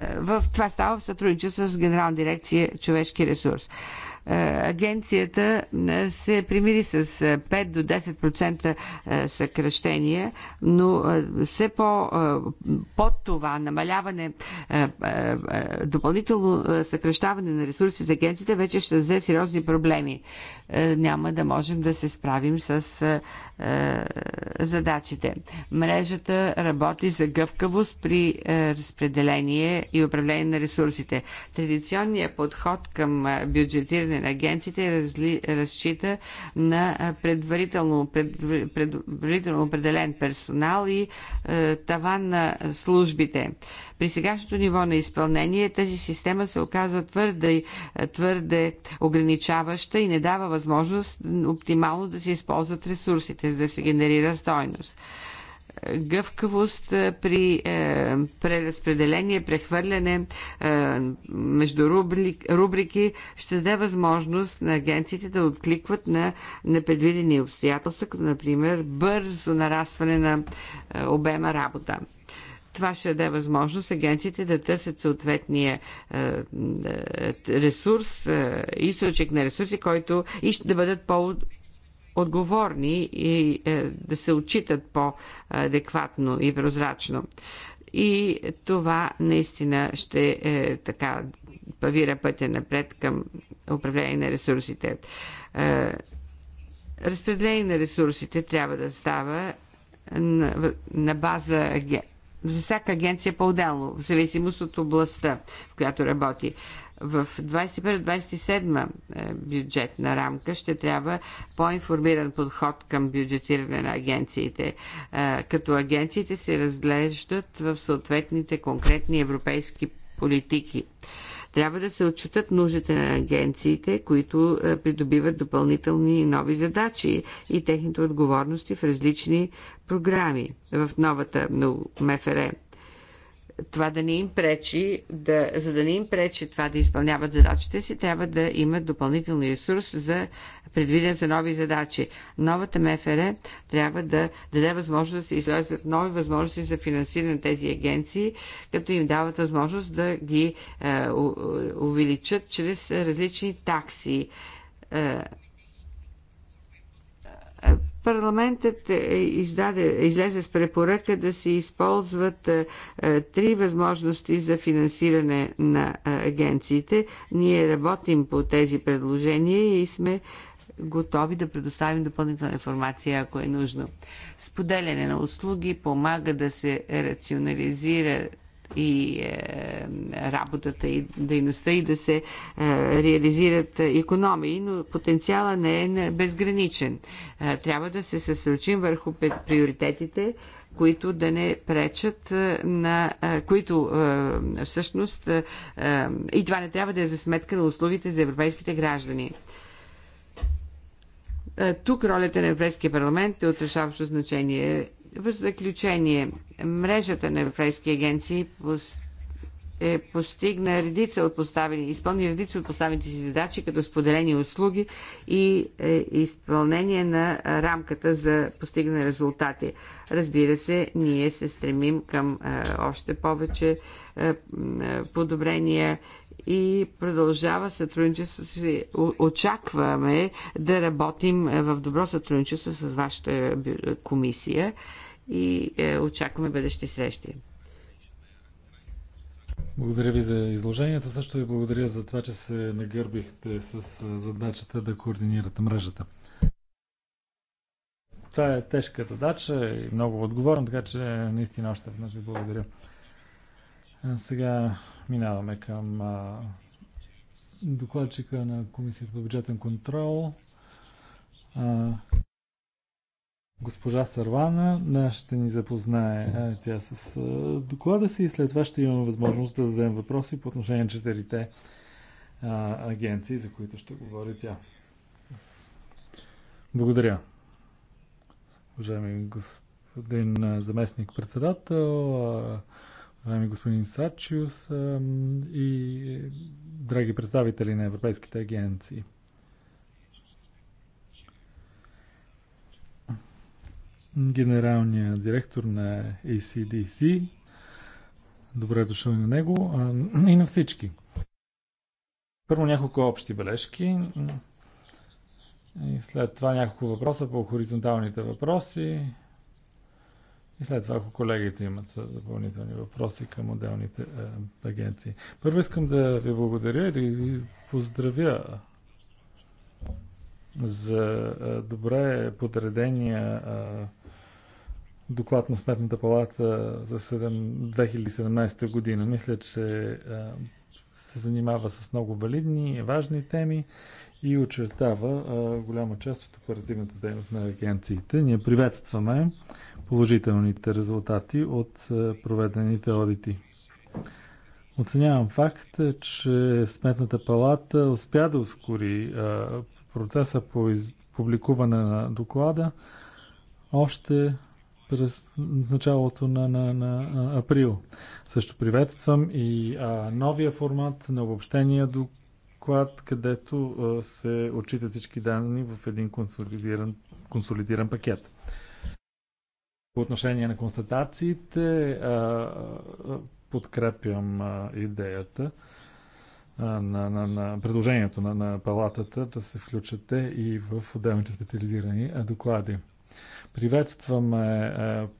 е, в това става в сътрудничество с Генерална дирекция човешки ресурс. Е, агенцията е, се примири с 5 е, до 10% съкръщение, но все по под това намаляване, допълнително съкръщаване на ресурси за агенцията вече ще взе сериозни проблеми. Няма да можем да се справим с задачите. Мрежата работи за гъвкавост при разпределение и управление на ресурсите. Традиционният подход към бюджетиране финансиране на агенциите разли, разчита на предварително, пред, предварително определен персонал и е, таван на службите. При сегашното ниво на изпълнение тази система се оказва твърде, твърде ограничаваща и не дава възможност оптимално да се използват ресурсите, за да се генерира стойност гъвкавост е, при е, преразпределение, прехвърляне е, между рубрик, рубрики ще даде възможност на агенциите да откликват на непредвидени обстоятелства, като например бързо нарастване на е, обема работа. Това ще даде възможност агенциите да търсят съответния е, е, ресурс, източник на ресурси, който и ще бъдат по отговорни и е, да се отчитат по-адекватно и прозрачно. И това наистина ще е, така павира пътя напред към управление на ресурсите. Е, разпределение на ресурсите трябва да става на, на база за всяка агенция по-отделно, в зависимост от областта, в която работи в 21 27 е, бюджетна рамка ще трябва по-информиран подход към бюджетиране на агенциите, е, като агенциите се разглеждат в съответните конкретни европейски политики. Трябва да се отчитат нуждите на агенциите, които е, придобиват допълнителни нови задачи и техните отговорности в различни програми в новата МФР това да не им пречи, да, за да не им пречи това да изпълняват задачите си, трябва да имат допълнителни ресурс за предвиден за нови задачи. Новата МФР трябва да даде възможност да се излезат нови възможности за финансиране на тези агенции, като им дават възможност да ги е, увеличат чрез различни такси. Е, Парламентът е издаде, излезе с препоръка да се използват е, е, три възможности за финансиране на агенциите. Ние работим по тези предложения и сме готови да предоставим допълнителна информация, ако е нужно. Споделяне на услуги помага да се рационализира и е, работата и дейността и да се е, реализират економии, но потенциала не е безграничен. Е, трябва да се съсредоточим върху приоритетите, които да не пречат на... които всъщност... И това не трябва да е за сметка на услугите за европейските граждани. Тук ролята на Европейския парламент е от решаващо значение. В заключение, мрежата на европейски агенции е постигна редица от поставени, изпълни редица от поставените си задачи, като споделени услуги и е, изпълнение на рамката за постигане резултати. Разбира се, ние се стремим към е, още повече е, е подобрения и продължава сътрудничество си. Очакваме да работим е, в добро сътрудничество с вашата комисия и е, очакваме бъдещи срещи. Благодаря ви за изложението. Също ви благодаря за това, че се нагърбихте с е, задачата да координирате мрежата. Това е тежка задача и много отговорна, така че наистина още веднъж ви благодаря. Сега Минаваме към а, докладчика на Комисията по бюджетен контрол. А, госпожа Сарвана ще ни запознае а, тя с а, доклада си и след това ще имаме възможност да дадем въпроси по отношение на четирите а, агенции, за които ще говори тя. Благодаря. Уважаеми господин заместник председател, Уважаеми господин Сачиус и е, драги представители на европейските агенции. Генералният директор на ACDC. Добре дошъл на него и на всички. Първо няколко общи бележки. И след това няколко въпроса по хоризонталните въпроси. И след това, ако колегите имат допълнителни въпроси към отделните е, агенции. Първо искам да ви благодаря и да ви поздравя за е, добре подредения е, доклад на Сметната палата за 2017 година. Мисля, че е, се занимава с много валидни и важни теми и очертава е, голяма част от оперативната дейност на агенциите. Ние приветстваме положителните резултати от е, проведените одити. Оценявам факта, че Сметната палата успя да ускори е, процеса по публикуване на доклада още през началото на, на, на април. Също приветствам и а, новия формат на обобщения доклад, където а, е, се отчитат всички данни в един консолидиран, консолидиран пакет. По отношение на констатациите, подкрепям идеята на, на, на предложението на, на палатата да се включате и в отделните специализирани доклади. Приветстваме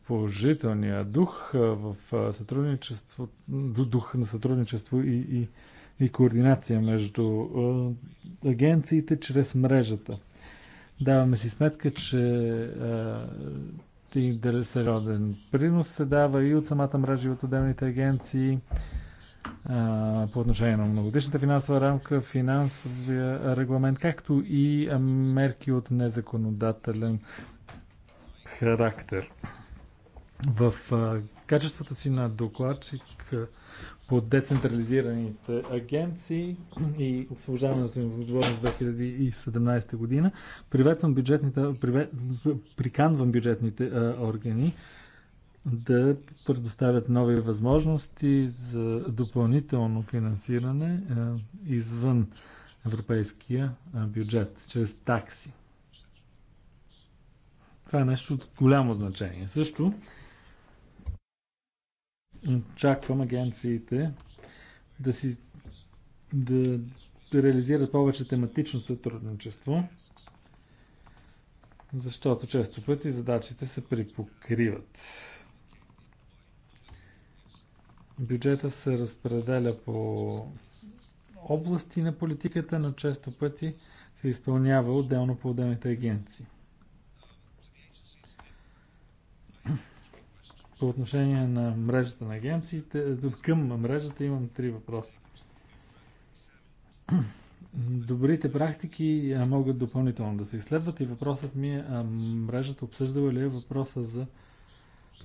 положителния дух в сътрудничество, дух на сътрудничество и, и, и координация между агенциите чрез мрежата. Даваме си сметка, че и сериозен принос се дава и от самата мрежа и от отделните агенции по отношение на многодишната финансова рамка, финансовия регламент, както и мерки от незаконодателен характер. В качеството си на докладчик по децентрализираните агенции и освобождаването им в отговорност 2017 година. Приветствам бюджетните, привет, приканвам бюджетните а, органи да предоставят нови възможности за допълнително финансиране а, извън европейския а, бюджет, чрез такси. Това е нещо от голямо значение. Също Очаквам агенциите да си да, да реализират повече тематично сътрудничество, защото често пъти задачите се припокриват. Бюджета се разпределя по области на политиката, но често пъти се изпълнява отделно по отделните агенции. По отношение на мрежата на агенциите, към мрежата имам три въпроса. Добрите практики могат допълнително да се изследват и въпросът ми е, а мрежата обсъждала ли е въпроса за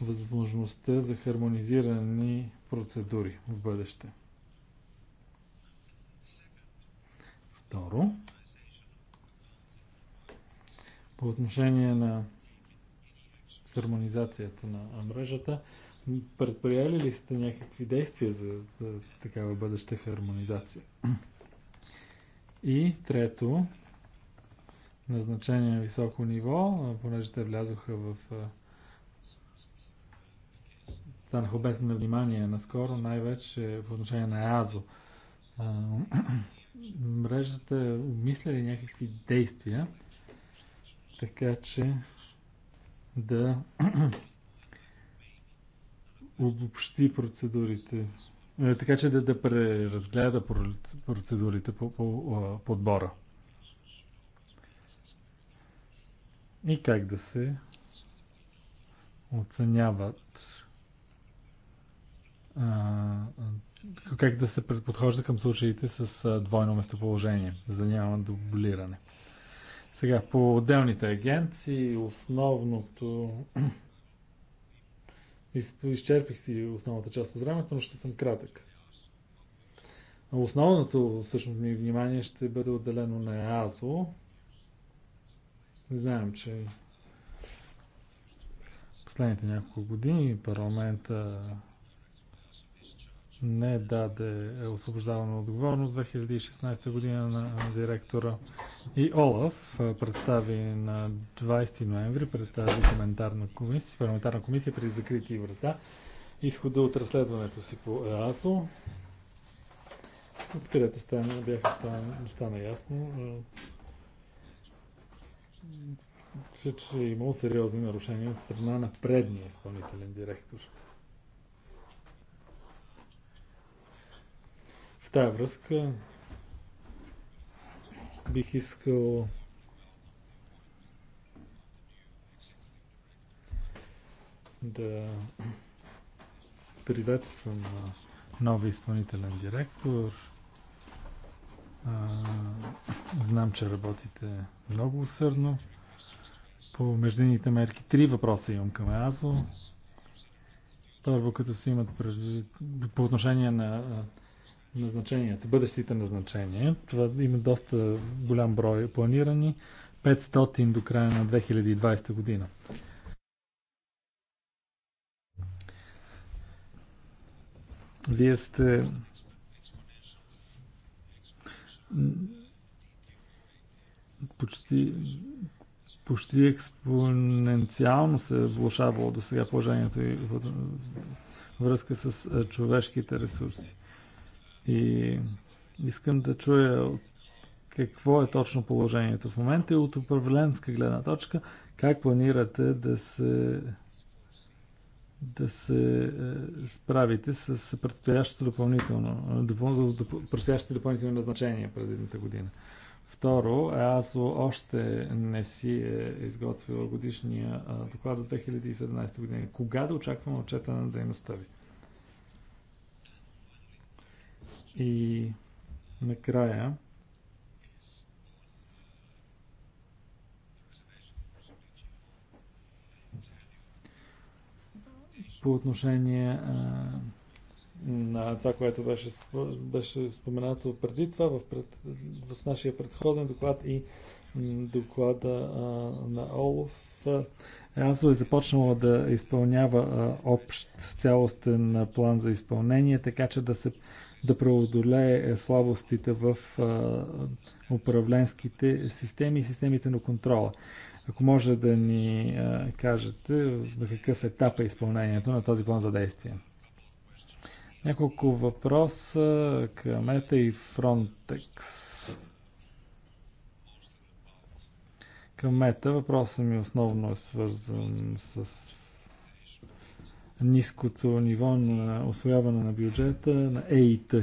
възможността за хармонизирани процедури в бъдеще? Второ, по отношение на хармонизацията на мрежата. Предприели ли сте някакви действия за, такава бъдеща хармонизация? И трето, назначение на високо ниво, понеже те влязоха в станах обект на внимание наскоро, най-вече по отношение на Азо. Мрежата е обмисля ли някакви действия, така че да *clears throat* обобщи процедурите, е, така че да, да преразгледа процедурите по, по подбора. И как да се оценяват а, как да се предподхожда към случаите с двойно местоположение, за да няма дублиране. Сега по отделните агенции, основното. *clears throat* Изчерпих си основната част от времето, но ще съм кратък. Основното всъщност ми внимание ще бъде отделено на АЗО. Знаем, че последните няколко години парламента не даде освобождаване отговорност 2016 година на директора. И Олаф представи на 20 ноември пред тази комисия, парламентарна комисия при закрити врата изхода от разследването си по ЕАСО, откъдето стана, бяха стана, стана ясно, че е имало сериозни нарушения от страна на предния изпълнителен директор. тази връзка бих искал да приветствам новия изпълнителен директор. А, знам, че работите много усърдно по междинните мерки. Три въпроса имам към Азо. Първо, като си имат предвид по отношение на назначенията, бъдещите назначения. Това има доста голям брой планирани. 500 до края на 2020 година. Вие сте почти, почти експоненциално се е влушавало до сега положението и връзка с човешките ресурси. И искам да чуя какво е точно положението в момента и от управленска гледна точка, как планирате да се да се е, справите с предстоящото допълнително, допъл, допъл, предстоящите допълнителни назначения през едната година. Второ, аз още не си е изготвила годишния доклад за 2017 година. Кога да очакваме отчета на дейността ви? И накрая по отношение а, на това, което беше, беше споменато преди това в, пред, в нашия предходен доклад и доклада а, на Олов. Янсо е започнала да изпълнява а, общ цялостен план за изпълнение, така че да се да преодолее е, слабостите в управленските системи и системите на контрола. Ако може да ни кажете на какъв етап е изпълнението на този план за действие. Няколко въпроса към ЕТА и Фронтекс. Към ЕТА въпросът ми основно е свързан с ниското ниво на освояване на бюджета на ЕИТ.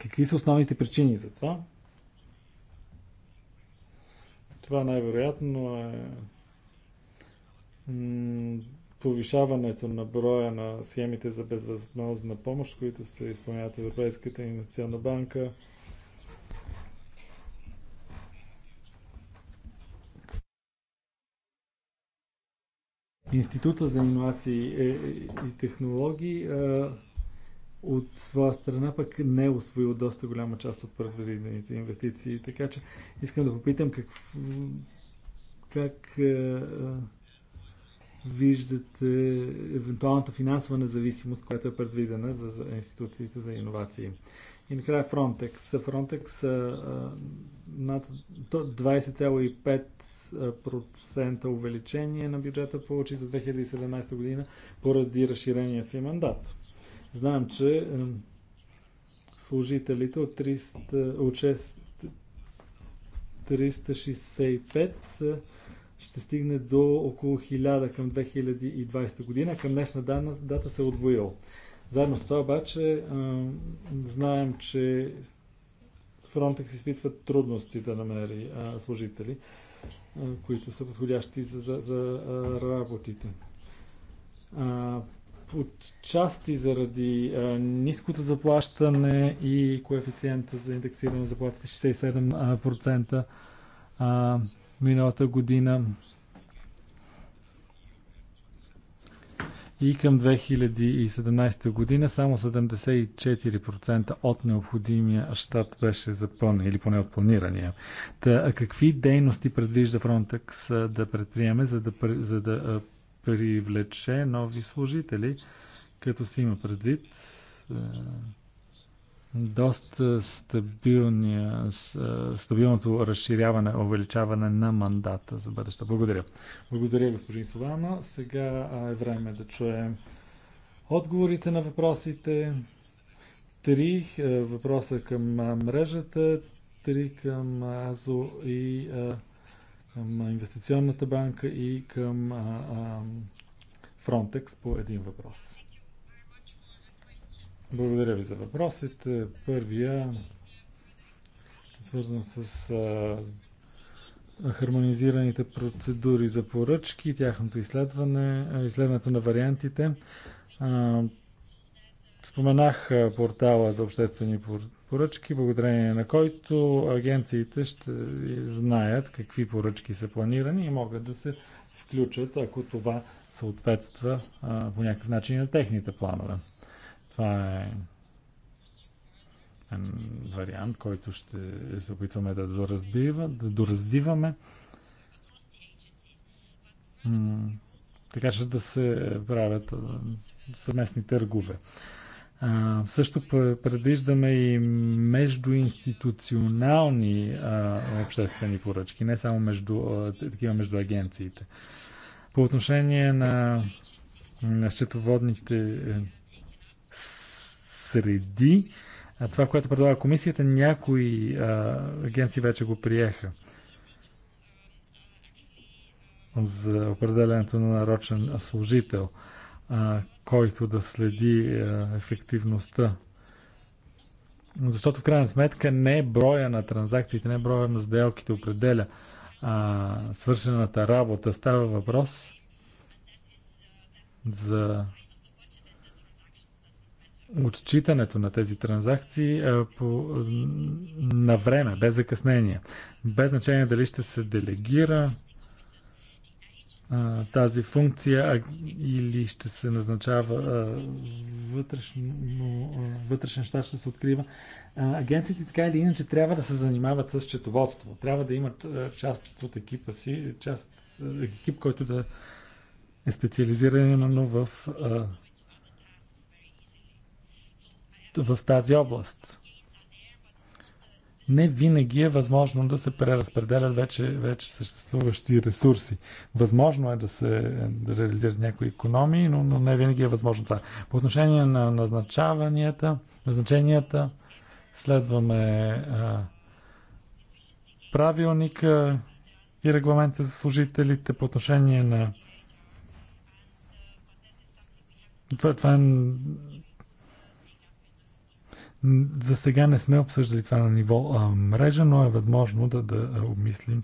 Какви са основните причини за това? Това най-вероятно е повишаването на броя на схемите за безвъзмозна помощ, които се изпълняват Европейската инвестиционна банка, Института за иновации и технологии от своя страна пък не е освоил доста голяма част от предвидените инвестиции. Така че искам да попитам как, как е, виждате евентуалната финансова независимост, която е предвидена за, за институциите за иновации. И накрая Frontex. Frontex е, над 20,5 Процента увеличение на бюджета получи за 2017 година поради разширения си мандат. Знаем, че служителите от, 300, от 6, 365 ще стигне до около 1000 към 2020 година. Към днешна дата се е отвоил. Заедно с това обаче знаем, че Frontex изпитва трудности да намери служители които са подходящи за, за, за работите. части заради ниското заплащане и коефициента за индексиране на заплатите 67% миналата година. и към 2017 година само 74% от необходимия щат беше запълнен или поне от планирания. Та, а какви дейности предвижда Frontex да предприеме, за да, за да привлече нови служители, като си има предвид доста стабилното разширяване, увеличаване на мандата за бъдеща. Благодаря. Благодаря, господин Сувана. Сега е време да чуем отговорите на въпросите. Три въпроса към мрежата, три към АЗО и към Инвестиционната банка и към Фронтекс по един въпрос. Благодаря ви за въпросите. Първия свързан с а, хармонизираните процедури за поръчки, тяхното изследване, изследването на вариантите. А, споменах портала за обществени поръчки, благодарение на който агенциите ще знаят какви поръчки са планирани и могат да се включат, ако това съответства а, по някакъв начин на техните планове. Това е вариант, който ще се опитваме да, доразбива, да доразвиваме. така че да се правят съвместни търгове. А, също предвиждаме и междуинституционални а, обществени поръчки, не само между, а, такива между агенциите. По отношение на, на счетоводните среди. А това, което предлага комисията, някои а, агенции вече го приеха за определенето на нарочен служител, а, който да следи а, ефективността. Защото в крайна сметка не е броя на транзакциите, не е броя на сделките определя а, свършената работа. Става въпрос за отчитането на тези транзакции е, по, на време, без закъснение. Без значение дали ще се делегира е, тази функция или ще се назначава е, вътрешно, вътрешен щат, ще се открива. агенциите така или иначе трябва да се занимават с счетоводство. Трябва да имат част от екипа си, част, екип, който да е специализиран именно в в тази област. Не винаги е възможно да се преразпределят вече, вече съществуващи ресурси. Възможно е да се да реализират някои економии, но, но не винаги е възможно това. По отношение на назначаванията, назначенията, следваме а, правилника и регламента за служителите по отношение на това, това е за сега не сме обсъждали това на ниво а, мрежа, но е възможно да, да обмислим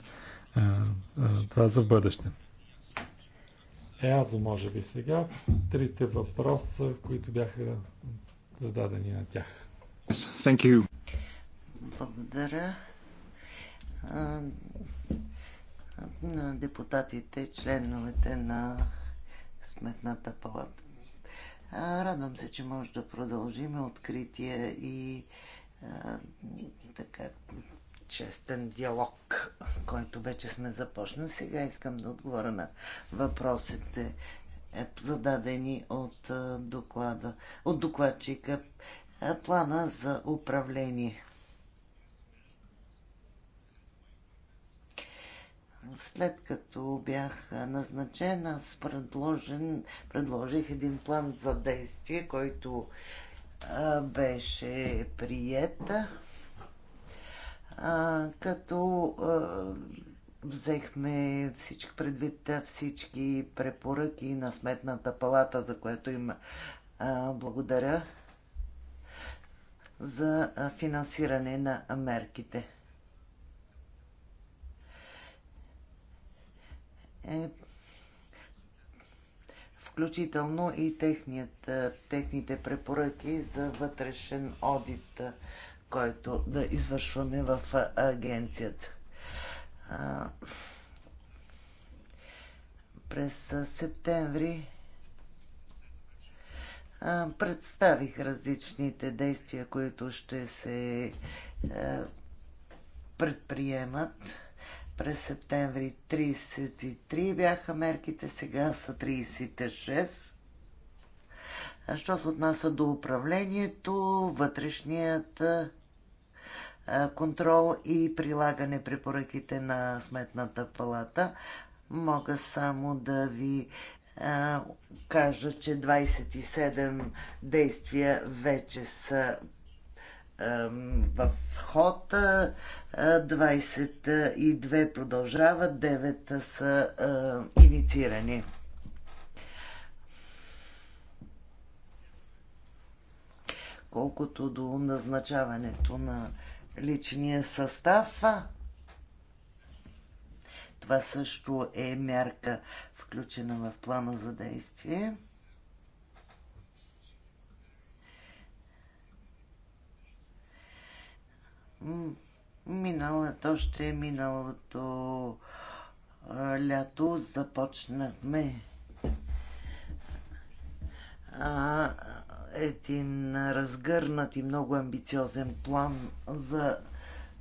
а, а, това за в бъдеще. Еазо, може би сега, трите въпроса, които бяха зададени на тях. Yes, thank you. Благодаря а, на депутатите, членовете на Сметната палата. Радвам се, че може да продължим открития и а, така честен диалог, който вече сме започнали. Сега искам да отговоря на въпросите, е, зададени от доклада, от докладчика. Плана за управление. след като бях назначен, аз предложен, предложих един план за действие, който а, беше приета, а, като а, взехме всички предвид всички препоръки на Сметната палата, за което им а, благодаря за финансиране на мерките. е, включително и техният, е, техните препоръки за вътрешен одит, е, който да извършваме в е, агенцията. през септември представих различните действия, които ще се предприемат през септември 33 бяха мерките, сега са 36. А що се отнася до управлението, вътрешният контрол и прилагане препоръките на Сметната палата. Мога само да ви кажа, че 27 действия вече са в ход, 22 продължават, 9 са инициирани. Колкото до назначаването на личния състав, това също е мярка, включена в плана за действие. миналото, още миналото лято започнахме а, един разгърнат и много амбициозен план за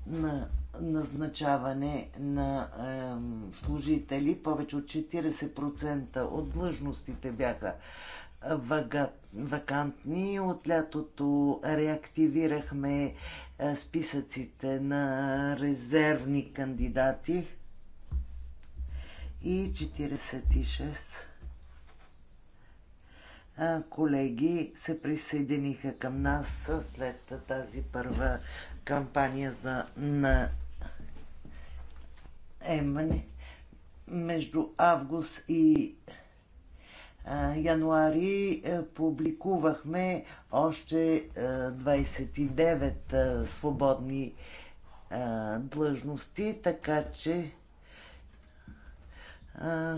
на назначаване на е, служители. Повече от 40% от длъжностите бяха вакантни. От лятото реактивирахме е, списъците на резервни кандидати и 46 колеги се присъединиха към нас след тази първа кампания за на емане между август и януари е, публикувахме още 29 е, е, свободни длъжности, така че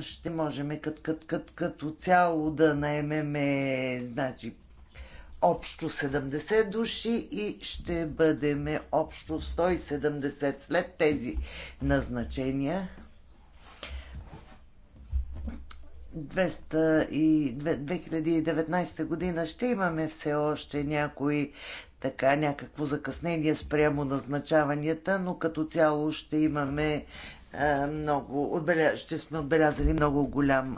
ще можем кът, кът, кът, като цяло да наемеме значи, общо 70 души и ще бъдеме общо 170 след тези назначения. 200 и 2019 година ще имаме все още някои така някакво закъснение спрямо назначаванията, но като цяло ще имаме е, много, отбеля, ще сме отбелязали много голям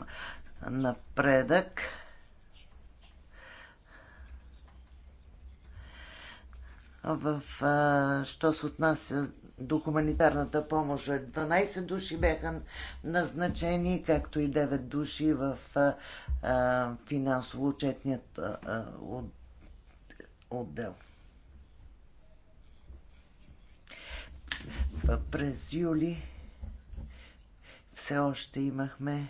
напредък. В а, е, що се отнася до хуманитарната помощ. 12 души бяха назначени, както и 9 души в финансово-отчетният отдел. През юли все още имахме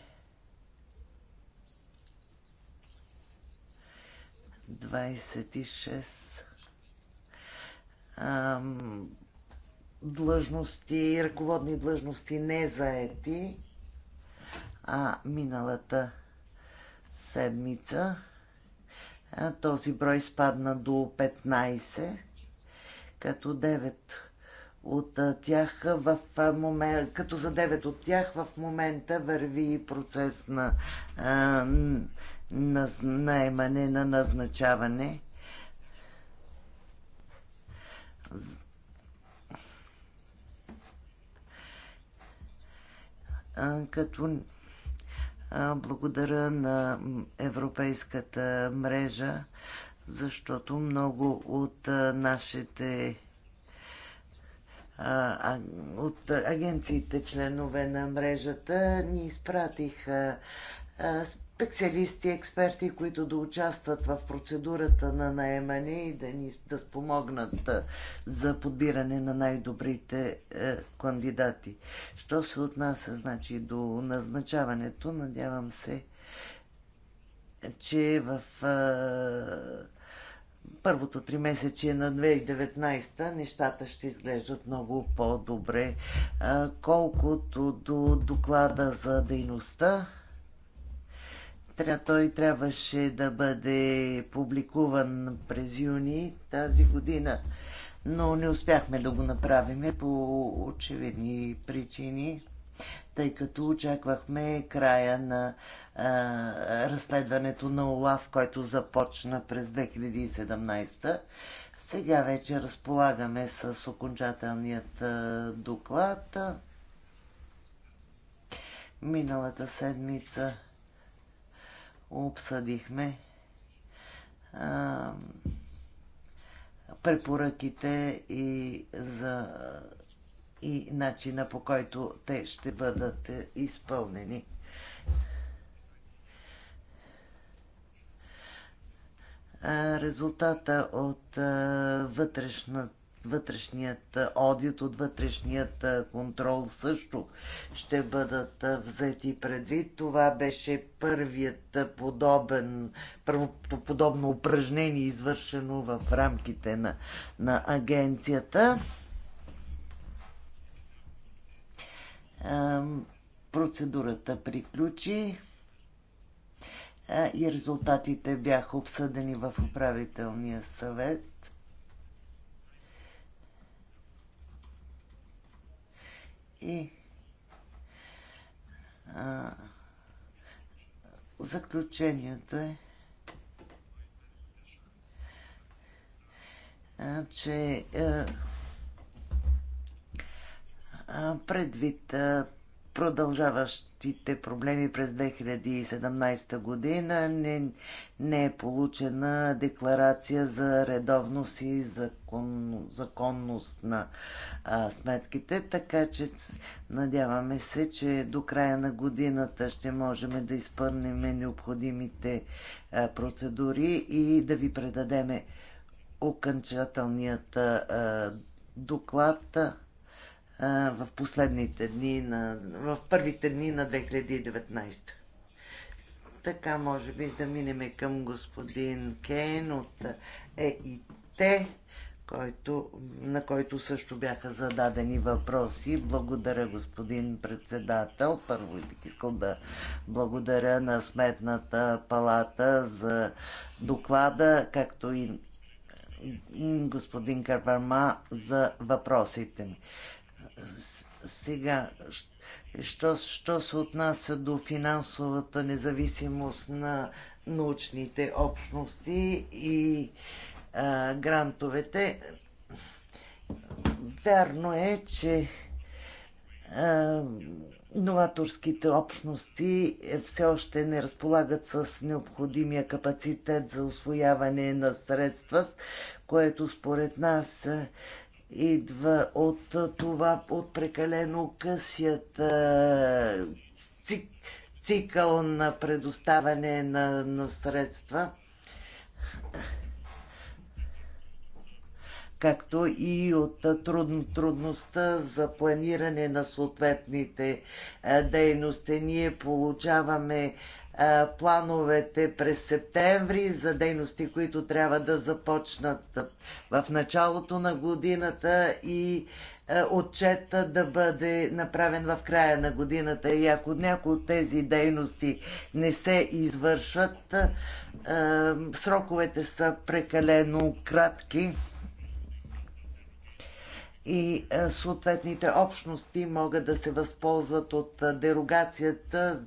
26 длъжности, ръководни длъжности не заети, а миналата седмица този брой спадна до 15, като 9 от тях в момент, като за 9 от тях в момента върви процес на, на наемане, на назначаване като благодаря на Европейската мрежа, защото много от нашите от агенциите членове на мрежата ни изпратиха специалисти, експерти, които да участват в процедурата на наемане и да ни да спомогнат за подбиране на най-добрите е, кандидати. Що се отнася значи, до назначаването, надявам се, че в е, първото три месече на 2019 нещата ще изглеждат много по-добре. Е, колкото до доклада за дейността, Тря, той трябваше да бъде публикуван през юни тази година, но не успяхме да го направим по очевидни причини, тъй като очаквахме края на а, разследването на ОЛАВ, който започна през 2017. Сега вече разполагаме с окончателният а, доклад. Миналата седмица обсъдихме а, препоръките и за и начина по който те ще бъдат е, изпълнени. резултата от вътрешната вътрешният одит, от вътрешният контрол също ще бъдат взети предвид. Това беше първият подобен, първото подобно упражнение, извършено в рамките на, на агенцията. Процедурата приключи и резултатите бяха обсъдени в управителния съвет. и а, заключението е, а, че а, предвид а, продължаващ общите проблеми през 2017 година. Не, не е получена декларация за редовност и закон, законност на а, сметките, така че надяваме се, че до края на годината ще можем да изпълним необходимите а, процедури и да ви предадеме окончателният а, доклад в последните дни на, в първите дни на 2019. Така, може би да минем към господин Кейн от ЕИТ, който, на който също бяха зададени въпроси. Благодаря, господин председател. Първо и искам да благодаря на Сметната палата за доклада, както и господин Карварма за въпросите ми сега, що, що се отнася до финансовата независимост на научните общности и а, грантовете, вярно е, че а, новаторските общности все още не разполагат с необходимия капацитет за освояване на средства, което според нас идва от това, от прекалено късият цик, цикъл на предоставяне на, на средства, както и от труд, трудността за планиране на съответните дейности. Ние получаваме плановете през септември за дейности, които трябва да започнат в началото на годината и отчета да бъде направен в края на годината. И ако някои от тези дейности не се извършват, сроковете са прекалено кратки и е, съответните общности могат да се възползват от е, дерогацията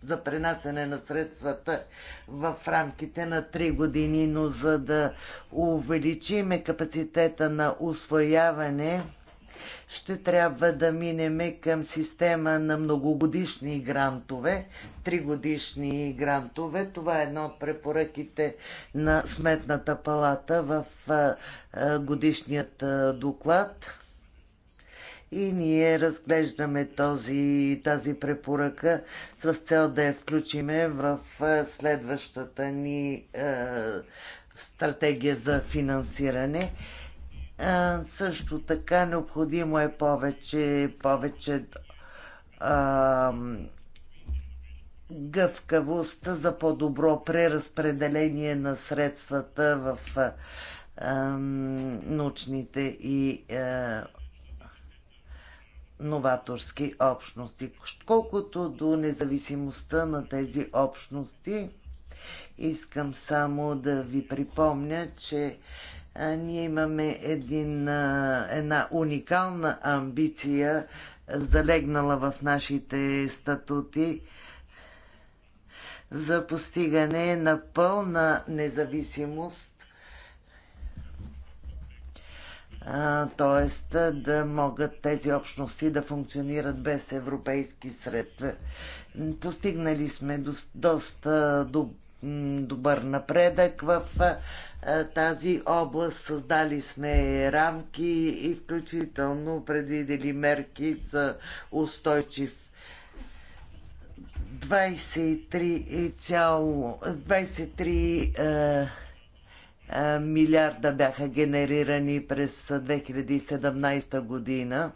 за пренасене на средствата в рамките на 3 години, но за да увеличиме капацитета на усвояване, ще трябва да минеме към система на многогодишни грантове, тригодишни грантове. Това е една от препоръките на Сметната палата в е, годишният доклад и ние разглеждаме този, тази препоръка с цел да я включиме в следващата ни е, стратегия за финансиране. Е, също така необходимо е повече, повече е, гъвкавост за по-добро преразпределение на средствата в а, научните и е, новаторски общности. Колкото до независимостта на тези общности, искам само да ви припомня, че ние имаме един, една уникална амбиция, залегнала в нашите статути за постигане на пълна независимост т.е. да могат тези общности да функционират без европейски средства. Постигнали сме до, доста до, добър напредък в а, тази област. Създали сме рамки и включително предвидели мерки за устойчив 23, 23 е, милиарда бяха генерирани през 2017 година.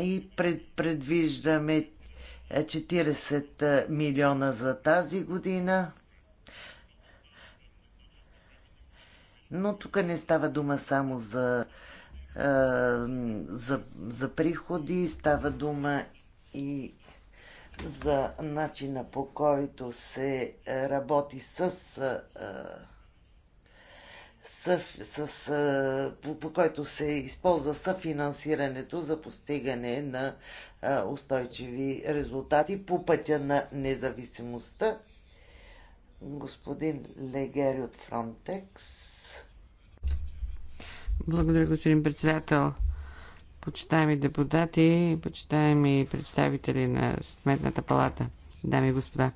И пред, предвиждаме 40 е, е, милиона за тази година. Но тук не става дума само за, за, за приходи, става дума и за начина по който се е, работи с, е, с, с, е, по, по който се използва съфинансирането за постигане на устойчиви резултати по пътя на независимостта. Господин Легери от Фронтекс. Благодаря, господин председател почитаеми депутати, почитаеми представители на Сметната палата, дами и господа.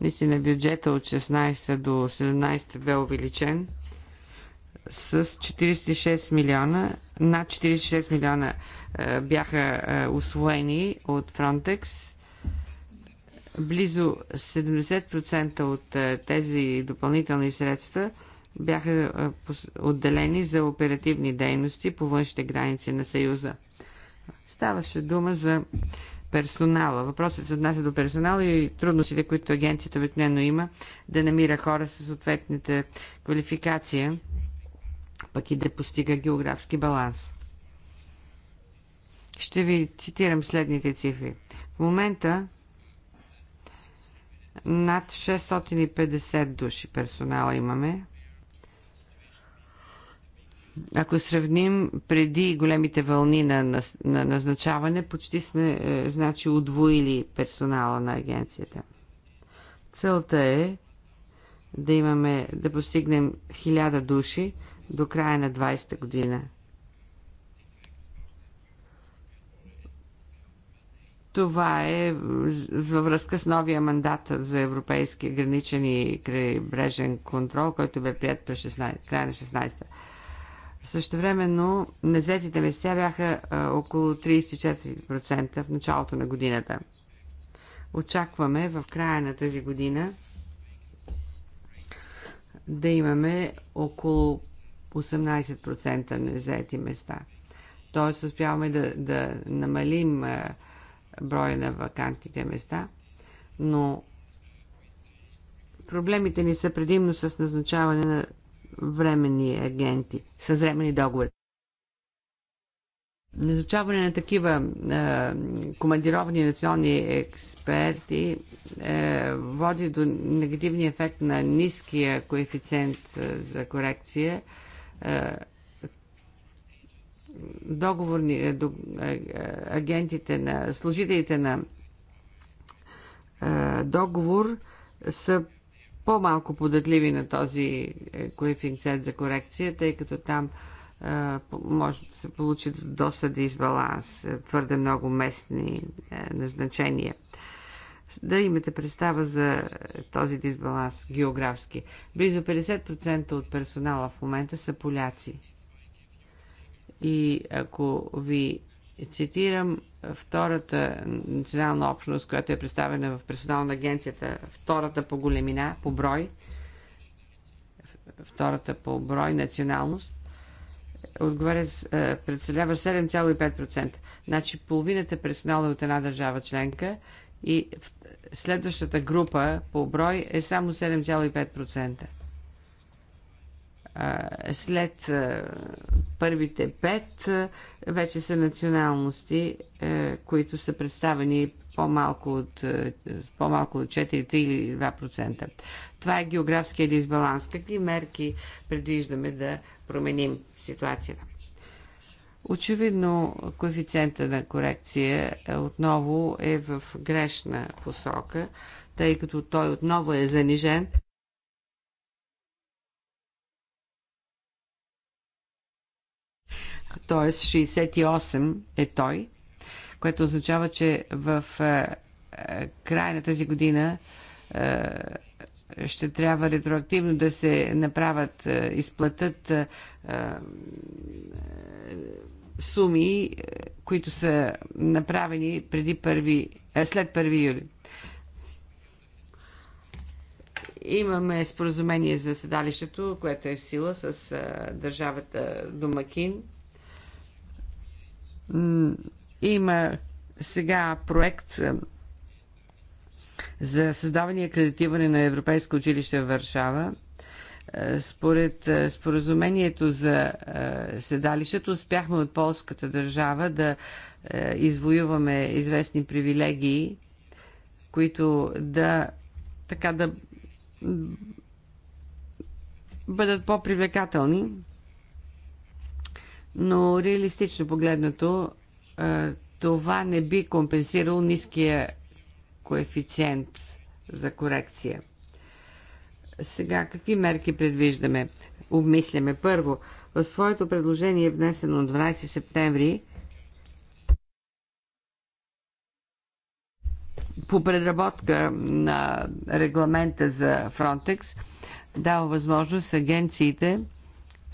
Наистина бюджета от 16 до 17 бе увеличен с 46 милиона. Над 46 милиона е, бяха освоени е, от Фронтекс. Близо 70% от е, тези допълнителни средства – бяха отделени за оперативни дейности по външните граници на Съюза. Ставаше дума за персонала. Въпросът се отнася до персонала и трудностите, които агенцията обикновено има да намира хора с съответните квалификация, пък и да постига географски баланс. Ще ви цитирам следните цифри. В момента над 650 души персонала имаме ако сравним преди големите вълни на, на, на назначаване, почти сме е, значи удвоили персонала на агенцията. Целта е да имаме, да постигнем 1000 души до края на 20-та година. Това е във връзка с новия мандат за Европейски граничен и крайбрежен контрол, който бе прият през 16, края на 16-та. Същевременно незетите места бяха а, около 34% в началото на годината. Очакваме в края на тази година да имаме около 18% незети места. Тоест успяваме да, да намалим а, броя на вакантните места, но проблемите ни са предимно с назначаване на временни агенти, с временни договори. Назначаване на такива е, командировани национални експерти е, води до негативния ефект на ниския коефициент е, за корекция. Е, договорни е, до, е, агентите на служителите на е, договор са по-малко податливи на този е, коефициент за корекция, тъй като там е, може да се получи доста дисбаланс, е, твърде много местни назначения. Да имате представа за този дисбаланс географски. Близо 50% от персонала в момента са поляци. И ако ви Цитирам втората национална общност, която е представена в персонална на агенцията, втората по големина, по брой, втората по брой националност, отговаря, е, представлява 7,5%. Значи половината персонал е от една държава членка и следващата група по брой е само 7,5% след първите пет вече са националности, които са представени по-малко от, по-малко от 4, 3 или 2%. Това е географския дисбаланс. Какви мерки предвиждаме да променим ситуацията? Очевидно, коефициента на корекция е отново е в грешна посока, тъй като той отново е занижен – т.е. 68 е той, което означава, че в е, е, края на тази година е, ще трябва ретроактивно да се направят, изплатят суми, които са направени преди първи, след 1 юли. Имаме споразумение за седалището, което е в сила с държавата Домакин има сега проект за създаване и акредитиране на Европейско училище в Варшава. Е, според е, споразумението за е, седалището успяхме от полската държава да извоюваме известни привилегии, които да така да бъдат по-привлекателни но реалистично погледнато това не би компенсирало ниския коефициент за корекция. Сега, какви мерки предвиждаме? Обмисляме. Първо, в своето предложение, внесено на 12 септември, по предработка на регламента за Фронтекс, дава възможност агенциите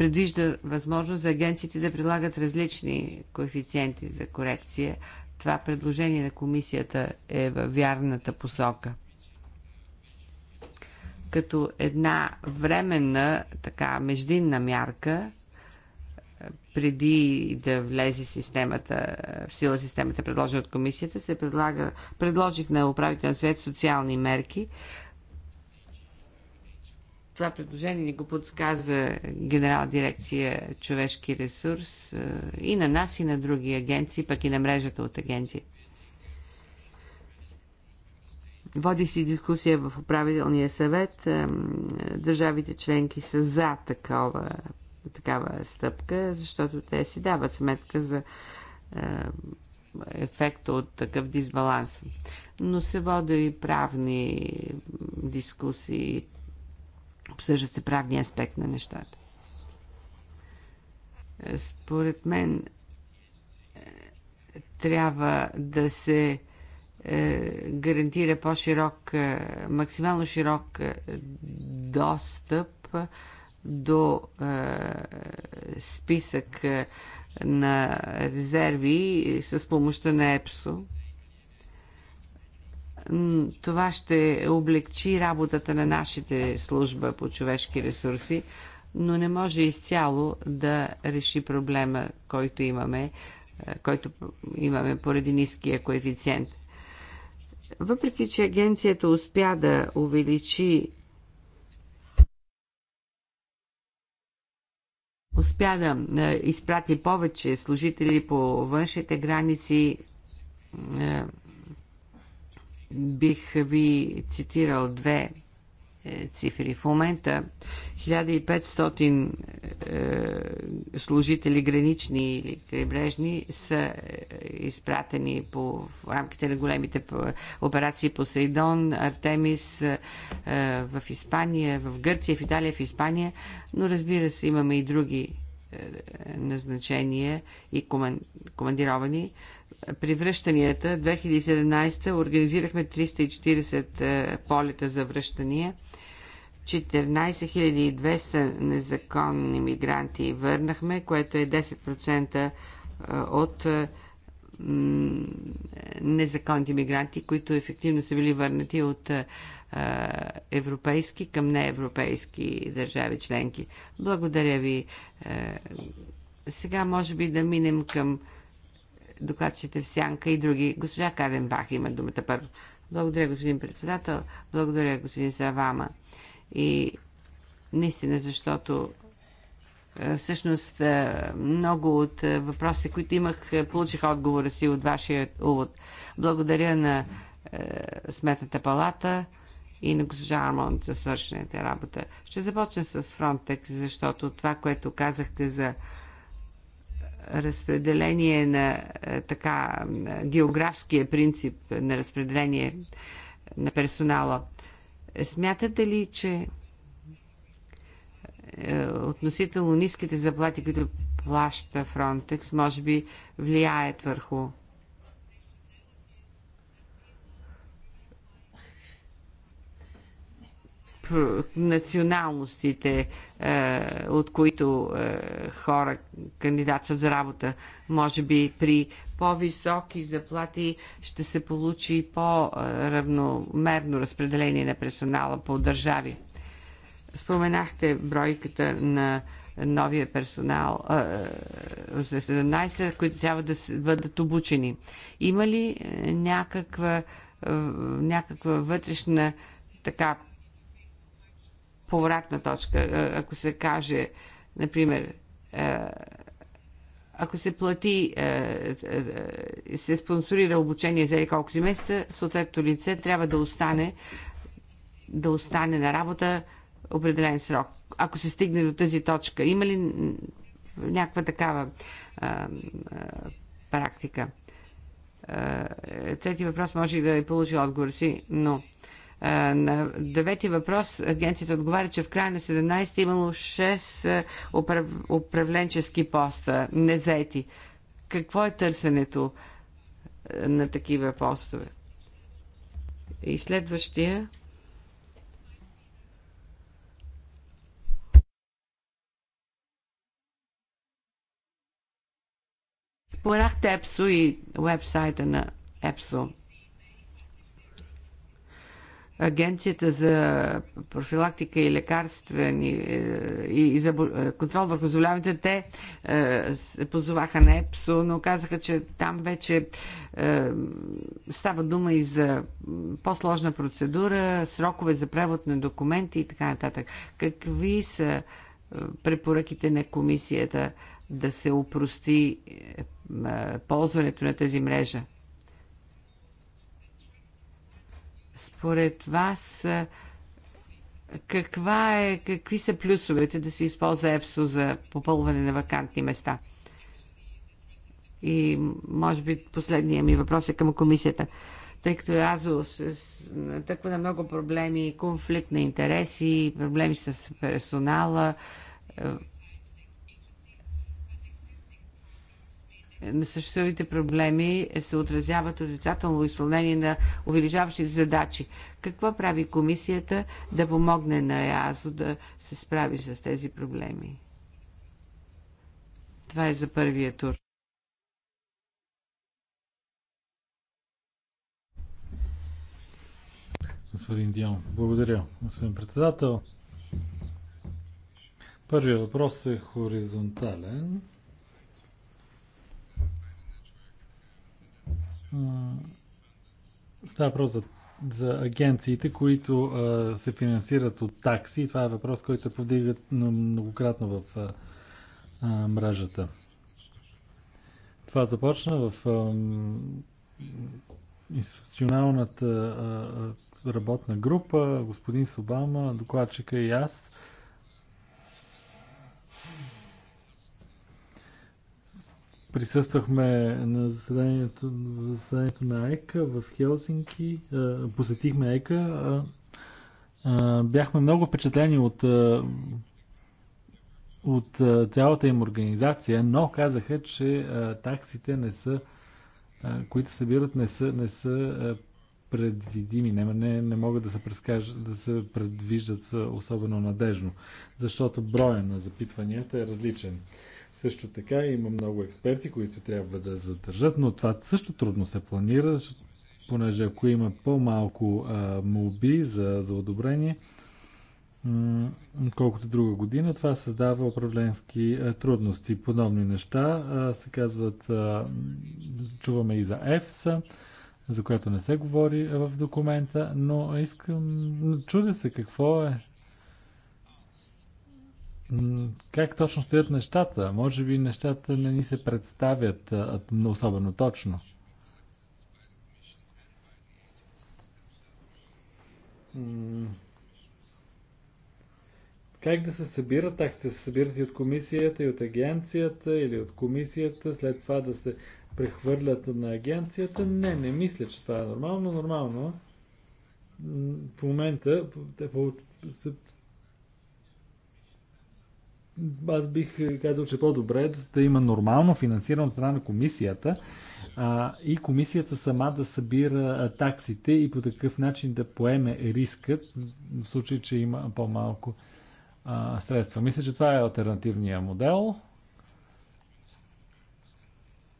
предвижда възможност за агенциите да прилагат различни коефициенти за корекция. Това предложение на комисията е във вярната посока. Като една временна, така междинна мярка, е, преди да влезе системата, в сила системата, предложена от комисията, се предлага, предложих на управителния свет социални мерки, това предложение ни го подсказа генерал дирекция човешки ресурс и на нас, и на други агенции, пък и на мрежата от агенции. Води си дискусия в управителния съвет. Държавите членки са за такова, такава стъпка, защото те си дават сметка за ефекта от такъв дисбаланс. Но се вода и правни дискусии Обсъжда се правния аспект на нещата. Е, според мен е, трябва да се е, гарантира по-широк, максимално широк достъп до списък на резерви с помощта на ЕПСО. Това ще облегчи работата на нашите служба по човешки ресурси, но не може изцяло да реши проблема, който имаме, е, който имаме поради ниския коефициент. Въпреки, че агенцията успя да увеличи успя да е, изпрати повече служители по външните граници, е, Бих ви цитирал две е, цифри. В момента 1500 е, служители гранични или крайбрежни са е, изпратени по, в рамките на големите операции по Сейдон, Артемис в Испания, в Гърция, в Италия, в Испания, но разбира се имаме и други назначения и командировани при връщанията 2017 организирахме 340 е, полета за връщания. 14200 незаконни мигранти върнахме, което е 10% е, от е, незаконните мигранти, които ефективно са били върнати от европейски към неевропейски държави членки. Благодаря ви. Сега може би да минем към докладчите в Сянка и други. Госпожа Бах, има думата първо. Благодаря, господин председател. Благодаря, господин Савама. И наистина, защото е, всъщност е, много от е, въпросите, които имах, получих отговора си от вашия увод. Благодаря на Сметната палата и на госпожа Армонт за свършената работа. Ще започна с Фронтекс, защото това, което казахте за разпределение на е, така географския принцип на разпределение на персонала. Смятате ли, че е, относително ниските заплати, които плаща Фронтекс, може би влияят върху националностите, е, от които е, хора кандидатстват за работа. Може би при по-високи заплати ще се получи по-равномерно разпределение на персонала по държави. Споменахте бройката на новия персонал е, за 17, които трябва да бъдат обучени. Има ли някаква, някаква вътрешна така повратна точка. Ако се каже, например, ако се плати, се спонсорира обучение за колко си месеца, съответното лице трябва да остане, да остане на работа определен срок. Ако се стигне до тази точка, има ли някаква такава а, а, практика? А, трети въпрос може да е получил отговор си, но на девети въпрос агенцията отговаря, че в края на 17 е имало 6 управленчески поста, незети. Какво е търсенето на такива постове? И следващия. Споменахте ЕПСО и вебсайта на ЕПСО. Агенцията за профилактика и лекарствени е, и, и за е, контрол върху заболяването, те е, позоваха на ЕПСО, но казаха, че там вече е, става дума и за по-сложна процедура, срокове за превод на документи и така нататък. Какви са е, препоръките на комисията да се упрости ползването на тази мрежа? Според вас, каква е, какви са плюсовете да се използва ЕПСО за попълване на вакантни места? И може би последния ми въпрос е към комисията. Тъй като Азо се натъква на много проблеми, конфликт на интереси, проблеми с персонала, съществуващите проблеми се отразяват отрицателно изпълнение на увеличаващите задачи. Какво прави комисията да помогне на ЕАЗО да се справи с тези проблеми? Това е за първия тур. Господин Дион, благодаря. Господин председател, първият въпрос е хоризонтален Става въпрос за, за агенциите, които а, се финансират от такси. Това е въпрос, който е повдигат многократно в а, а, мрежата. Това започна в а, институционалната а, работна група, господин Собама, докладчика и аз. А, Присъствахме на заседанието, заседанието на ЕКА в Хелсинки. Посетихме ЕКА. Бяхме много впечатлени от, от цялата им организация, но казаха, че таксите не са, които събират, не са, не са предвидими, не, не, не могат да се, да се предвиждат особено надежно, защото броя на запитванията е различен. Също така има много експерти, които трябва да задържат, но това също трудно се планира, понеже ако има по-малко молби за, за одобрение, колкото друга година, това създава управленски трудности. Подобни неща се казват, чуваме и за ЕФСА, за която не се говори в документа, но искам, чудя се какво е как точно стоят нещата. Може би нещата не ни се представят особено точно. Как да се събират сте Се събират и от комисията, и от агенцията, или от комисията, след това да се прехвърлят на агенцията. Не, не мисля, че това е нормално. Нормално в момента аз бих е, казал, че по-добре е да има нормално финансиране от страна на комисията а, и комисията сама да събира таксите и по такъв начин да поеме рискът в случай, че има по-малко а, средства. Мисля, че това е альтернативния модел.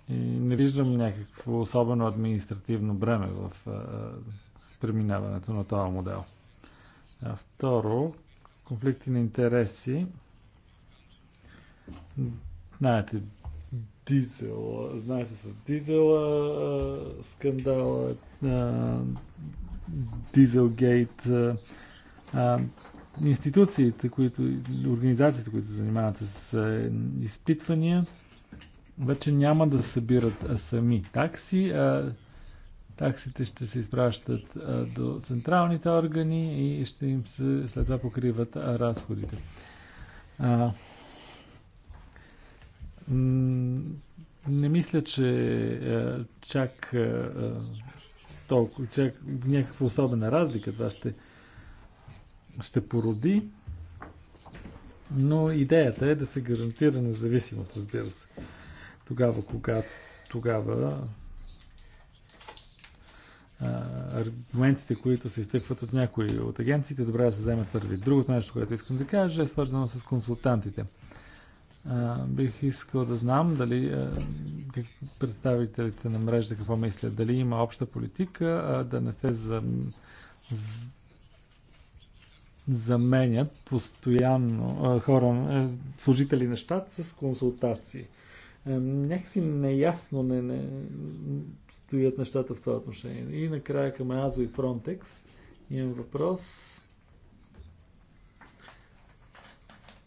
И не виждам някакво особено административно бреме в а, преминаването на този модел. А, второ, конфликти на интереси. Знаете, дизел, знаете с дизела скандала, дизелгейт, институциите, които, организациите, които се занимават с изпитвания, вече няма да събират сами такси, а таксите ще се изпращат до централните органи и ще им се след това покриват разходите. Не мисля, че е, чак е, е, толкова, чак някаква особена разлика това ще, ще породи, но идеята е да се гарантира независимост, разбира се. Тогава, когато тогава аргументите, които се изтъкват от някои от агенциите, добре да се вземат първи. Другото нещо, което искам да кажа, е свързано с консултантите бих искал да знам дали представителите на мрежата какво мислят, дали има обща политика, да не се за, заменят постоянно хора, служители на щат с консултации. някакси неясно не, не стоят нещата в това отношение. И накрая към Азо и Фронтекс имам въпрос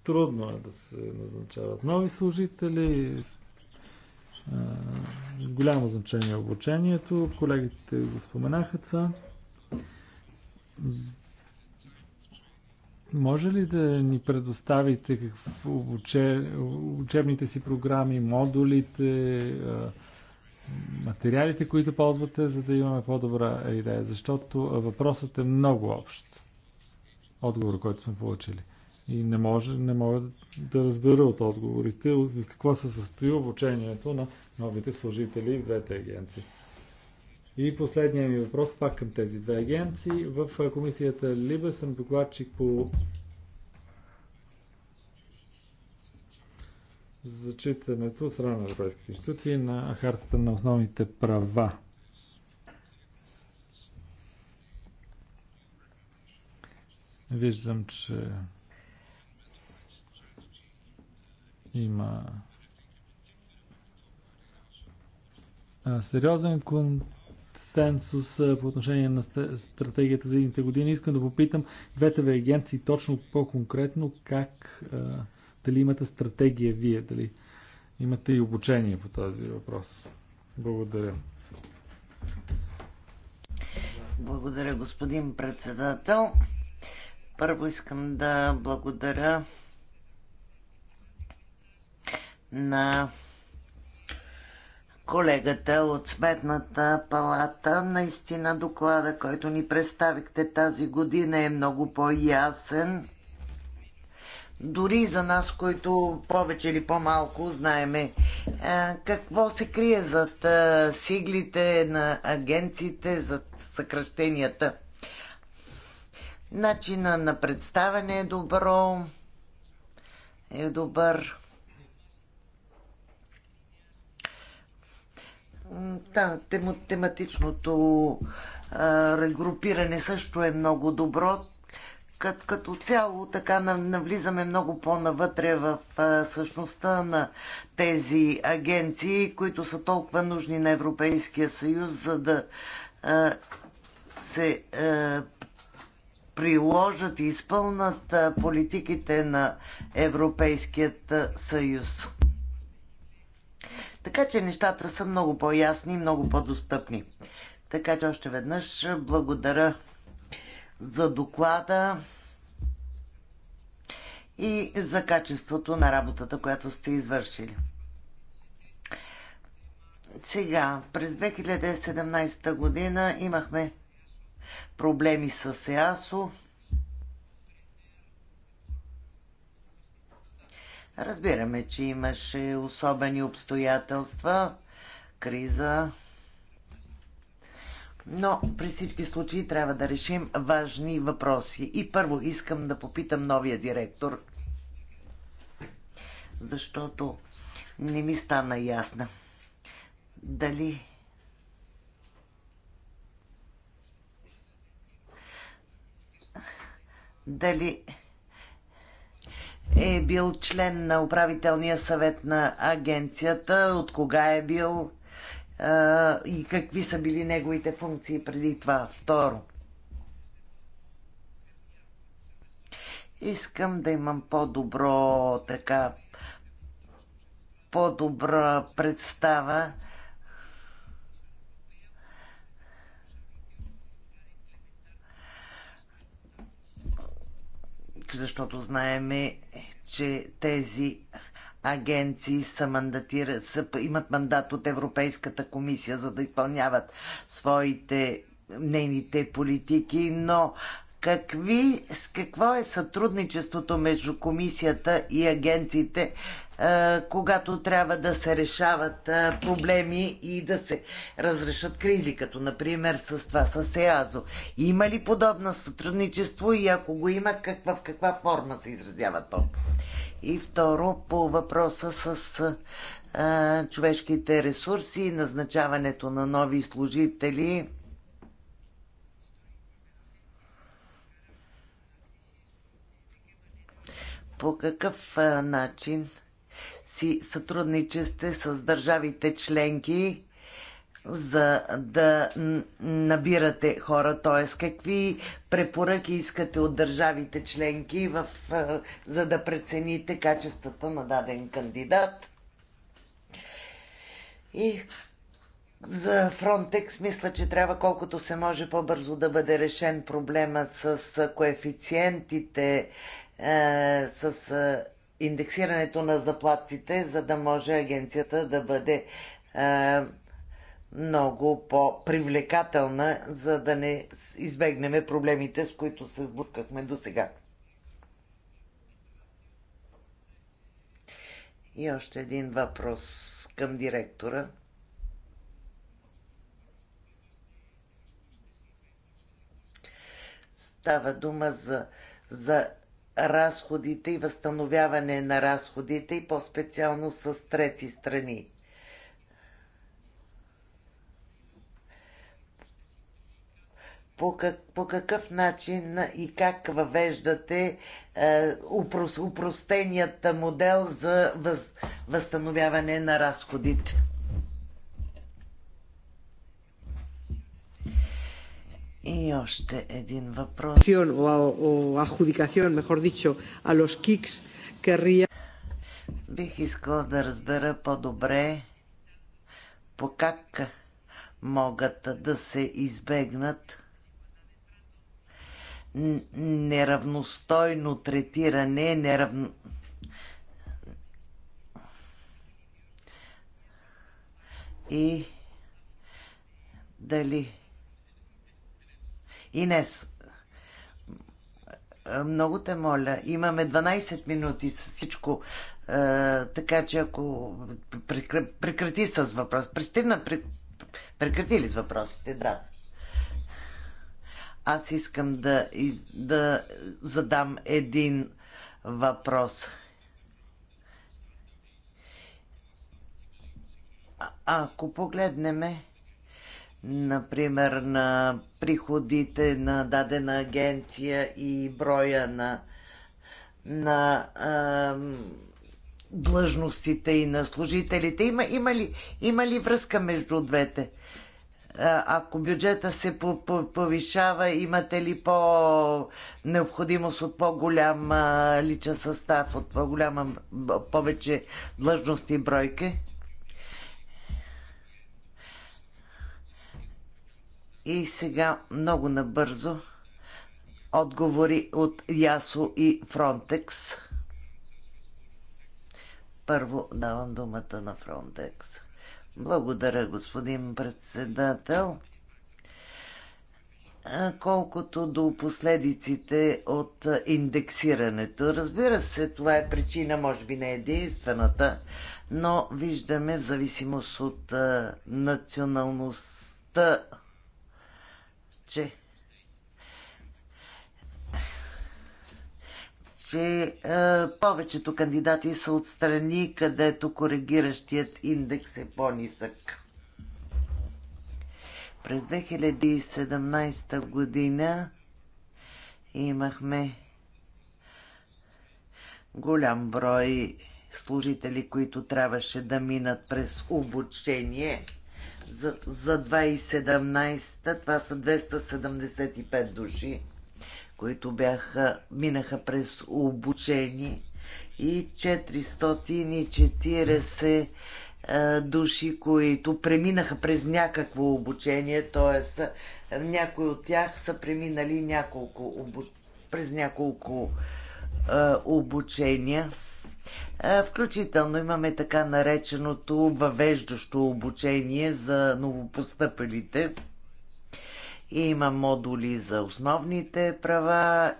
Трудно е да се назначават нови служители. Голямо значение е обучението. Колегите го споменаха това. Може ли да ни предоставите какъв учебните си програми, модулите, материалите, които ползвате, за да имаме по-добра идея? Защото въпросът е много общ. Отговор, който сме получили. И не, може, не мога да разбера от отговорите в какво се състои обучението на новите служители в двете агенции. И последният ми въпрос пак към тези две агенции. В комисията Либе съм докладчик по зачитането страна на европейските институции на хартата на основните права. Виждам, че Има сериозен консенсус по отношение на стратегията за едните години. Искам да попитам двете ви агенции точно по-конкретно как, дали имате стратегия вие, дали имате и обучение по този въпрос. Благодаря. Благодаря, господин председател. Първо искам да благодаря на колегата от Сметната палата. Наистина доклада, който ни представихте тази година е много по-ясен. Дори за нас, които повече или по-малко знаеме е, какво се крие зад е, сиглите на агенциите, зад съкръщенията. Начина на представяне е добро, е добър Да, тем, тематичното а, регрупиране също е много добро. Кът, като цяло така навлизаме много по-навътре в а, същността на тези агенции, които са толкова нужни на Европейския съюз, за да а, се а, приложат и изпълнат политиките на Европейският съюз. Така че нещата са много по-ясни и много по-достъпни. Така че още веднъж благодаря за доклада и за качеството на работата, която сте извършили. Сега, през 2017 година имахме проблеми с ЕАСО. Разбираме, че имаше особени обстоятелства, криза, но при всички случаи трябва да решим важни въпроси. И първо искам да попитам новия директор, защото не ми стана ясна. Дали дали е бил член на управителния съвет на агенцията, от кога е бил а, и какви са били неговите функции преди това. Второ, искам да имам по-добро така по-добра представа защото знаеме, че тези агенции са мандатира, са, имат мандат от Европейската комисия, за да изпълняват своите нейните политики, но какви, с какво е сътрудничеството между комисията и агенциите е, когато трябва да се решават е, проблеми и да се разрешат кризи, като например с това с ЕАЗО. Има ли подобна сътрудничество и ако го има, каква, в каква форма се изразява то? И второ, по въпроса с а, е, човешките ресурси и назначаването на нови служители. По какъв а, начин? си сътрудничесте с държавите членки, за да набирате хора? Т.е. какви препоръки искате от държавите членки, в, за да прецените качествата на даден кандидат? И за Фронтекс мисля, че трябва колкото се може по-бързо да бъде решен проблема с коефициентите, с индексирането на заплатите, за да може агенцията да бъде е, много по-привлекателна, за да не избегнем проблемите, с които се сблъскахме до сега. И още един въпрос към директора. Става дума за, за разходите и възстановяване на разходите и по-специално с трети страни. По, как, по какъв начин и как въвеждате е, упрос, упростеният модел за въз, възстановяване на разходите? И още един въпрос. adjudicación, mejor dicho, a los kicks, querría... Бих искала да разбера по-добре по как могат да се избегнат неравностойно третиране, неравно... И дали Инес, много те моля, имаме 12 минути с всичко, така че ако прекрати с въпрос, пристигна, прекрати ли с въпросите, да. Аз искам да, из, да задам един въпрос. А, ако погледнеме например, на приходите на дадена агенция и броя на, на а, длъжностите и на служителите. Има, има, ли, има ли връзка между двете? Ако бюджета се повишава, имате ли по необходимост от по-голям личен състав, от по-голяма повече длъжности бройки? И сега много набързо отговори от Ясо и Фронтекс. Първо давам думата на Фронтекс. Благодаря, господин председател. Колкото до последиците от индексирането. Разбира се, това е причина, може би не е единствената, но виждаме в зависимост от националността че че е, повечето кандидати са от страни, където коригиращият индекс е по-нисък. През 2017 година имахме голям брой служители, които трябваше да минат през обучение за, за 2017. Това са 275 души, които бяха, минаха през обучение и 440 е, души, които преминаха през някакво обучение, т.е. някои от тях са преминали няколко, през няколко е, обучения. Е, включително имаме така нареченото въвеждащо обучение за новопостъпелите. Има модули за основните права,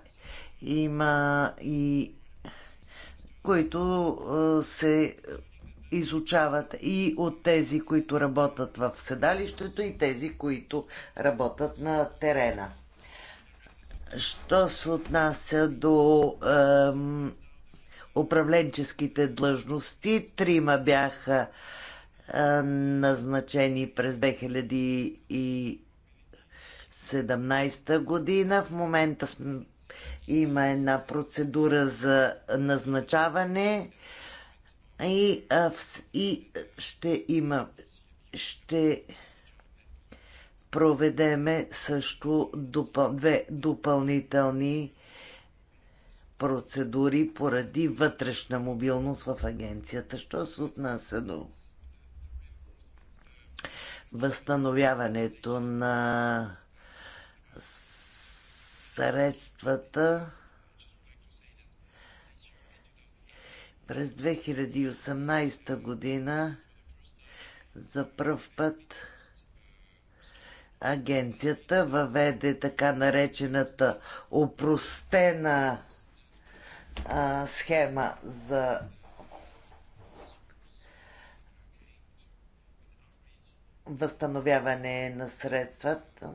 има и които е, се изучават и от тези, които работят в седалището и тези, които работят на терена. Що се отнася до управленческите длъжности. Трима бяха а, назначени през 2017 година. В момента см, има една процедура за назначаване и, а, и ще има ще проведеме също допъл... две допълнителни процедури поради вътрешна мобилност в агенцията. Що се отнася до възстановяването на средствата през 2018 година за пръв път агенцията въведе така наречената опростена а, схема за възстановяване на средствата.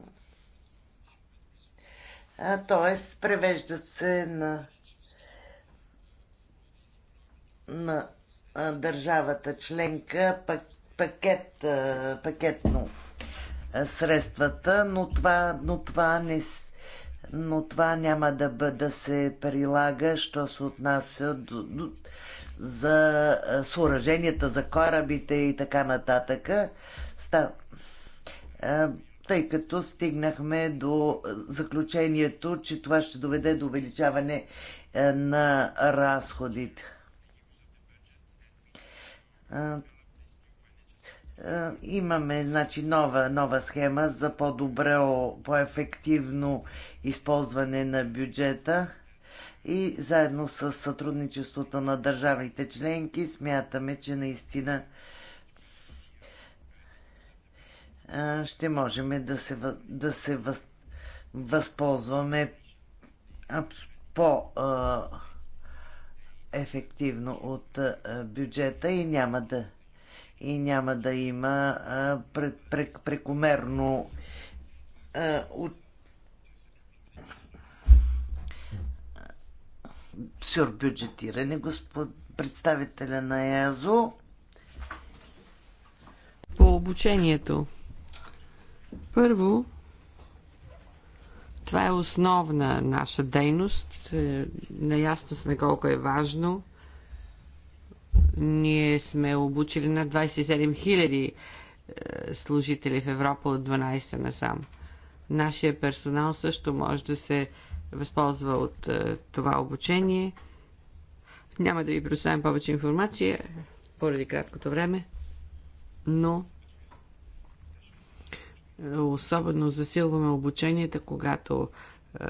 Т.е. превеждат се на, на а, държавата членка пак, пакет, а, пакетно а, средствата, но това, но това не, но това няма да, бъде, да се прилага, що се отнася до, до, за съоръженията, за корабите и така нататък. Ста, а, тъй като стигнахме до заключението, че това ще доведе до увеличаване на разходите. Е, имаме значи, нова, нова схема за по добре по-ефективно използване на бюджета и заедно с сътрудничеството на държавите членки смятаме, че наистина е, ще можем да се, да се въз, възползваме по- е, ефективно от бюджета и няма да и няма да има прекомерно сюрбюджетиране, господ представителя на ЕАЗО. По обучението. Първо, това е основна наша дейност. Е, наясно сме колко е важно ние сме обучили на 27 000 е, служители в Европа от 12 насам. Нашия персонал също може да се възползва от е, това обучение. Няма да ви представим повече информация поради краткото време, но е, особено засилваме обученията, когато е,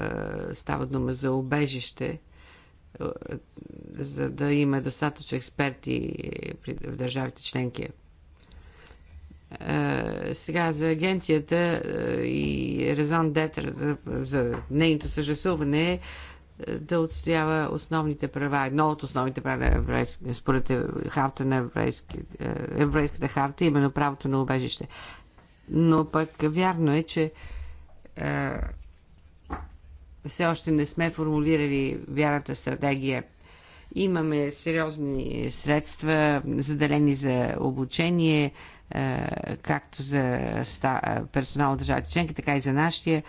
става дума за обежище за да има достатъчно експерти в държавите членки. Е, сега за агенцията е, и резон детър е, за нейното съществуване е да отстоява основните права, едно от основните права на еврейски, според харта на еврейски, еврейската харта, именно правото на убежище. Но пък вярно е, че все още не сме формулирали вярната стратегия. Имаме сериозни средства, заделени за обучение, е, както за персонал от държавите членки, така и за нашия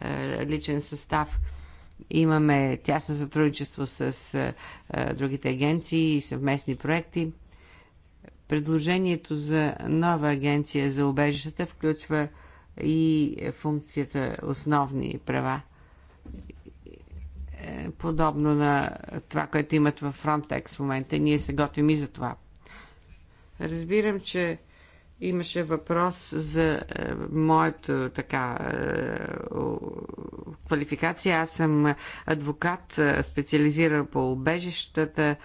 е, личен състав. Имаме тясно сътрудничество с е, другите агенции и съвместни проекти. Предложението за нова агенция за убежищата включва и функцията основни права – е, подобно на това, което имат във Frontex в момента. Ние се готвим и за това. Разбирам, че имаше въпрос за е, моето така е, квалификация. Аз съм адвокат, специализирал специализиран по убежищата,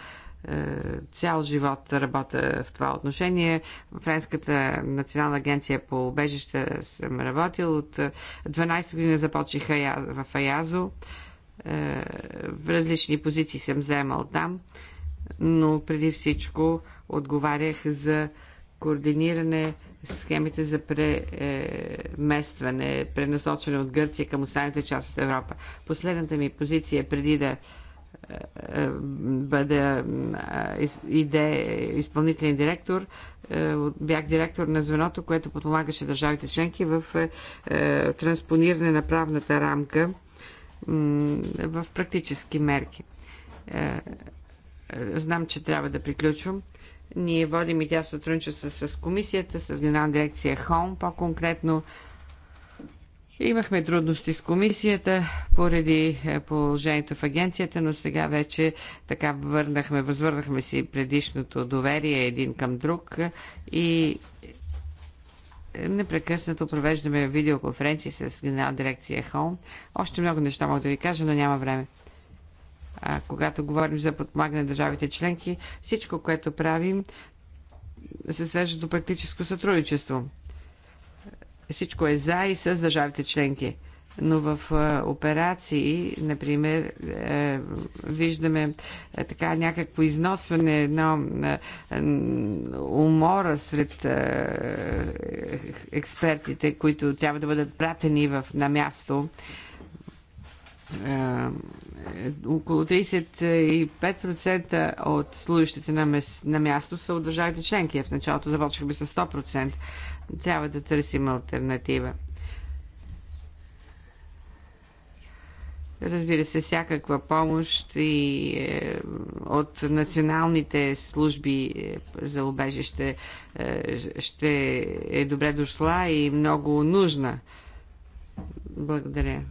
е, цял живот работя в това отношение. В Френската национална агенция по убежище съм работил. От 12 години започнах в Аязо. Е, в различни позиции съм вземал там, но преди всичко отговарях за координиране схемите за преместване, пренасочване от Гърция към останалите част от Европа. Последната ми позиция е преди да бъда иде изпълнителен директор. Бях директор на звеното, което подпомагаше държавите членки в транспониране на правната рамка в практически мерки. Знам, че трябва да приключвам. Ние водим и тя сътрудничество с комисията, с генерална дирекция ХОМ, по-конкретно Имахме трудности с комисията поради е, положението в агенцията, но сега вече така върнахме, възвърнахме си предишното доверие един към друг и непрекъснато провеждаме видеоконференции с генерал дирекция Хоум. Още много неща мога да ви кажа, но няма време. А, когато говорим за подпомагане на държавите членки, всичко, което правим, се свежда до практическо сътрудничество всичко е за и с държавите членки. Но в е, операции, например, е, виждаме е, така някакво износване, едно умора сред експертите, които трябва да бъдат пратени в, на място около 35% от служащите на, място са от държавите членки. В началото започнахме с 100%. Трябва да търсим альтернатива. Разбира се, всякаква помощ и е, от националните служби е, за убежище е, ще е добре дошла и много нужна. Благодаря.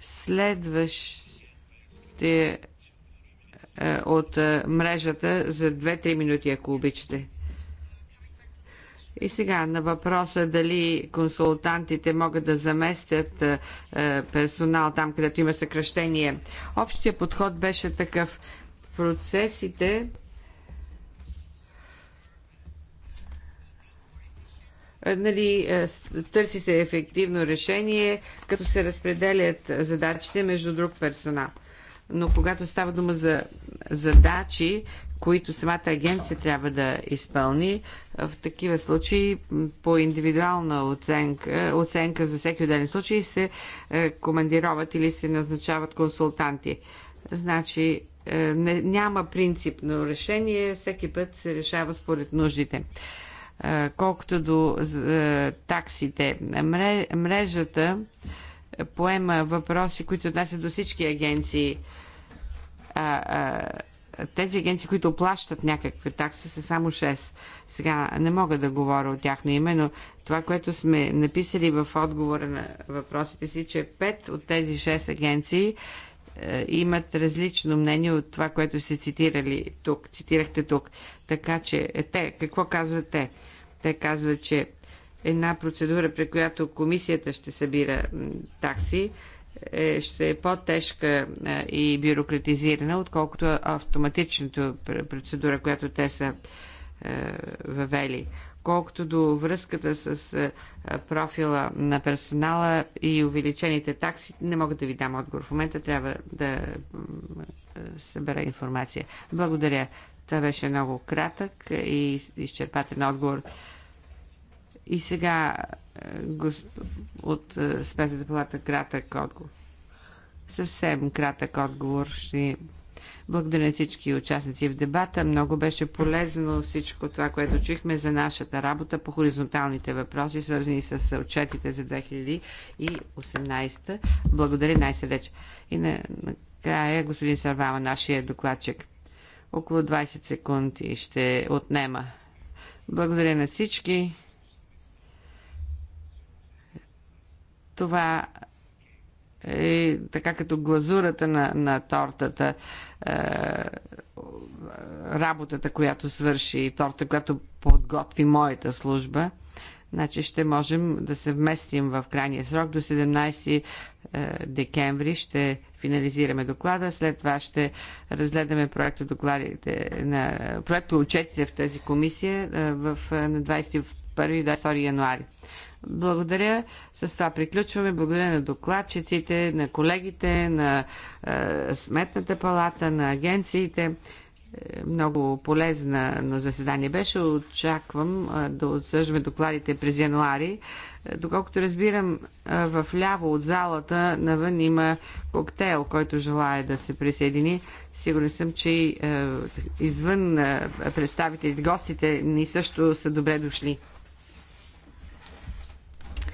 Следващите от мрежата за 2-3 минути, ако обичате. И сега на въпроса дали консултантите могат да заместят е, е, персонал там, където има съкръщение. Общия подход беше такъв. Процесите е, нали, е, търси се ефективно решение, като се разпределят задачите между друг персонал. Но когато става дума за задачи, които самата агенция трябва да изпълни. В такива случаи по индивидуална оценка, оценка за всеки отделен случай се е, командироват или се назначават консултанти. Значи е, не, няма принципно решение, всеки път се решава според нуждите. Е, колкото до таксите, мрежата поема въпроси, които се отнасят до всички агенции тези агенции, които плащат някакви такси, са само 6. Сега не мога да говоря от тяхно име, но това, което сме написали в отговора на въпросите си, че 5 от тези 6 агенции е, имат различно мнение от това, което сте цитирали тук, цитирахте тук. Така че, е, те, какво казват те? Те казват, че една процедура, при която комисията ще събира такси, е, ще е по-тежка е, и бюрократизирана, отколкото автоматичната процедура, която те са е, въвели. Колкото до връзката с профила на персонала и увеличените такси, не мога да ви дам отговор. В момента трябва да събера информация. Благодаря. Това беше много кратък и изчерпателен отговор. И сега е, госп... от е, Сметната палата кратък отговор. Съвсем кратък отговор ще благодаря на всички участници в дебата. Много беше полезно всичко това, което чухме за нашата работа по хоризонталните въпроси, свързани с отчетите за 2018. Благодаря най-сърдечно. И накрая господин Сарвава, нашия докладчик. Около 20 секунди ще отнема. Благодаря на всички. Това е така като глазурата на, на тортата, е, работата, която свърши, и торта, която подготви моята служба. Значи ще можем да се вместим в крайния срок. До 17 е, декември ще финализираме доклада. След това ще разгледаме проекта докладите на проекта отчетите в тази комисия е, в, е, на 21 22 януари. Благодаря. С това приключваме. Благодаря на докладчиците, на колегите, на е, Сметната палата, на агенциите. Е, много полезна на заседание беше. Очаквам е, да отсъждаме докладите през януари. Е, доколкото разбирам, в ляво от залата навън има коктейл, който желая да се присъедини. Сигурен съм, че е, извън представителите, гостите ни също са добре дошли.